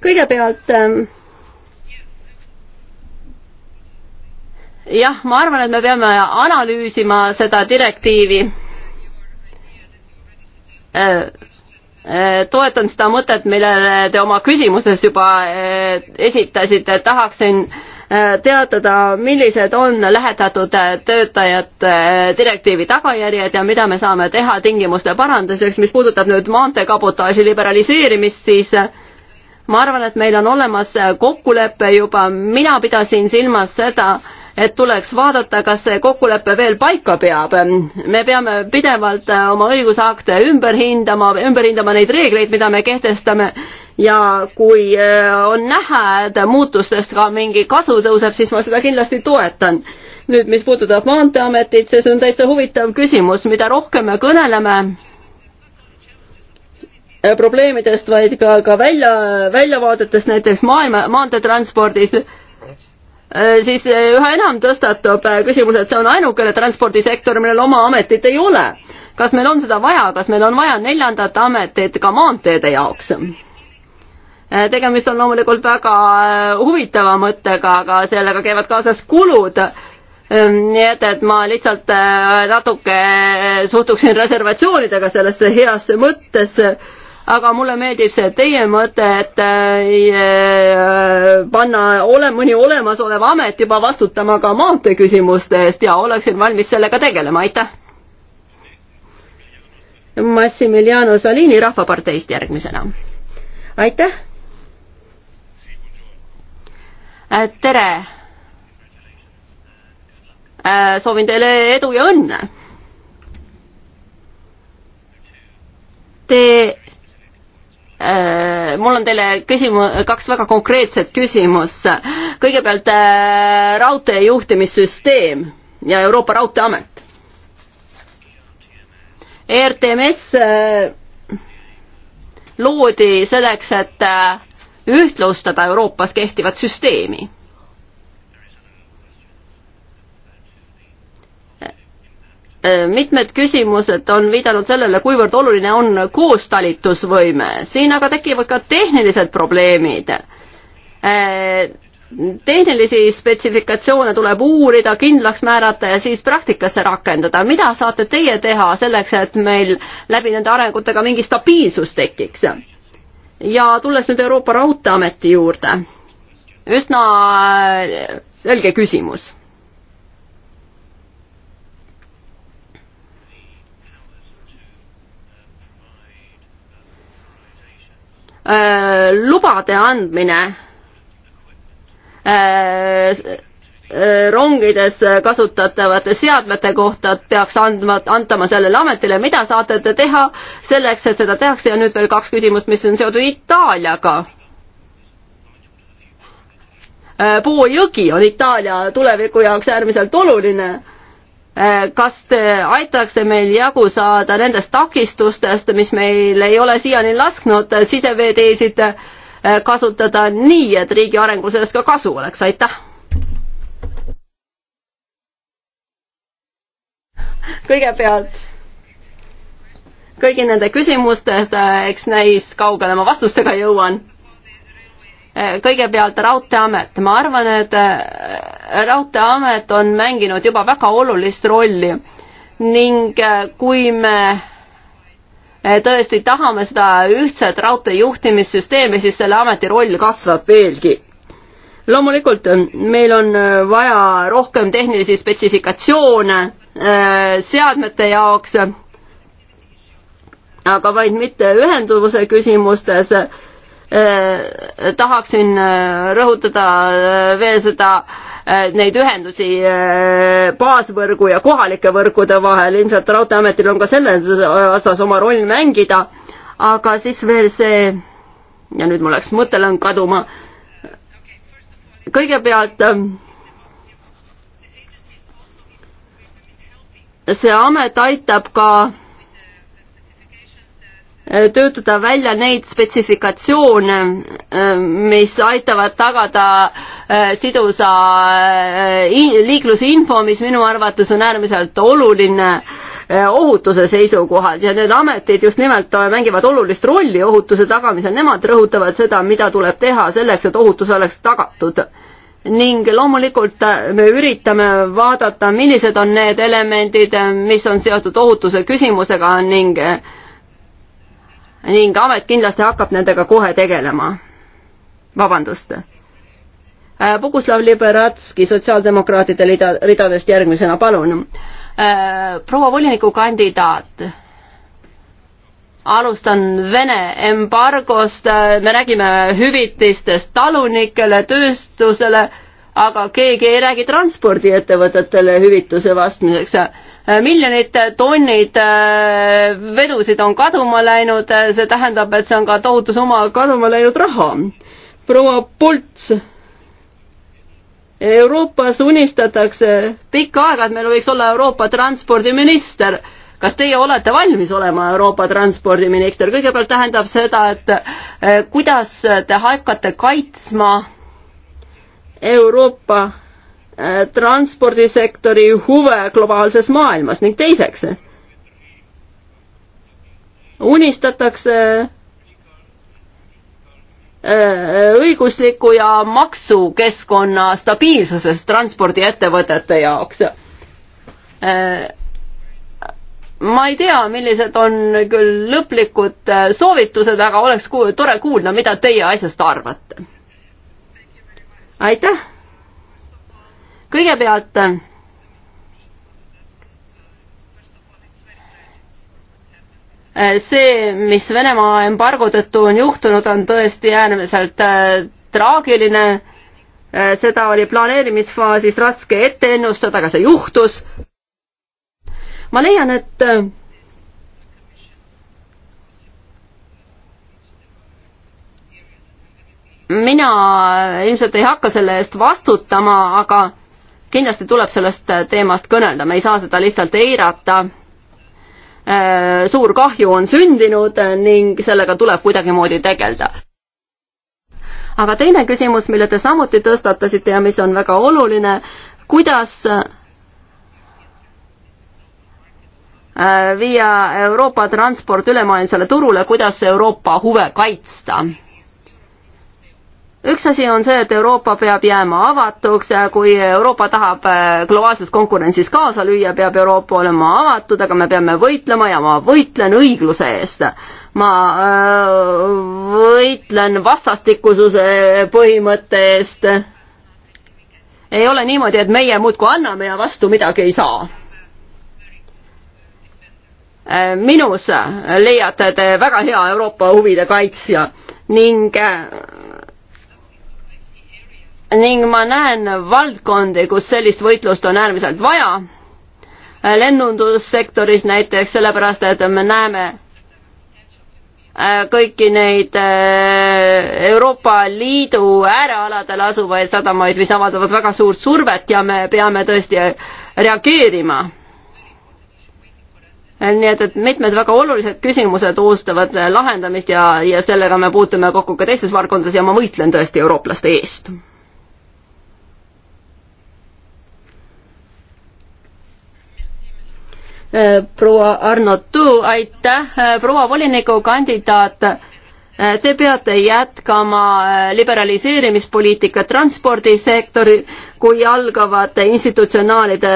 kõigepealt ähm, jah, ma arvan, et me peame analüüsima seda direktiivi äh, Äh, toetan seda mõtet, millele te oma küsimuses juba äh, esitasite, tahaksin äh, teatada, millised on lähetatud töötajate direktiivi tagajärjed ja mida me saame teha tingimuste paranduseks, mis puudutab nüüd maanteekabotaaži liberaliseerimist, siis ma arvan, et meil on olemas kokkulepe juba, mina pidasin silmas seda, et tuleks vaadata, kas see kokkulepe veel paika peab. me peame pidevalt oma õigusakte ümber hindama, ümber hindama neid reegleid, mida me kehtestame ja kui äh, on näha, et muutustest ka mingi kasu tõuseb, siis ma seda kindlasti toetan. nüüd, mis puudutab Maanteeametit, siis on täitsa huvitav küsimus, mida rohkem me kõneleme, äh, probleemidest, vaid ka, ka välja, väljavaadetest näiteks maailma, maanteetranspordis Äh, siis äh, üha enam tõstatub äh, küsimus, et see on ainukene transpordisektor, millel oma ametit ei ole. kas meil on seda vaja, kas meil on vaja neljandat ametit ka maanteede jaoks? tegemist on loomulikult väga huvitava mõttega, aga sellega käivad kaasas kulud. Ehm, nii et, et ma lihtsalt natuke suhtuksin reservatsioonidega sellesse heasse mõttesse aga mulle meeldib see teie mõte, et äh, panna ole, mõni olemasolev amet juba vastutama ka maanteeküsimuste eest ja oleksin valmis sellega tegelema, aitäh. Massimiliano Salini Rahvaparteist järgmisena. aitäh. Äh, tere. Äh, soovin teile edu ja õnne te Äh, mul on teile küsimus, kaks väga konkreetset küsimust. kõigepealt äh, raudtee juhtimissüsteem ja Euroopa Raudteeamet. ERTMS äh, loodi selleks, et ühtlustada Euroopas kehtivat süsteemi Äh, mitmed küsimused on viidanud sellele, kuivõrd oluline on koostalitusvõime, siin aga tekivad ka tehnilised probleemid. Äh, tehnilisi spetsifikatsioone tuleb uurida, kindlaks määrata ja siis praktikasse rakendada. mida saate teie teha selleks, et meil läbi nende arengutega mingi stabiilsus tekiks? ja tulles nüüd Euroopa Raudteeameti juurde, üsna äh, selge küsimus Äh, lubade andmine äh, äh, rongides kasutatavate seadmete kohta peaks andma, antama sellele ametile, mida saate te teha selleks, et seda tehakse ja nüüd veel kaks küsimust, mis on seotud Itaaliaga. Poo jõgi on Itaalia tuleviku jaoks äärmiselt oluline Äh, kas te aitaksite meil jagu saada nendest takistustest, mis meil ei ole siiani lasknud siseveeteesid äh, kasutada nii, et riigi arengul sellest ka kasu oleks, aitäh! kõigepealt kõigi nende küsimuste eest, äh, eks näis kaugele ma vastustega jõuan Eh, kõigepealt Raudteeamet, ma arvan, et eh, Raudteeamet on mänginud juba väga olulist rolli ning eh, kui me tõesti tahame seda ühtset raudtee juhtimissüsteemi, siis selle ameti roll kasvab veelgi. loomulikult meil on vaja rohkem tehnilisi spetsifikatsioone seadmete jaoks, aga vaid mitte ühenduvuse küsimustes Äh, tahaksin äh, rõhutada äh, veel seda, neid ühendusi baasvõrgu ja kohalike võrkude vahel, ilmselt Raudteeametil on ka selles osas oma roll mängida, aga siis veel see, ja nüüd mul läks mõttelõng kaduma, kõigepealt see amet aitab ka Äh, töötada välja neid spetsifikatsioone, äh, mis aitavad tagada äh, sidusa liiklusinfo, mis minu arvates on äärmiselt oluline ohutuse seisukohalt ja need ametid just nimelt mängivad olulist rolli ohutuse tagamisel, nemad rõhutavad seda, mida tuleb teha selleks, et ohutus oleks tagatud ning loomulikult me üritame vaadata, millised on need elemendid, mis on seotud ohutuse küsimusega ning äh, ning amet kindlasti hakkab nendega kohe tegelema. vabandust. Äh, Boguslav Liberatski sotsiaaldemokraatide rida, ridadest järgmisena, palun. Äh, proua volinikukandidaat, alustan Vene embargost, äh, me räägime hüvitistest talunikele, tööstusele, aga keegi ei räägi transpordiettevõtetele hüvituse vastmiseks miljonid tonnid äh, vedusid on kaduma läinud, see tähendab, et see on ka tohutu summa kaduma läinud raha. proua Pults, Euroopas unistatakse pikka aega, et meil võiks olla Euroopa transpordiminister. kas teie olete valmis olema Euroopa transpordiminister? kõigepealt tähendab seda, et äh, kuidas te hakkate kaitsma Euroopa Äh, transpordisektori huve globaalses maailmas ning teiseks unistatakse äh, õigusliku ja maksukeskkonna stabiilsusest transpordiettevõtete jaoks. Äh, ma ei tea, millised on küll lõplikud soovitused, aga oleks ku tore kuulda, mida teie asjast arvate. aitäh kõigepealt eh, see, mis Venemaa embargo tõttu on juhtunud, on tõesti äärmiselt eh, traagiline. Eh, seda oli planeerimisfaasis raske ette ennustada, aga see juhtus. ma leian, et mina ilmselt ei hakka selle eest vastutama, aga kindlasti tuleb sellest äh, teemast kõnelda, me ei saa seda lihtsalt eirata. Äh, suur kahju on sündinud äh, ning sellega tuleb kuidagimoodi tegeleda. aga teine küsimus, mille te samuti tõstatasite ja mis on väga oluline, kuidas viia Euroopa transport ülemaailmsele turule, kuidas Euroopa huve kaitsta üks asi on see, et Euroopa peab jääma avatuks, kui Euroopa tahab äh, globaalses konkurentsis kaasa lüüa, peab Euroopa olema avatud, aga me peame võitlema ja ma võitlen õigluse eest. ma äh, võitlen vastastikususe põhimõtte eest. ei ole niimoodi, et meie muudkui anname ja vastu midagi ei saa äh, minus leiate te väga hea Euroopa huvide kaitsja ning ning ma näen valdkondi, kus sellist võitlust on äärmiselt vaja. lennundussektoris näiteks sellepärast, et me näeme äh, kõiki neid äh, Euroopa Liidu äärealadel asuvaid sadamaid, mis avaldavad väga suurt survet ja me peame tõesti reageerima. nii et, et mitmed väga olulised küsimused ootavad lahendamist ja, ja sellega me puutume kokku ka teistes valdkondades ja ma võitlen tõesti eurooplaste eest Äh, proua Arnotu, aitäh, äh, proua volinikukandidaat. Äh, te peate jätkama liberaliseerimispoliitikat transpordisektoril, kui algavad institutsionaalide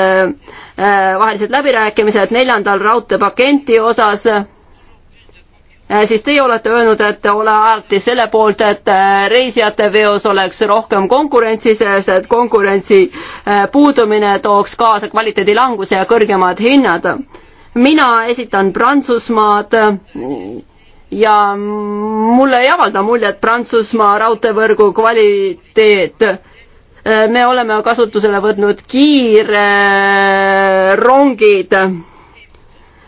vahelised läbirääkimised neljandal raudteepaketi osas Äh, siis teie olete öelnud, et ole alati selle poolt, et äh, reisijate veos oleks rohkem konkurentsi, sest et konkurentsi äh, puudumine tooks kaasa kvaliteedi languse ja kõrgemad hinnad. mina esitan Prantsusmaad ja mulle ei avalda muljet Prantsusmaa raudteevõrgu kvaliteet me oleme kasutusele võtnud kiirrongid äh,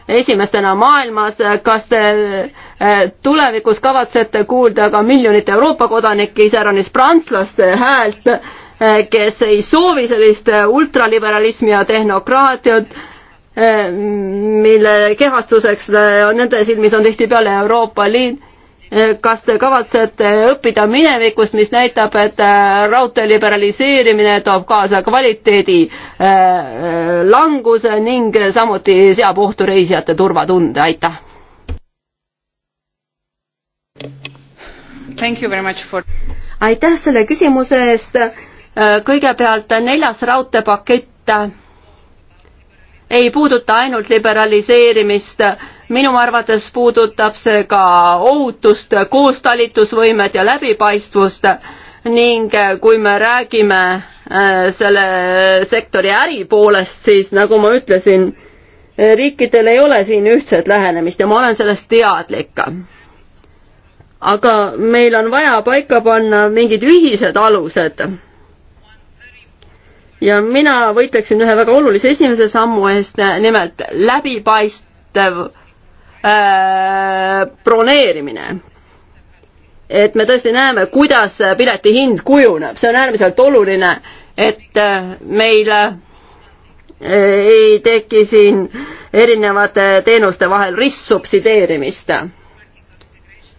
esimestena maailmas, kas te eh, tulevikus kavatsete kuulda ka miljonite Euroopa kodanike, iseäranis prantslaste häält, eh, kes ei soovi sellist eh, ultraliberalismi ja tehnokraatiat, mille kehastuseks nende silmis on tihtipeale Euroopa Liit Eh, kas te kavatsete õppida minevikust, mis näitab, et eh, raudtee liberaliseerimine toob kaasa kvaliteedi eh, languse ning samuti seab ohtu reisijate turvatunde, aitäh! For... aitäh selle küsimuse eest, kõigepealt neljas raudteepakett ei puuduta ainult liberaliseerimist, minu arvates puudutab see ka ohutust, koostalitusvõimet ja läbipaistvust ning kui me räägime äh, selle sektori äripoolest, siis nagu ma ütlesin, riikidel ei ole siin ühtset lähenemist ja ma olen sellest teadlik. aga meil on vaja paika panna mingid ühised alused ja mina võitleksin ühe väga olulise esimese sammu eest, eh, nimelt läbipaistev äh, broneerimine. et me tõesti näeme, kuidas pileti hind kujuneb, see on äärmiselt oluline, et äh, meil äh, ei teki siin erinevate teenuste vahel ristsubsideerimist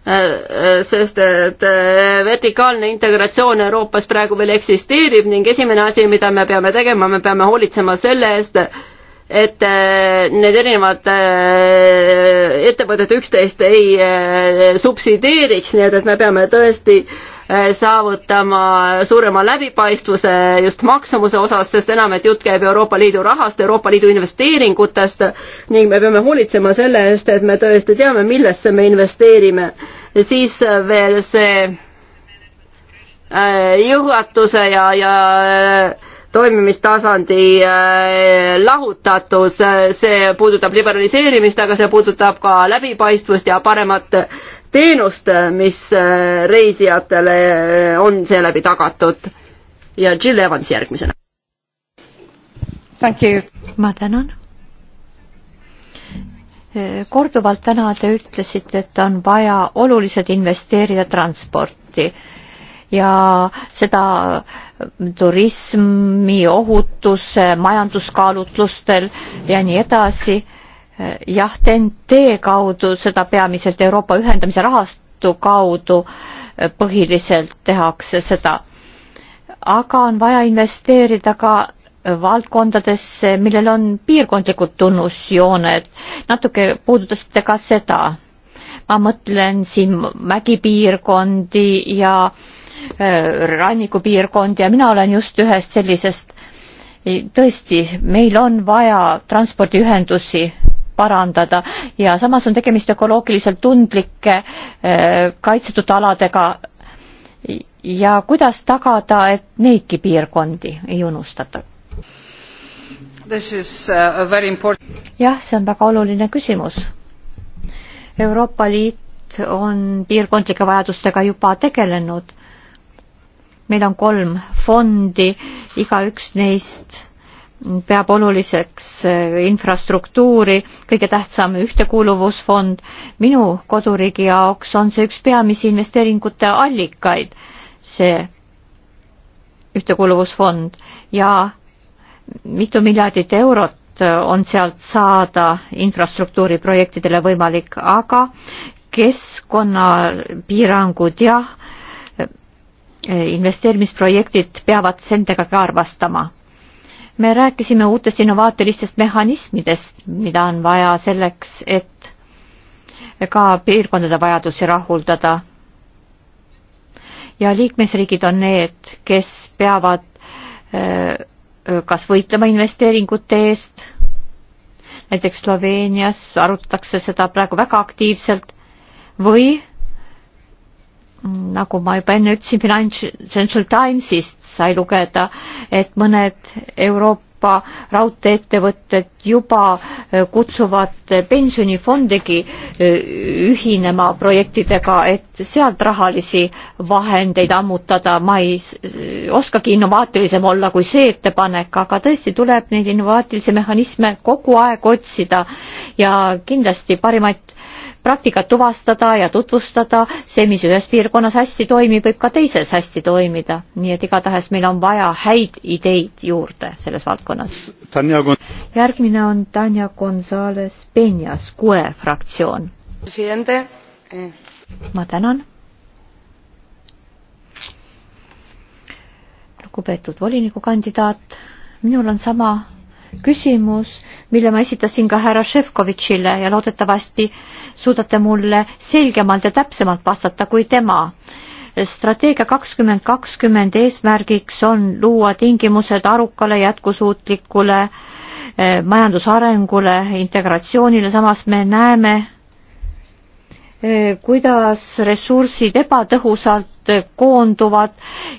Äh, äh, sest et äh, vertikaalne integratsioon Euroopas praegu veel eksisteerib ning esimene asi, mida me peame tegema, me peame hoolitsema selle eest, et need erinevad ettevõtted üksteist ei subsideeriks, nii et, et me peame tõesti saavutama suurema läbipaistvuse just maksumuse osas, sest enam, et jutt käib Euroopa Liidu rahast, Euroopa Liidu investeeringutest ning me peame hoolitsema selle eest, et me tõesti teame, millesse me investeerime siis äh, veel see äh, juhatuse ja, ja äh, toimimistasandi lahutatus, see puudutab liberaliseerimist, aga see puudutab ka läbipaistvust ja paremat teenust, mis reisijatele on seeläbi tagatud. ja Jill Evans järgmisena. ma tänan korduvalt täna te ütlesite, et on vaja oluliselt investeerida transporti ja seda turismi, ohutuse, majanduskaalutlustel ja nii edasi. jah, TNT kaudu seda peamiselt Euroopa ühendamise rahastu kaudu põhiliselt tehakse seda. aga on vaja investeerida ka valdkondadesse, millel on piirkondlikud tunnusjooned. natuke puudutasite ka seda. ma mõtlen siin mägipiirkondi ja äh, rannikupiirkondi ja mina olen just ühest sellisest. tõesti, meil on vaja transpordiühendusi parandada ja samas on tegemist ökoloogiliselt tundlike äh, kaitsetud aladega. ja kuidas tagada, et neidki piirkondi ei unustata? Uh, jah, see on väga oluline küsimus. Euroopa Liit on piirkondlike vajadustega juba tegelenud. meil on kolm fondi, igaüks neist peab oluliseks äh, infrastruktuuri, kõige tähtsam ühtekuuluvusfond. minu koduriigi jaoks on see üks peamisi investeeringute allikaid, see ühtekuuluvusfond ja mitu miljardit eurot äh, on sealt saada infrastruktuuriprojektidele võimalik, aga keskkonnapiirangud jah, äh, investeerimisprojektid peavad nendega ka arvestama. me rääkisime uutest innovaatilistest mehhanismidest, mida on vaja selleks, et ka piirkondade vajadusi rahuldada. ja liikmesriigid on need, kes peavad kas võitlema investeeringute eest, näiteks Sloveenias arutatakse seda praegu väga aktiivselt, või Mm, nagu ma juba enne ütlesin, Financial Timesist sai lugeda, et mõned Euroopa raudteeettevõtted juba eh, kutsuvad pensionifondigi eh, ühinema projektidega, et sealt rahalisi vahendeid ammutada. ma ei eh, oskagi innovaatilisem olla kui see ettepanek, aga tõesti tuleb neid innovaatilisi mehhanisme kogu aeg otsida ja kindlasti parimaid praktikat tuvastada ja tutvustada, see, mis ühes piirkonnas hästi toimib, võib ka teises hästi toimida, nii et igatahes meil on vaja häid ideid juurde selles valdkonnas. järgmine on Tanja Gonzalez Penjas, QE fraktsioon. Eh. ma tänan. lugupeetud volinikukandidaat, minul on sama küsimus, mille ma esitasin ka härra Šefkovitšile ja loodetavasti suudate mulle selgemalt ja täpsemalt vastata kui tema. strateegia kakskümmend kakskümmend eesmärgiks on luua tingimused arukale jätkusuutlikule eh, majandusarengule, integratsioonile, samas me näeme, eh, kuidas ressursid ebatõhusalt koonduvad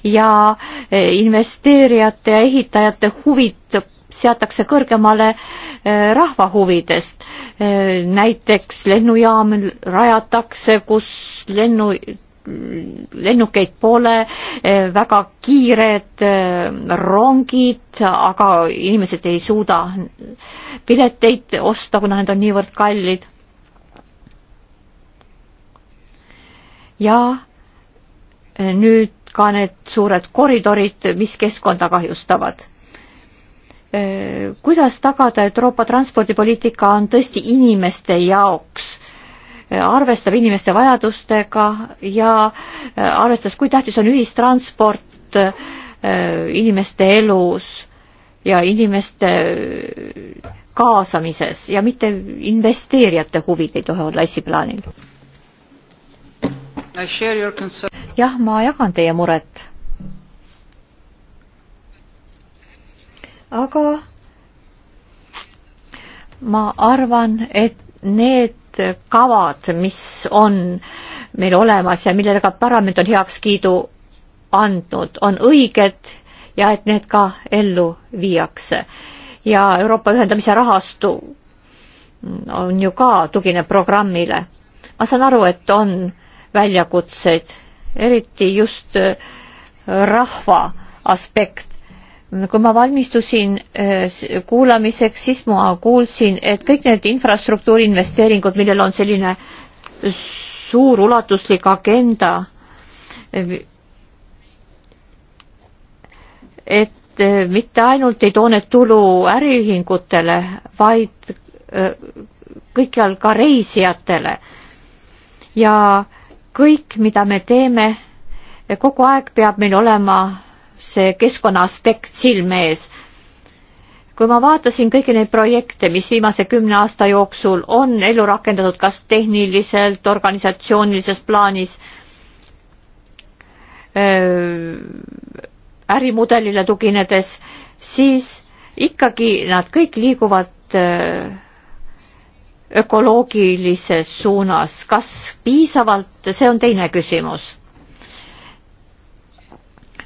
ja eh, investeerijate ja ehitajate huvid seatakse kõrgemale eh, rahva huvidest. Eh, näiteks lennujaam rajatakse, kus lennu, lennukeid pole, eh, väga kiired rongid, aga inimesed ei suuda pileteid osta, kuna need on niivõrd kallid. ja nüüd ka need suured koridorid, mis keskkonda kahjustavad Äh, kuidas tagada, et Euroopa transpordipoliitika on tõesti inimeste jaoks, äh, arvestab inimeste vajadustega ja äh, arvestas, kui tähtis on ühistransport inimeste elus ja inimeste kaasamises ja mitte investeerijate huvid ei tohi olla esiplaanil. jah, ma jagan teie muret aga ma arvan, et need kavad, mis on meil olemas ja millele ka parlament on heakskiidu andnud, on õiged ja et need ka ellu viiakse. ja Euroopa ühendamise rahastu on ju ka, tugineb programmile. ma saan aru, et on väljakutseid, eriti just rahva aspekt kui ma valmistusin eh, kuulamiseks, siis ma kuulsin, et kõik need infrastruktuuri investeeringud, millel on selline suur ulatuslik agenda, et eh, mitte ainult ei too need tulu äriühingutele, vaid eh, kõikjal ka reisijatele. ja kõik, mida me teeme, kogu aeg peab meil olema see keskkonna aspekt silme ees. kui ma vaatasin kõiki neid projekte, mis viimase kümne aasta jooksul on ellu rakendatud, kas tehniliselt, organisatsioonilises plaanis, ärimudelile tuginedes, siis ikkagi nad kõik liiguvad ökoloogilises suunas. kas piisavalt, see on teine küsimus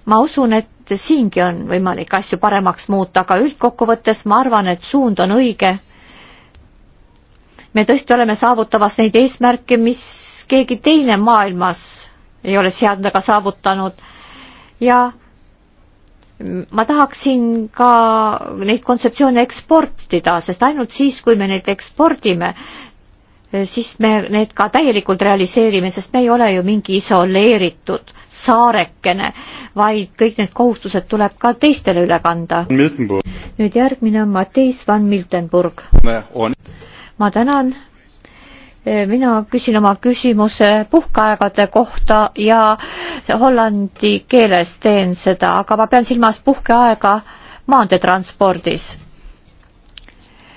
ma usun, et siingi on võimalik asju paremaks muuta, aga üldkokkuvõttes ma arvan, et suund on õige. me tõesti oleme saavutamas neid eesmärke, mis keegi teine maailmas ei ole seadnud ega saavutanud ja ma tahaksin ka neid kontseptsioone eksportida, sest ainult siis, kui me neid ekspordime, Äh, siis me need ka täielikult realiseerime, sest me ei ole ju mingi isoleeritud saarekene, vaid kõik need kohustused tuleb ka teistele üle kanda. nüüd järgmine on Mattiis van Miltenburg. ma tänan. Äh, mina küsin oma küsimuse puhkeaegade kohta ja hollandi keeles teen seda, aga ma pean silmas puhkeaega maanteetranspordis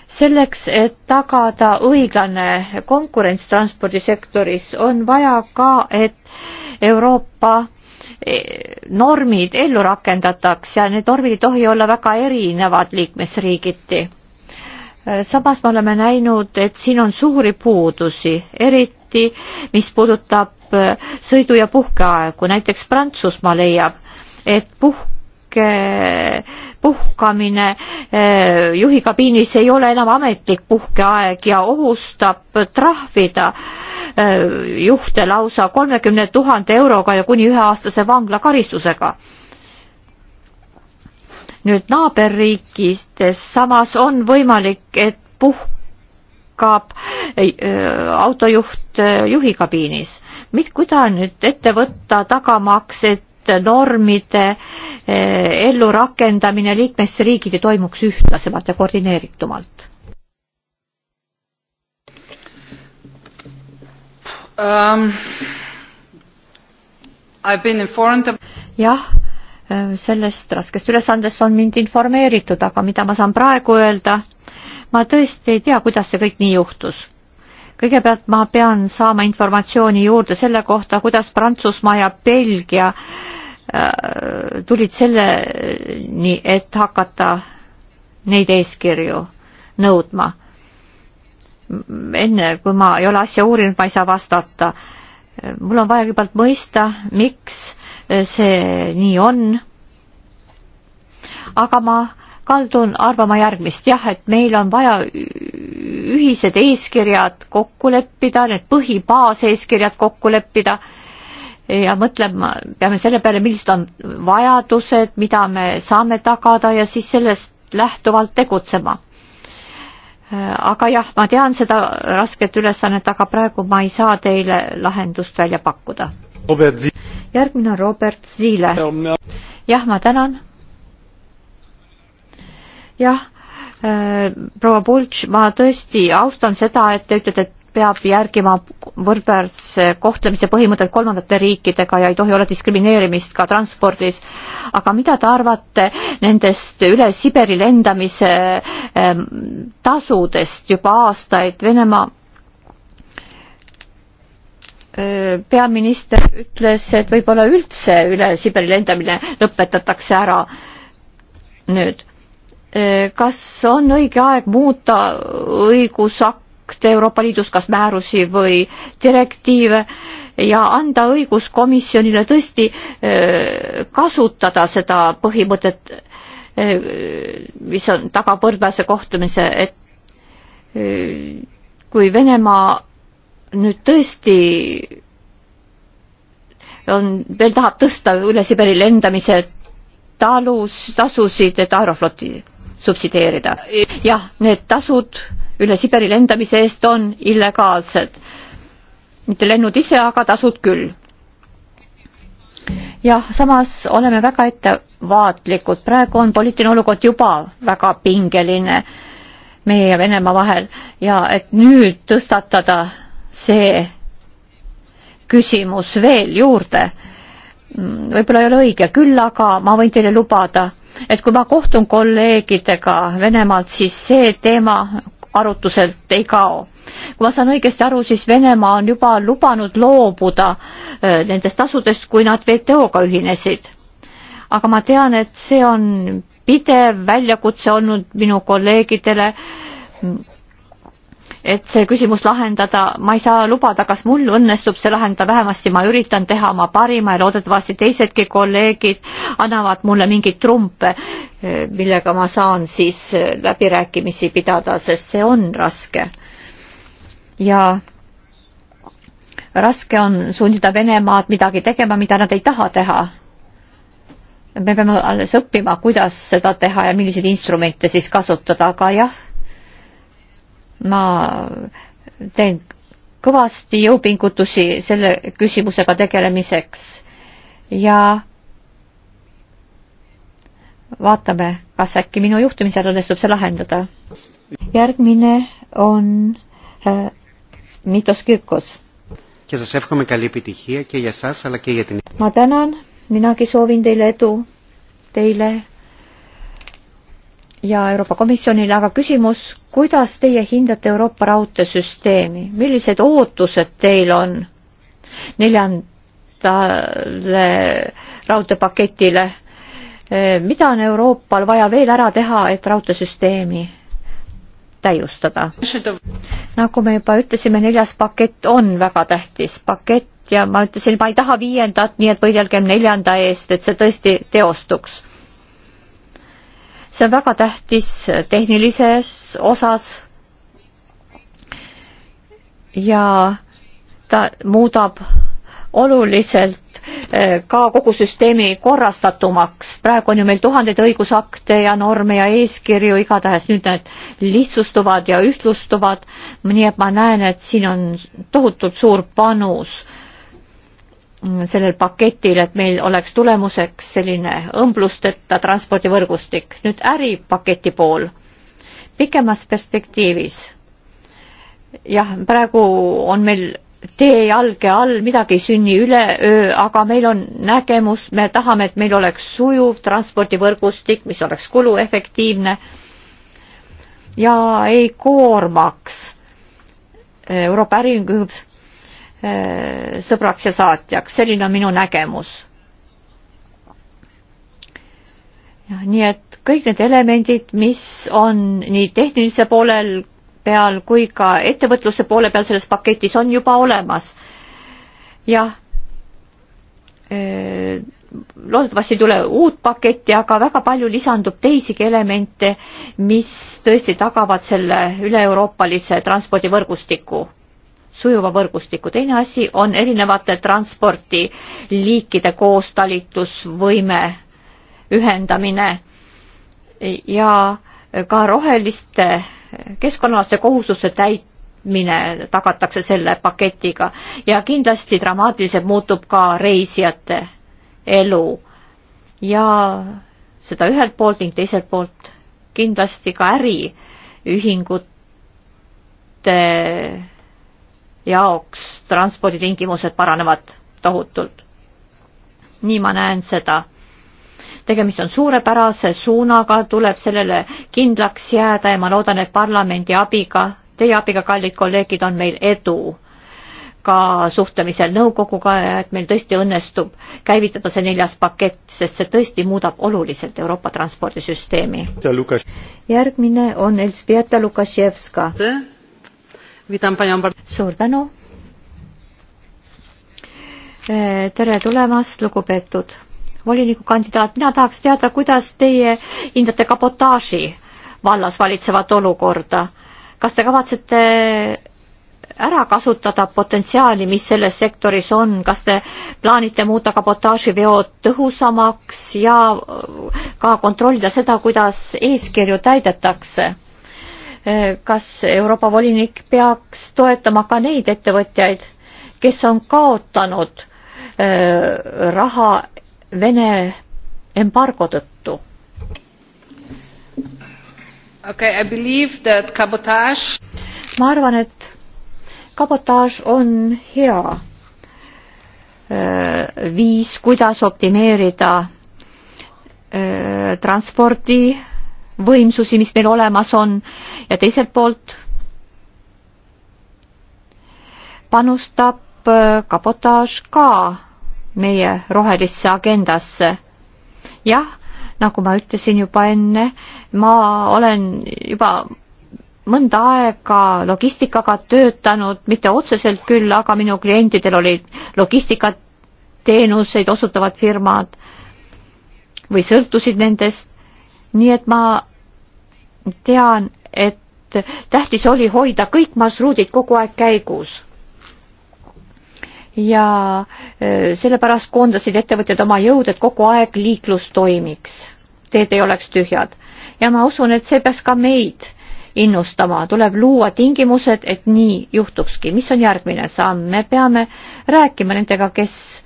selleks, et tagada õiglane konkurents transpordisektoris, on vaja ka, et Euroopa e, normid ellu rakendataks ja need normid ei tohi olla väga erinevad liikmesriigiti. samas me oleme näinud, et siin on suuri puudusi, eriti mis puudutab e, sõidu- ja puhkeaegu, näiteks Prantsusmaa leiab, et puhk väike puhkamine eh, juhi kabiinis ei ole enam ametlik puhkeaeg ja ohustab trahvida eh, juhte lausa kolmekümne tuhande euroga ja kuni üheaastase vanglakaristusega nüüd naaberriikides samas on võimalik, et puhkab eh, autojuht juhi kabiinis. mida nüüd ette võtta tagamaks, et normide eh, ellurakendamine liikmesriigiti toimuks ühtlasemalt ja koordineeritumalt? Um, of... jah, eh, sellest raskest ülesandest on mind informeeritud, aga mida ma saan praegu öelda, ma tõesti ei tea, kuidas see kõik nii juhtus kõigepealt ma pean saama informatsiooni juurde selle kohta, kuidas Prantsusmaa ja Belgia äh, tulid selleni, et hakata neid eeskirju nõudma. enne, kui ma ei ole asja uurinud, ma ei saa vastata. mul on vaja kõigepealt mõista, miks see nii on. aga ma kaldun arvama järgmist, jah, et meil on vaja ühised eeskirjad kokku leppida, need põhibaaseeskirjad kokku leppida ja mõtlema, peame selle peale, millised on vajadused, mida me saame tagada ja siis sellest lähtuvalt tegutsema. aga jah, ma tean seda rasket ülesannet, aga praegu ma ei saa teile lahendust välja pakkuda. järgmine on Robert Ziile. jah, ma tänan jah äh,, proua Pultš, ma tõesti austan seda, et te ütlete, et peab järgima võrdväärse kohtlemise põhimõtet kolmandate riikidega ja ei tohi olla diskrimineerimist ka transpordis. aga mida te arvate nendest üle Siberi lendamise ähm, tasudest juba aastaid Venemaa äh, peaminister ütles, et võib-olla üldse üle Siberi lendamine lõpetatakse ära nüüd Eh, kas on õige aeg muuta õigusakte Euroopa Liidus, kas määrusi või direktiive ja anda õiguskomisjonile tõesti eh, kasutada seda põhimõtet, eh, mis on taga võrdväärse kohtlemise, et kui Venemaa nüüd tõesti on, veel tahab tõsta üle Siberi lendamise talus, tasusid, et Aerofloti subsideerida. jah, need tasud üle Siberi lendamise eest on illegaalsed. mitte lennud ise, aga tasud küll. jah, samas oleme väga ettevaatlikud, praegu on poliitiline olukord juba väga pingeline meie ja Venemaa vahel ja et nüüd tõstatada see küsimus veel juurde, mm, võib-olla ei ole õige, küll aga ma võin teile lubada et kui ma kohtun kolleegidega Venemaalt, siis see teema arutuselt ei kao. kui ma saan õigesti aru, siis Venemaa on juba lubanud loobuda äh, nendest tasudest, kui nad WTO-ga ühinesid. aga ma tean, et see on pidev väljakutse olnud minu kolleegidele et see küsimus lahendada, ma ei saa lubada, kas mul õnnestub see lahendada, vähemasti ma üritan teha oma parima ja loodetavasti teisedki kolleegid annavad mulle mingeid trumpe, millega ma saan siis läbirääkimisi pidada, sest see on raske. ja raske on sundida Venemaad midagi tegema, mida nad ei taha teha me peame alles õppima, kuidas seda teha ja milliseid instrumente siis kasutada, aga jah, ma teen kõvasti jõupingutusi selle küsimusega tegelemiseks ja vaatame, kas äkki minu juhtimisel õnnestub see lahendada. järgmine on äh, Mitos Kirkos. ma tänan, minagi soovin teile edu, teile ja Euroopa Komisjonile, aga küsimus, kuidas teie hindate Euroopa raudteesüsteemi, millised ootused teil on neljandale raudteepaketile, eh, mida on Euroopal vaja veel ära teha, et raudteesüsteemi täiustada? nagu me juba ütlesime, neljas pakett on väga tähtis pakett ja ma ütlesin, ma ei taha viiendat, nii et võidelgem neljanda eest, et see tõesti teostuks see on väga tähtis tehnilises osas. ja ta muudab oluliselt eh, ka kogu süsteemi korrastatumaks. praegu on ju meil tuhandeid õigusakte ja norme ja eeskirju, igatahes nüüd need lihtsustuvad ja ühtlustuvad. nii et ma näen, et siin on tohutult suur panus Mm, sellel paketil, et meil oleks tulemuseks selline õmblusteta transpordivõrgustik. nüüd äripaketi pool, pikemas perspektiivis. jah, praegu on meil tee jalge all, midagi ei sünni üleöö, aga meil on nägemus, me tahame, et meil oleks sujuv transpordivõrgustik, mis oleks kuluefektiivne ja ei koormaks Euroopa äriühingud Äh, sõbraks ja saatjaks, selline on minu nägemus. nii et kõik need elemendid, mis on nii tehnilise poolel peal kui ka ettevõtluse poole peal selles paketis on juba olemas. jah, äh, loodetavasti ei tule uut paketti, aga väga palju lisandub teisigi elemente, mis tõesti tagavad selle üle-euroopalise transpordivõrgustiku sujuva võrgustiku. teine asi on erinevate transpordiliikide koostalitusvõime ühendamine ja ka roheliste keskkonnaalaste kohustuste täitmine tagatakse selle paketiga ja kindlasti dramaatiliselt muutub ka reisijate elu ja seda ühelt poolt ning teiselt poolt kindlasti ka äriühingute jaoks transporditingimused paranevad tohutult. nii ma näen seda. tegemist on suurepärase suunaga, tuleb sellele kindlaks jääda ja ma loodan, et parlamendi abiga, teie abiga, kallid kolleegid, on meil edu ka suhtlemisel nõukoguga ja et meil tõesti õnnestub käivitada see neljas pakett, sest see tõesti muudab oluliselt Euroopa transpordisüsteemi. järgmine on Elžbieta Lukašjevska suur tänu. tere tulemast, lugupeetud volinikukandidaat, mina tahaks teada, kuidas teie hindate kabotaaži vallas valitsevat olukorda. kas te kavatsete ära kasutada potentsiaali, mis selles sektoris on, kas te plaanite muuta kabotaaživeod tõhusamaks ja ka kontrollida seda, kuidas eeskirju täidetakse? Eh, kas Euroopa volinik peaks toetama ka neid ettevõtjaid, kes on kaotanud eh, raha Vene embargo tõttu? Okay, I believe that kabotaaž. ma arvan, et kabotaaž on hea eh, viis, kuidas optimeerida transpordi võimsusi, mis meil olemas on ja teiselt poolt panustab äh, kabotaaž ka meie rohelisse agendasse. jah, nagu ma ütlesin juba enne, ma olen juba mõnda aega logistikaga töötanud, mitte otseselt küll, aga minu klientidel olid logistikateenuseid osutavad firmad või sõltusid nendest nii et ma tean, et tähtis oli hoida kõik marsruudid kogu aeg käigus. ja e, sellepärast koondasid ettevõtjad oma jõud, et kogu aeg liiklus toimiks, teed ei oleks tühjad. ja ma usun, et see peaks ka meid innustama, tuleb luua tingimused, et nii juhtukski. mis on järgmine samm, me peame rääkima nendega, kes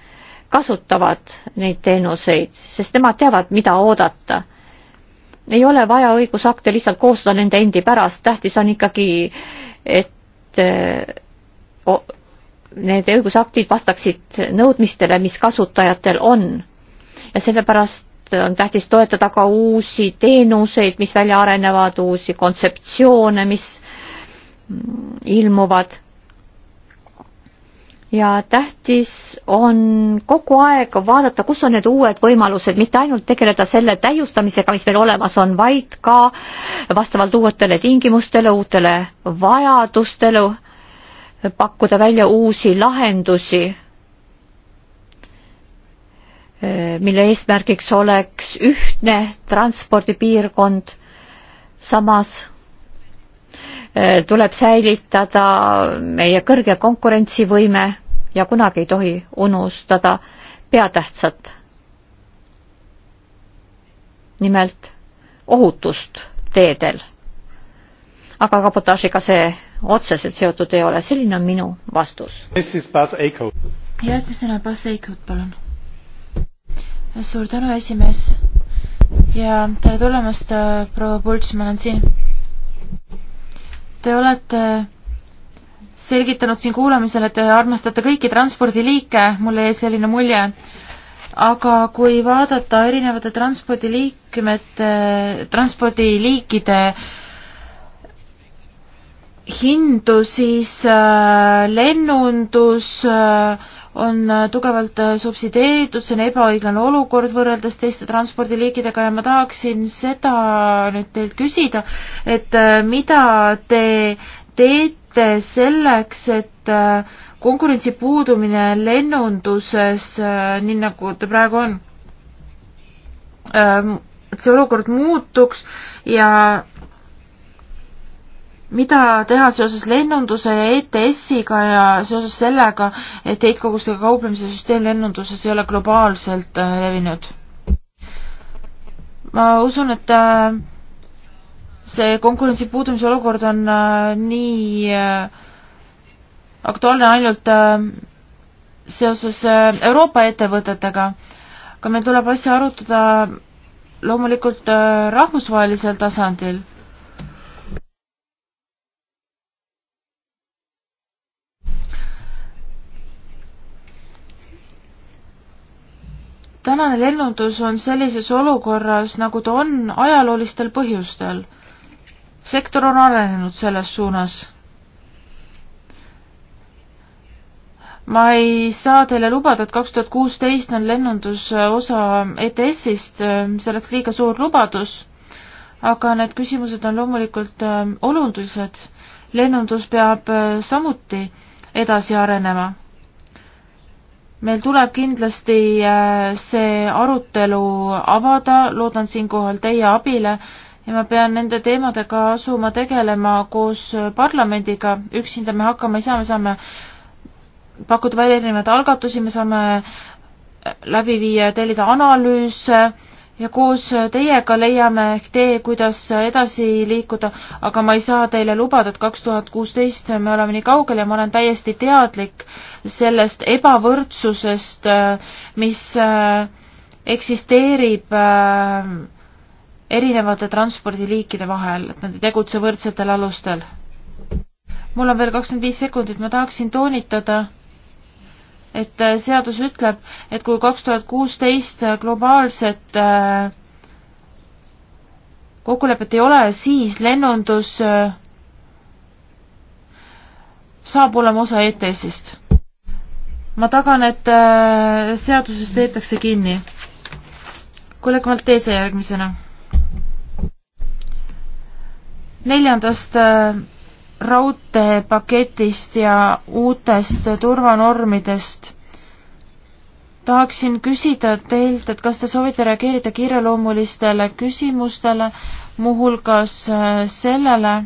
kasutavad neid teenuseid, sest nemad teavad, mida oodata ei ole vaja õigusakte lihtsalt koostada nende endi pärast, tähtis on ikkagi, et eh, o, need õigusaktid vastaksid nõudmistele, mis kasutajatel on. ja sellepärast on tähtis toetada ka uusi teenuseid, mis välja arenevad, uusi kontseptsioone, mis mm, ilmuvad ja tähtis on kogu aeg vaadata, kus on need uued võimalused, mitte ainult tegeleda selle täiustamisega, mis meil olemas on, vaid ka vastavalt uutele tingimustele, uutele vajadustele pakkuda välja uusi lahendusi, mille eesmärgiks oleks ühtne transpordipiirkond, samas Äh, tuleb säilitada meie kõrge konkurentsivõime ja kunagi ei tohi unustada peatähtsat. nimelt ohutust teedel. aga kabotaažiga see otseselt seotud ei ole, selline on minu vastus. järgmisena Bas Eikut, palun. suur tänu, esimees ja tere tulemast, äh, proua Pults, ma olen siin Te olete selgitanud siin kuulamisel, et te armastate kõiki transpordiliike, mulle jäi selline mulje, aga kui vaadata erinevate transpordiliikmete, transpordiliikide hindu, siis äh, lennundus äh, on äh, tugevalt äh, subsideeritud, see on ebaõiglane olukord võrreldes teiste transpordiliikidega ja ma tahaksin seda nüüd teilt küsida, et äh, mida te teete selleks, et konkurentsi puudumine lennunduses, nii nagu ta praegu on, et see olukord muutuks ja mida teha seoses lennunduse ja ETS-iga ja seoses sellega, et heitkogustega kauplemise süsteem lennunduses ei ole globaalselt äh, levinud? ma usun, et äh, see konkurentsi puudumise olukord on äh, nii aktuaalne ainult seoses Euroopa ettevõtetega, aga meil tuleb asja arutada loomulikult rahvusvahelisel tasandil tänane lennundus on sellises olukorras, nagu ta on, ajaloolistel põhjustel. sektor on arenenud selles suunas. ma ei saa teile lubada, et kaks tuhat kuusteist on lennunduse osa ETS-ist, see oleks liiga suur lubadus, aga need küsimused on loomulikult äh, olulised. lennundus peab äh, samuti edasi arenema meil tuleb kindlasti äh, see arutelu avada, loodan siinkohal teie abile ja ma pean nende teemadega asuma tegelema koos parlamendiga, üksinda me hakkama ei saa, me saame pakkuda välja erinevaid algatusi, me saame läbi viia ja tellida analüüse ja koos teiega leiame ehk tee, kuidas edasi liikuda, aga ma ei saa teile lubada, et kaks tuhat kuusteist me oleme nii kaugel ja ma olen täiesti teadlik sellest ebavõrdsusest, mis äh, eksisteerib äh, erinevate transpordiliikide vahel, et nad ei tegutse võrdsetel alustel. mul on veel kakskümmend viis sekundit, ma tahaksin toonitada et äh, seadus ütleb, et kui kaks tuhat kuusteist äh, globaalset äh, kokkulepet ei ole, siis lennundus saab olema osa ETS-ist. ma tagan, et seadusest peetakse kinni. kolleeg Maltese järgmisena. neljandast raudteepaketist ja uutest turvanormidest. tahaksin küsida teilt, et kas te soovite reageerida kiireloomulistele küsimustele, muuhulgas äh, sellele,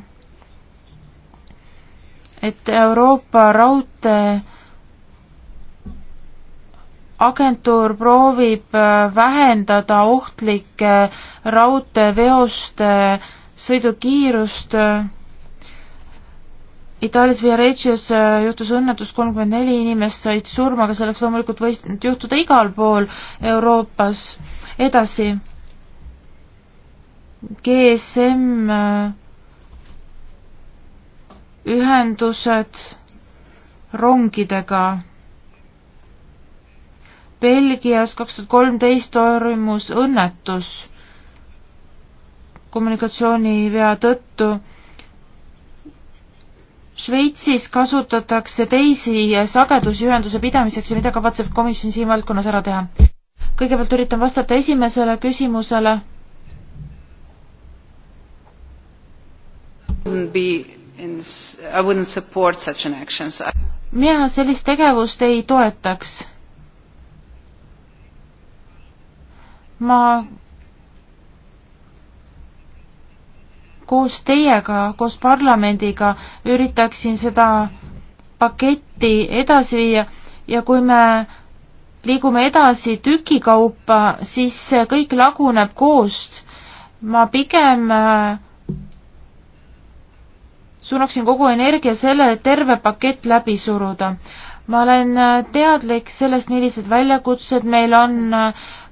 et Euroopa raudteeagentuur proovib äh, vähendada ohtlike raudteeveoste äh, sõidukiirust Itaalias Viaregios äh, juhtus õnnetus, kolmkümmend neli inimest said surma, aga see oleks loomulikult võinud juhtuda igal pool Euroopas. edasi. GSM äh, ühendused rongidega. Belgias kaks tuhat kolmteist toimus õnnetus kommunikatsioonivea tõttu Šveitsis kasutatakse teisi sagedusi ühenduse pidamiseks ja mida kavatseb komisjon siin valdkonnas ära teha? kõigepealt üritan vastata esimesele küsimusele. mina sellist tegevust ei toetaks. ma koos teiega, koos parlamendiga üritaksin seda paketti edasi viia ja kui me liigume edasi tükikaupa, siis kõik laguneb koost. ma pigem äh, suunaksin kogu energia sellele, et terve pakett läbi suruda. ma olen äh, teadlik sellest, millised väljakutsed meil on,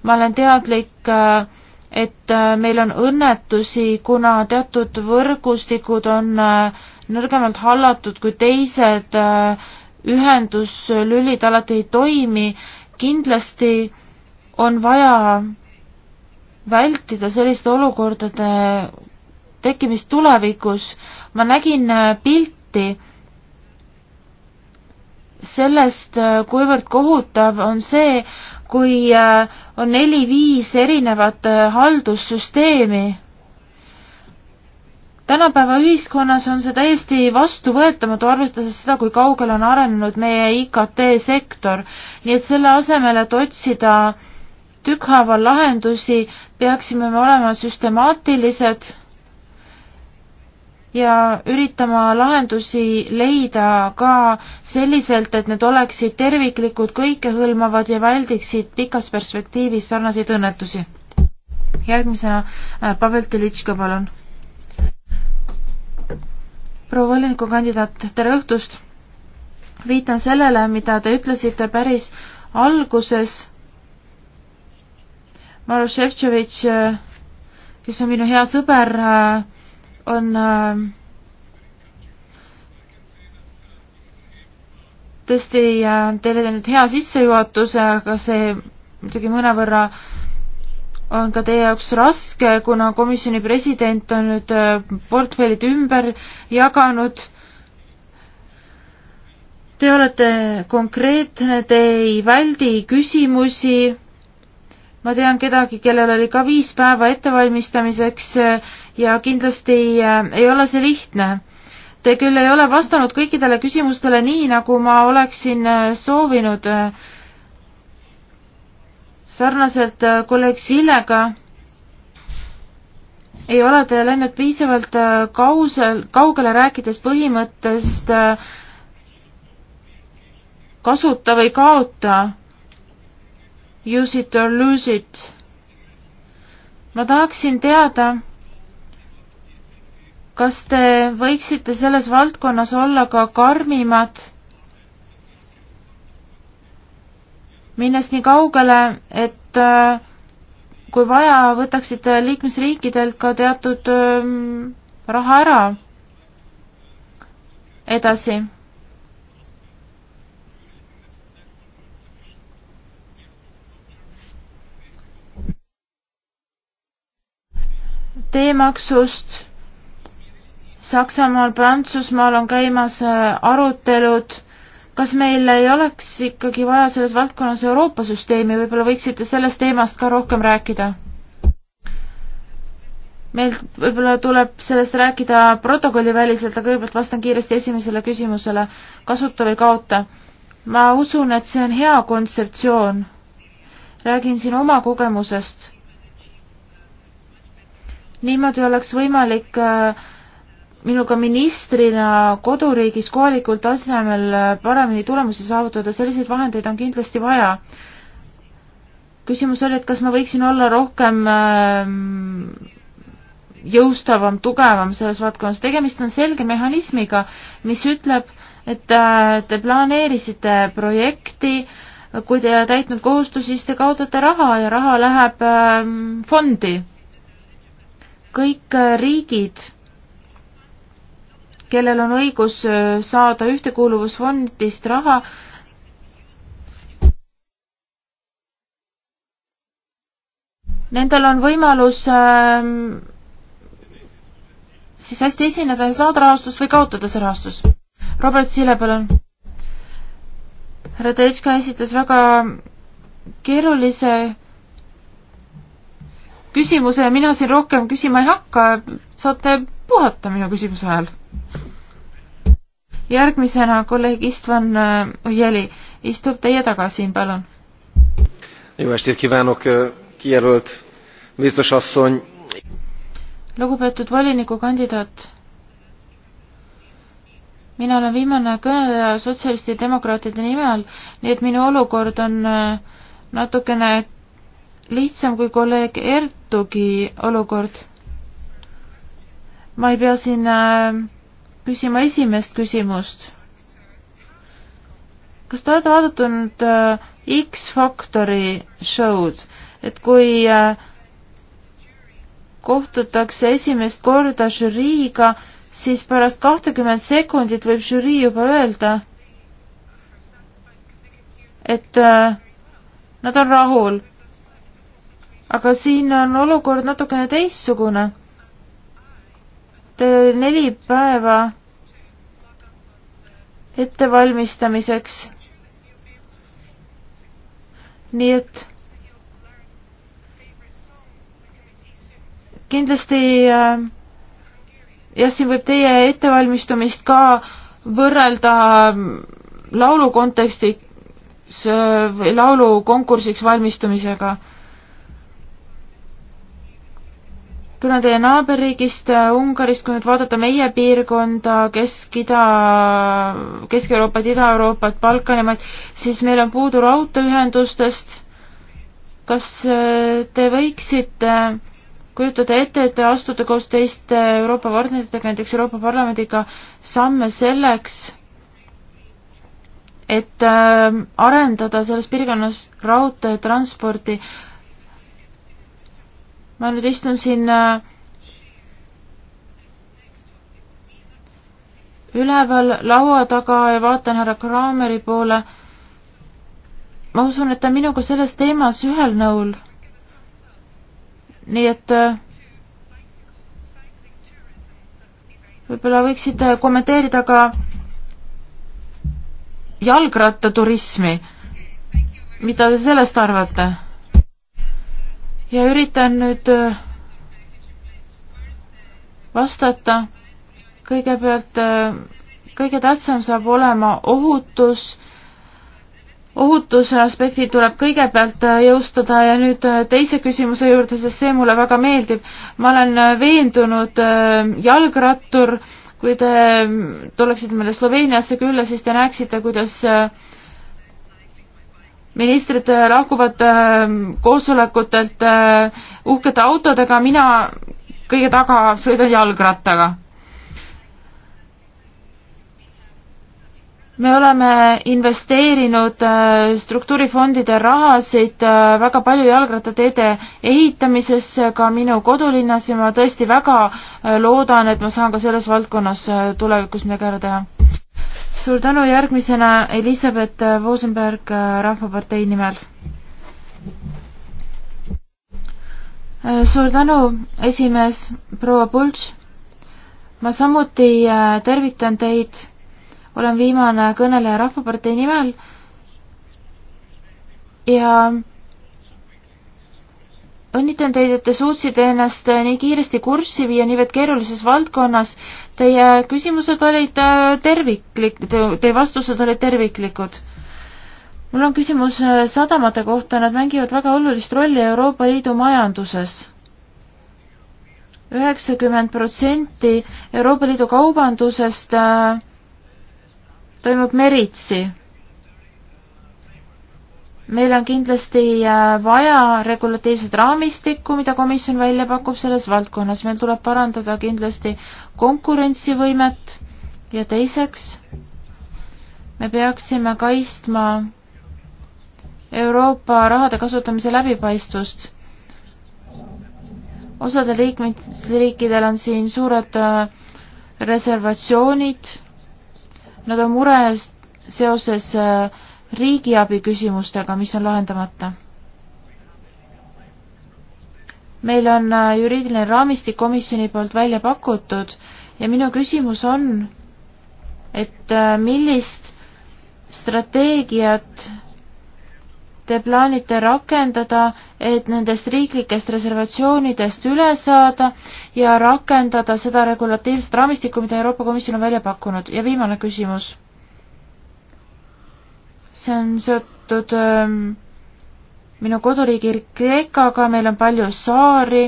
ma olen teadlik äh, et äh, meil on õnnetusi, kuna teatud võrgustikud on äh, nõrgemalt hallatud kui teised, äh, ühenduslülid alati ei toimi, kindlasti on vaja vältida selliste olukordade tekkimist tulevikus. ma nägin pilti sellest, kuivõrd kohutav on see, kui äh, on neli-viis erinevat äh, haldussüsteemi. tänapäeva ühiskonnas on see täiesti vastuvõetamatu, arvestades seda, kui kaugele on arenenud meie IKT-sektor. nii et selle asemel, et otsida tükkhaaval lahendusi, peaksime me olema süstemaatilised ja üritama lahendusi leida ka selliselt, et need oleksid terviklikud, kõikehõlmavad ja väldiksid pikas perspektiivis sarnaseid õnnetusi. järgmisena äh, Pavel Telitška, palun. proua volinikukandidaat, tere õhtust! viitan sellele, mida te ütlesite päris alguses. Maroševtševitš, äh, kes on minu hea sõber, äh, on äh, tõesti äh, teile teinud hea sissejuhatuse, aga see muidugi mõnevõrra on ka teie jaoks raske, kuna komisjoni president on nüüd äh, portfellid ümber jaganud. Te olete konkreetne, te ei väldi küsimusi ma tean kedagi, kellel oli ka viis päeva ettevalmistamiseks eh, ja kindlasti eh, ei ole see lihtne. Te küll ei ole vastanud kõikidele küsimustele nii, nagu ma oleksin eh, soovinud. sarnaselt kolleeg Sillega ei ole te läinud piisavalt kausel, kaugele rääkides põhimõttest kasuta või kaota Use it or lose it. ma tahaksin teada, kas te võiksite selles valdkonnas olla ka karmimad, minnes nii kaugele, et äh, kui vaja, võtaksite liikmesriikidelt ka teatud ähm, raha ära edasi teemaksust. Saksamaal, Prantsusmaal on käimas äh, arutelud. kas meil ei oleks ikkagi vaja selles valdkonnas Euroopa süsteemi, võib-olla võiksite sellest teemast ka rohkem rääkida? meil võib-olla tuleb sellest rääkida protokolliväliselt, aga kõigepealt vastan kiiresti esimesele küsimusele, kasuta või kaota. ma usun, et see on hea kontseptsioon. räägin siin oma kogemusest niimoodi oleks võimalik äh, minuga ministrina koduriigis kohalikul tasemel äh, paremini tulemusi saavutada, selliseid vahendeid on kindlasti vaja. küsimus oli, et kas ma võiksin olla rohkem ähm, jõustavam, tugevam selles valdkonnas, tegemist on selge mehhanismiga, mis ütleb, et äh, te planeerisite projekti, kui te ei ole täitnud kohustusi, siis te kaotate raha ja raha läheb ähm, fondi kõik äh, riigid, kellel on õigus äh, saada ühtekuuluvusfondist raha, nendel on võimalus äh, siis hästi esineda ja saada rahastus või kaotada see rahastus. Robert Sile, palun. härra Teitška esitas väga keerulise küsimuse ja mina siin rohkem küsima ei hakka, saate puhata minu küsimuse ajal. järgmisena kolleeg Istvan äh, Jeli istub teie taga siin, palun. jó estét kívánok, äh, kijelölt biztos asszony. lugupeetud volinikukandidaat, mina olen viimane kõneleja sotsialistide demokraatide nimel, nii et minu olukord on äh, natukene lihtsam kui kolleeg Ertugi olukord. ma ei pea siin äh, küsima esimest küsimust. kas te olete vaadanud äh, X-Factori show'd, et kui äh, kohtutakse esimest korda žüriiga, siis pärast kahtekümmet sekundit võib žürii juba öelda, et nad on rahul aga siin on olukord natukene teistsugune. Teil oli neli päeva ettevalmistamiseks. nii et kindlasti äh, jah, siin võib teie ettevalmistumist ka võrrelda ähm, laulu kontekstis äh, või laulukonkursiks valmistumisega tulen teie naaberriigist äh, Ungarist, kui nüüd vaadata meie piirkonda, Kesk-Ida, Kesk-Euroopat, Ida-Euroopat, Balkanimaid, siis meil on puudu raudteeühendustest. kas äh, te võiksite kujutada ette, et te astute koos teiste Euroopa partneritega, näiteks Euroopa Parlamendiga, samme selleks, et äh, arendada selles piirkonnas raudteetransporti äh, ma nüüd istun siin äh, üleval laua taga ja vaatan härra Kraameri poole. ma usun, et ta minuga selles teemas ühel nõul. nii et äh, võib-olla võiksid kommenteerida ka jalgrattaturismi. mida te sellest arvate? ja üritan nüüd äh, vastata. kõigepealt äh, kõige tähtsam saab olema ohutus. ohutuse aspektid tuleb kõigepealt äh, jõustada ja nüüd teise küsimuse juurde, sest see mulle väga meeldib. ma olen veendunud jalgrattur, kui te tuleksite meile Sloveeniasse külla, siis te näeksite, kuidas äh, ministrid äh, lahkuvad ähm, koosolekutelt äh, uhkete autodega, mina kõige taga sõidan jalgrattaga. me oleme investeerinud äh, struktuurifondide rahasid väga palju jalgrattateede ehitamisesse ka minu kodulinnas ja ma tõesti väga loodan, et ma saan ka selles valdkonnas tulevikus midagi ära teha suur tänu, järgmisena Elizabeth Vosenberg äh, Rahvapartei nimel. Äh, suur tänu, esimees proua Pultš. ma samuti äh, tervitan teid, olen viimane kõneleja Rahvapartei nimel ja õnnitan teid, et te suutsite ennast äh, nii kiiresti kurssi viia niivõrd keerulises valdkonnas. Teie küsimused olid äh, terviklik, teie vastused olid terviklikud. mul on küsimus äh, sadamate kohta, nad mängivad väga olulist rolli Euroopa Liidu majanduses. üheksakümmend protsenti Euroopa Liidu kaubandusest toimub meritsi meil on kindlasti äh, vaja regulatiivset raamistikku, mida komisjon välja pakub selles valdkonnas, meil tuleb parandada kindlasti konkurentsivõimet ja teiseks me peaksime kaitsma Euroopa rahade kasutamise läbipaistvust. osadel liikmesriikidel on siin suured äh, reservatsioonid, nad on mures seoses äh, riigiabi küsimustega, mis on lahendamata. meil on äh, juriidiline raamistik komisjoni poolt välja pakutud ja minu küsimus on, et äh, millist strateegiat te plaanite rakendada, et nendest riiklikest reservatsioonidest üle saada ja rakendada seda regulatiivset raamistikku, mida Euroopa Komisjon on välja pakkunud ja viimane küsimus see on seotud ähm, minu koduriigi Kreekaga, meil on palju saari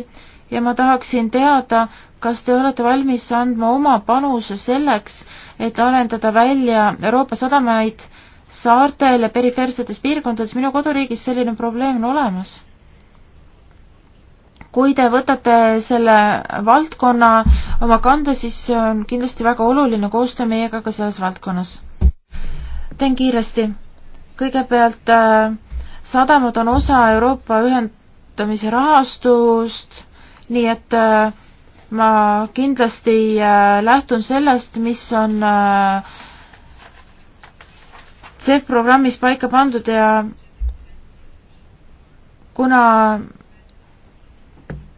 ja ma tahaksin teada, kas te olete valmis andma oma panuse selleks, et arendada välja Euroopa sadamaid saartel ja perifeersetes piirkondades, minu koduriigis selline probleem on olemas. kui te võtate selle valdkonna oma kanda, siis on kindlasti väga oluline koostöö meiega ka selles valdkonnas. teen kiiresti kõigepealt äh, sadamad on osa Euroopa ühendamise rahastust, nii et äh, ma kindlasti äh, lähtun sellest, mis on CEF programmis paika pandud ja kuna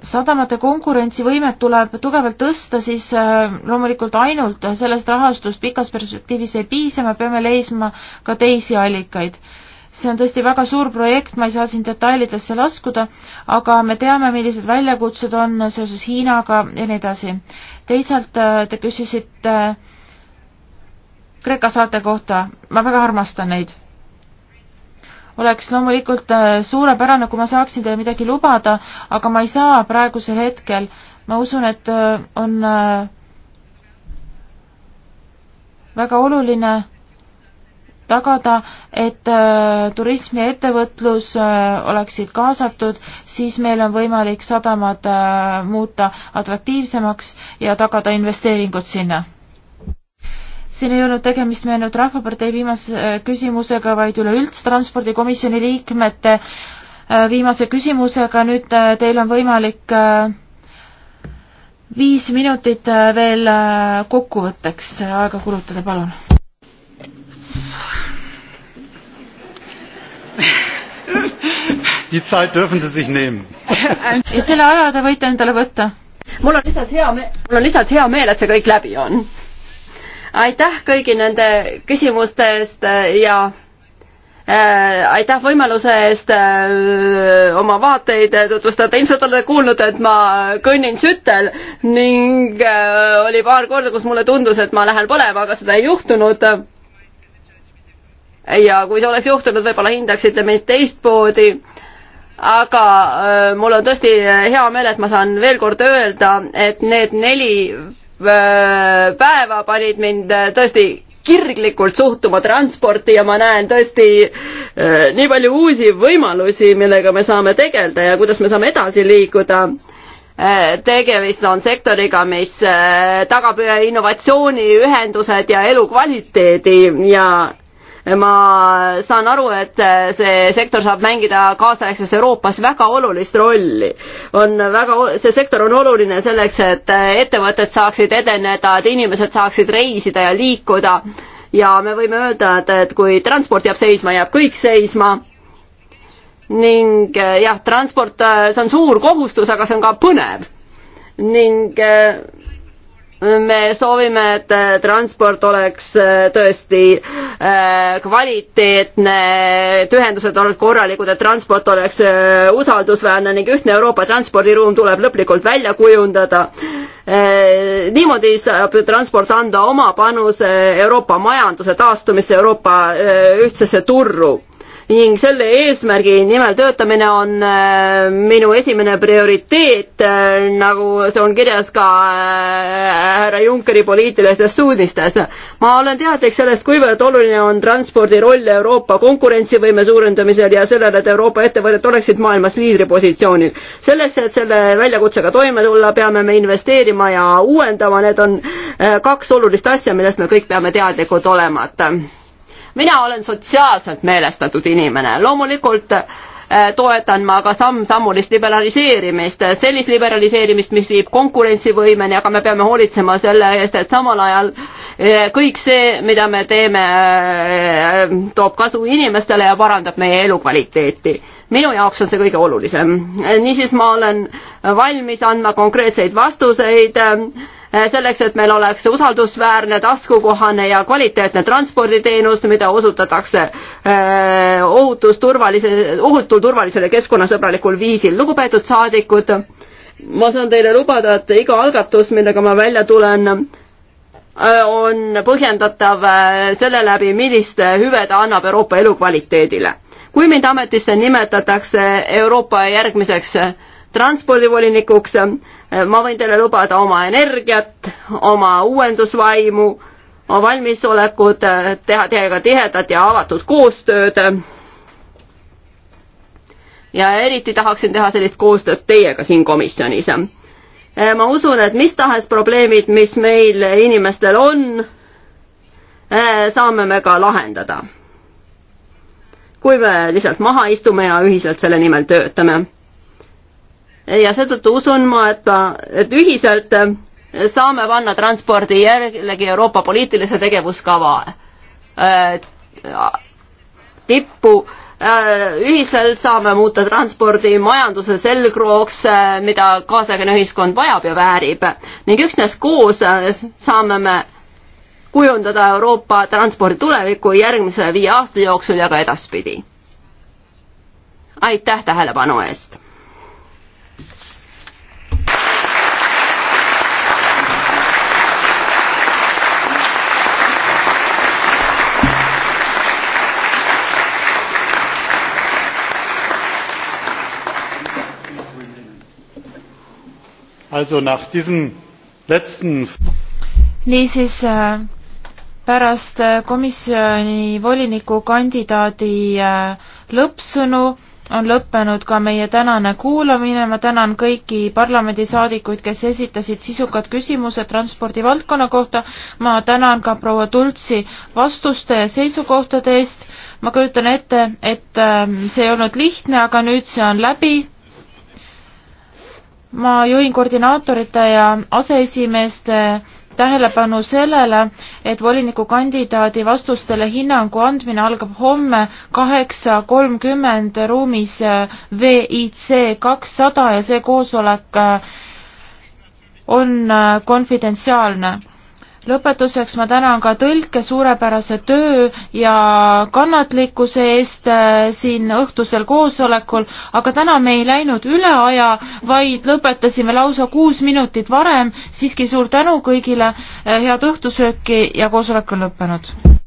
sadamate konkurentsivõimet tuleb tugevalt tõsta, siis äh, loomulikult ainult sellest rahastust pikas perspektiivis ei piisa, me peame leidma ka teisi allikaid. see on tõesti väga suur projekt, ma ei saa siin detailidesse laskuda, aga me teame, millised väljakutsed on seoses Hiinaga ja nii edasi. teisalt äh, te küsisite äh, Kreeka saate kohta, ma väga armastan neid oleks loomulikult äh, suurepärane, kui ma saaksin teile midagi lubada, aga ma ei saa praegusel hetkel. ma usun, et äh, on äh, väga oluline tagada, et äh, turism ja ettevõtlus äh, oleksid kaasatud, siis meil on võimalik sadamad äh, muuta atraktiivsemaks ja tagada investeeringud sinna siin ei olnud tegemist me ainult Rahvapartei viimase äh, küsimusega, vaid üleüldse transpordikomisjoni liikmete äh, viimase küsimusega, nüüd äh, teil on võimalik viis minutit veel kokkuvõtteks aega kulutada, palun. Die Zeit dürfen Sie sich nehmen. ja selle aja te võite endale võtta. mul on lihtsalt hea meel, mul on lihtsalt hea meel, et see kõik läbi on aitäh kõigi nende küsimuste eest äh, ja äh, aitäh võimaluse eest äh, oma vaateid tutvustada. ilmselt olete kuulnud, et ma kõnnin sütel ning oli paar korda, kus mulle tundus, et ma lähen põlema, aga seda ei juhtunud. ja kui see oleks juhtunud, võib-olla hindaksite mind teistmoodi aga mul on tõesti hea meel, et ma saan veel kord öelda, et need neli päeva panid mind äh, tõesti kirglikult suhtuma transporti ja ma näen tõesti äh, nii palju uusi võimalusi, millega me saame tegeleda ja kuidas me saame edasi liikuda. Äh, tegemist on sektoriga, mis tagab innovatsiooni, ühendused ja elukvaliteedi ja ma saan aru, et äh, see sektor saab mängida kaasaegses Euroopas väga olulist rolli. on väga, see sektor on oluline selleks, et äh, ettevõtted saaksid edeneda, et inimesed saaksid reisida ja liikuda ja me võime öelda, et, et kui transport jääb seisma, jääb kõik seisma ning äh, jah, transport, see on suur kohustus, aga see on ka põnev ning me soovime, et äh, transport oleks äh, tõesti äh, kvaliteetne, et ühendused oleks korralikud, et transport oleks usaldusväärne ning ühtne Euroopa transpordiruum tuleb lõplikult välja kujundada. niimoodi saab transport anda oma panuse Euroopa majanduse taastumisse, Euroopa ühtsesse turru ning selle eesmärgi nimel töötamine on äh, minu esimene prioriteet, äh, nagu see on kirjas ka äh, härra Junckeri poliitilistes suunistes. ma olen teadlik sellest, kuivõrd oluline on transpordi roll Euroopa konkurentsivõime suurendamisel ja sellele, et Euroopa ettevõtted oleksid maailmas liidripositsioonil. selleks, et selle väljakutsega toime tulla, peame me investeerima ja uuendama, need on kaks olulist asja, millest me kõik peame teadlikud olema, et mina olen sotsiaalselt meelestatud inimene, loomulikult äh, toetan ma ka samm-sammulist liberaliseerimist, äh, sellist liberaliseerimist, mis viib konkurentsivõimeni, aga me peame hoolitsema selle eest, et samal ajal äh, kõik see, mida me teeme, toob kasu inimestele ja parandab meie elukvaliteeti. minu jaoks on see kõige olulisem. niisiis ma olen valmis andma konkreetseid vastuseid Eh, selleks, et meil oleks usaldusväärne, taskukohane ja kvaliteetne transporditeenus, mida osutatakse eh, ohutus, turvalise, ohutul, turvalisel ja keskkonnasõbralikul viisil. lugupeetud saadikud, ma saan teile lubada, et iga algatus, millega ma välja tulen, eh, on põhjendatav selle läbi, millist hüve ta annab Euroopa elukvaliteedile. kui mind ametisse nimetatakse Euroopa järgmiseks transpordivolinikuks. ma võin teile lubada oma energiat, oma uuendusvaimu, oma valmisolekut teha teiega tihedat ja avatud koostööd. ja eriti tahaksin teha sellist koostööd teiega siin komisjonis. ma usun, et mis tahes probleemid, mis meil inimestel on, saame me ka lahendada kui me lihtsalt maha istume ja ühiselt selle nimel töötame ja seetõttu usun ma, et, et ühiselt eh, saame panna transpordi jällegi Euroopa poliitilise tegevuskava eh, tippu eh, ühiselt saame muuta transpordi majanduse selgrooks, mida kaasaegne ühiskond vajab ja väärib ning üksnes koos saame me kujundada Euroopa transpordi tulevikku järgmise viie aasta jooksul ja ka edaspidi. aitäh tähelepanu eest! Also nach diesem letzten niisiis äh, pärast äh, komisjoni volinikukandidaadi äh, lõppsõnu on lõppenud ka meie tänane kuulamine, ma tänan kõiki parlamendisaadikuid, kes esitasid sisukad küsimused transpordi valdkonna kohta, ma tänan ka proua Tultsi vastuste ja seisukohtade eest, ma kujutan ette, et see ei olnud lihtne, aga nüüd see on läbi ma juhin koordinaatorite ja aseesimeeste tähelepanu sellele, et volinikukandidaadi vastustele hinnangu andmine algab homme kaheksa kolmkümmend ruumis VIC kakssada ja see koosolek äh, on äh, konfidentsiaalne lõpetuseks ma tänan ka tõlke suurepärase töö ja kannatlikkuse eest äh, siin õhtusel koosolekul, aga täna me ei läinud üle aja, vaid lõpetasime lausa kuus minutit varem. siiski suur tänu kõigile, äh, head õhtusööki ja koosolek on lõppenud.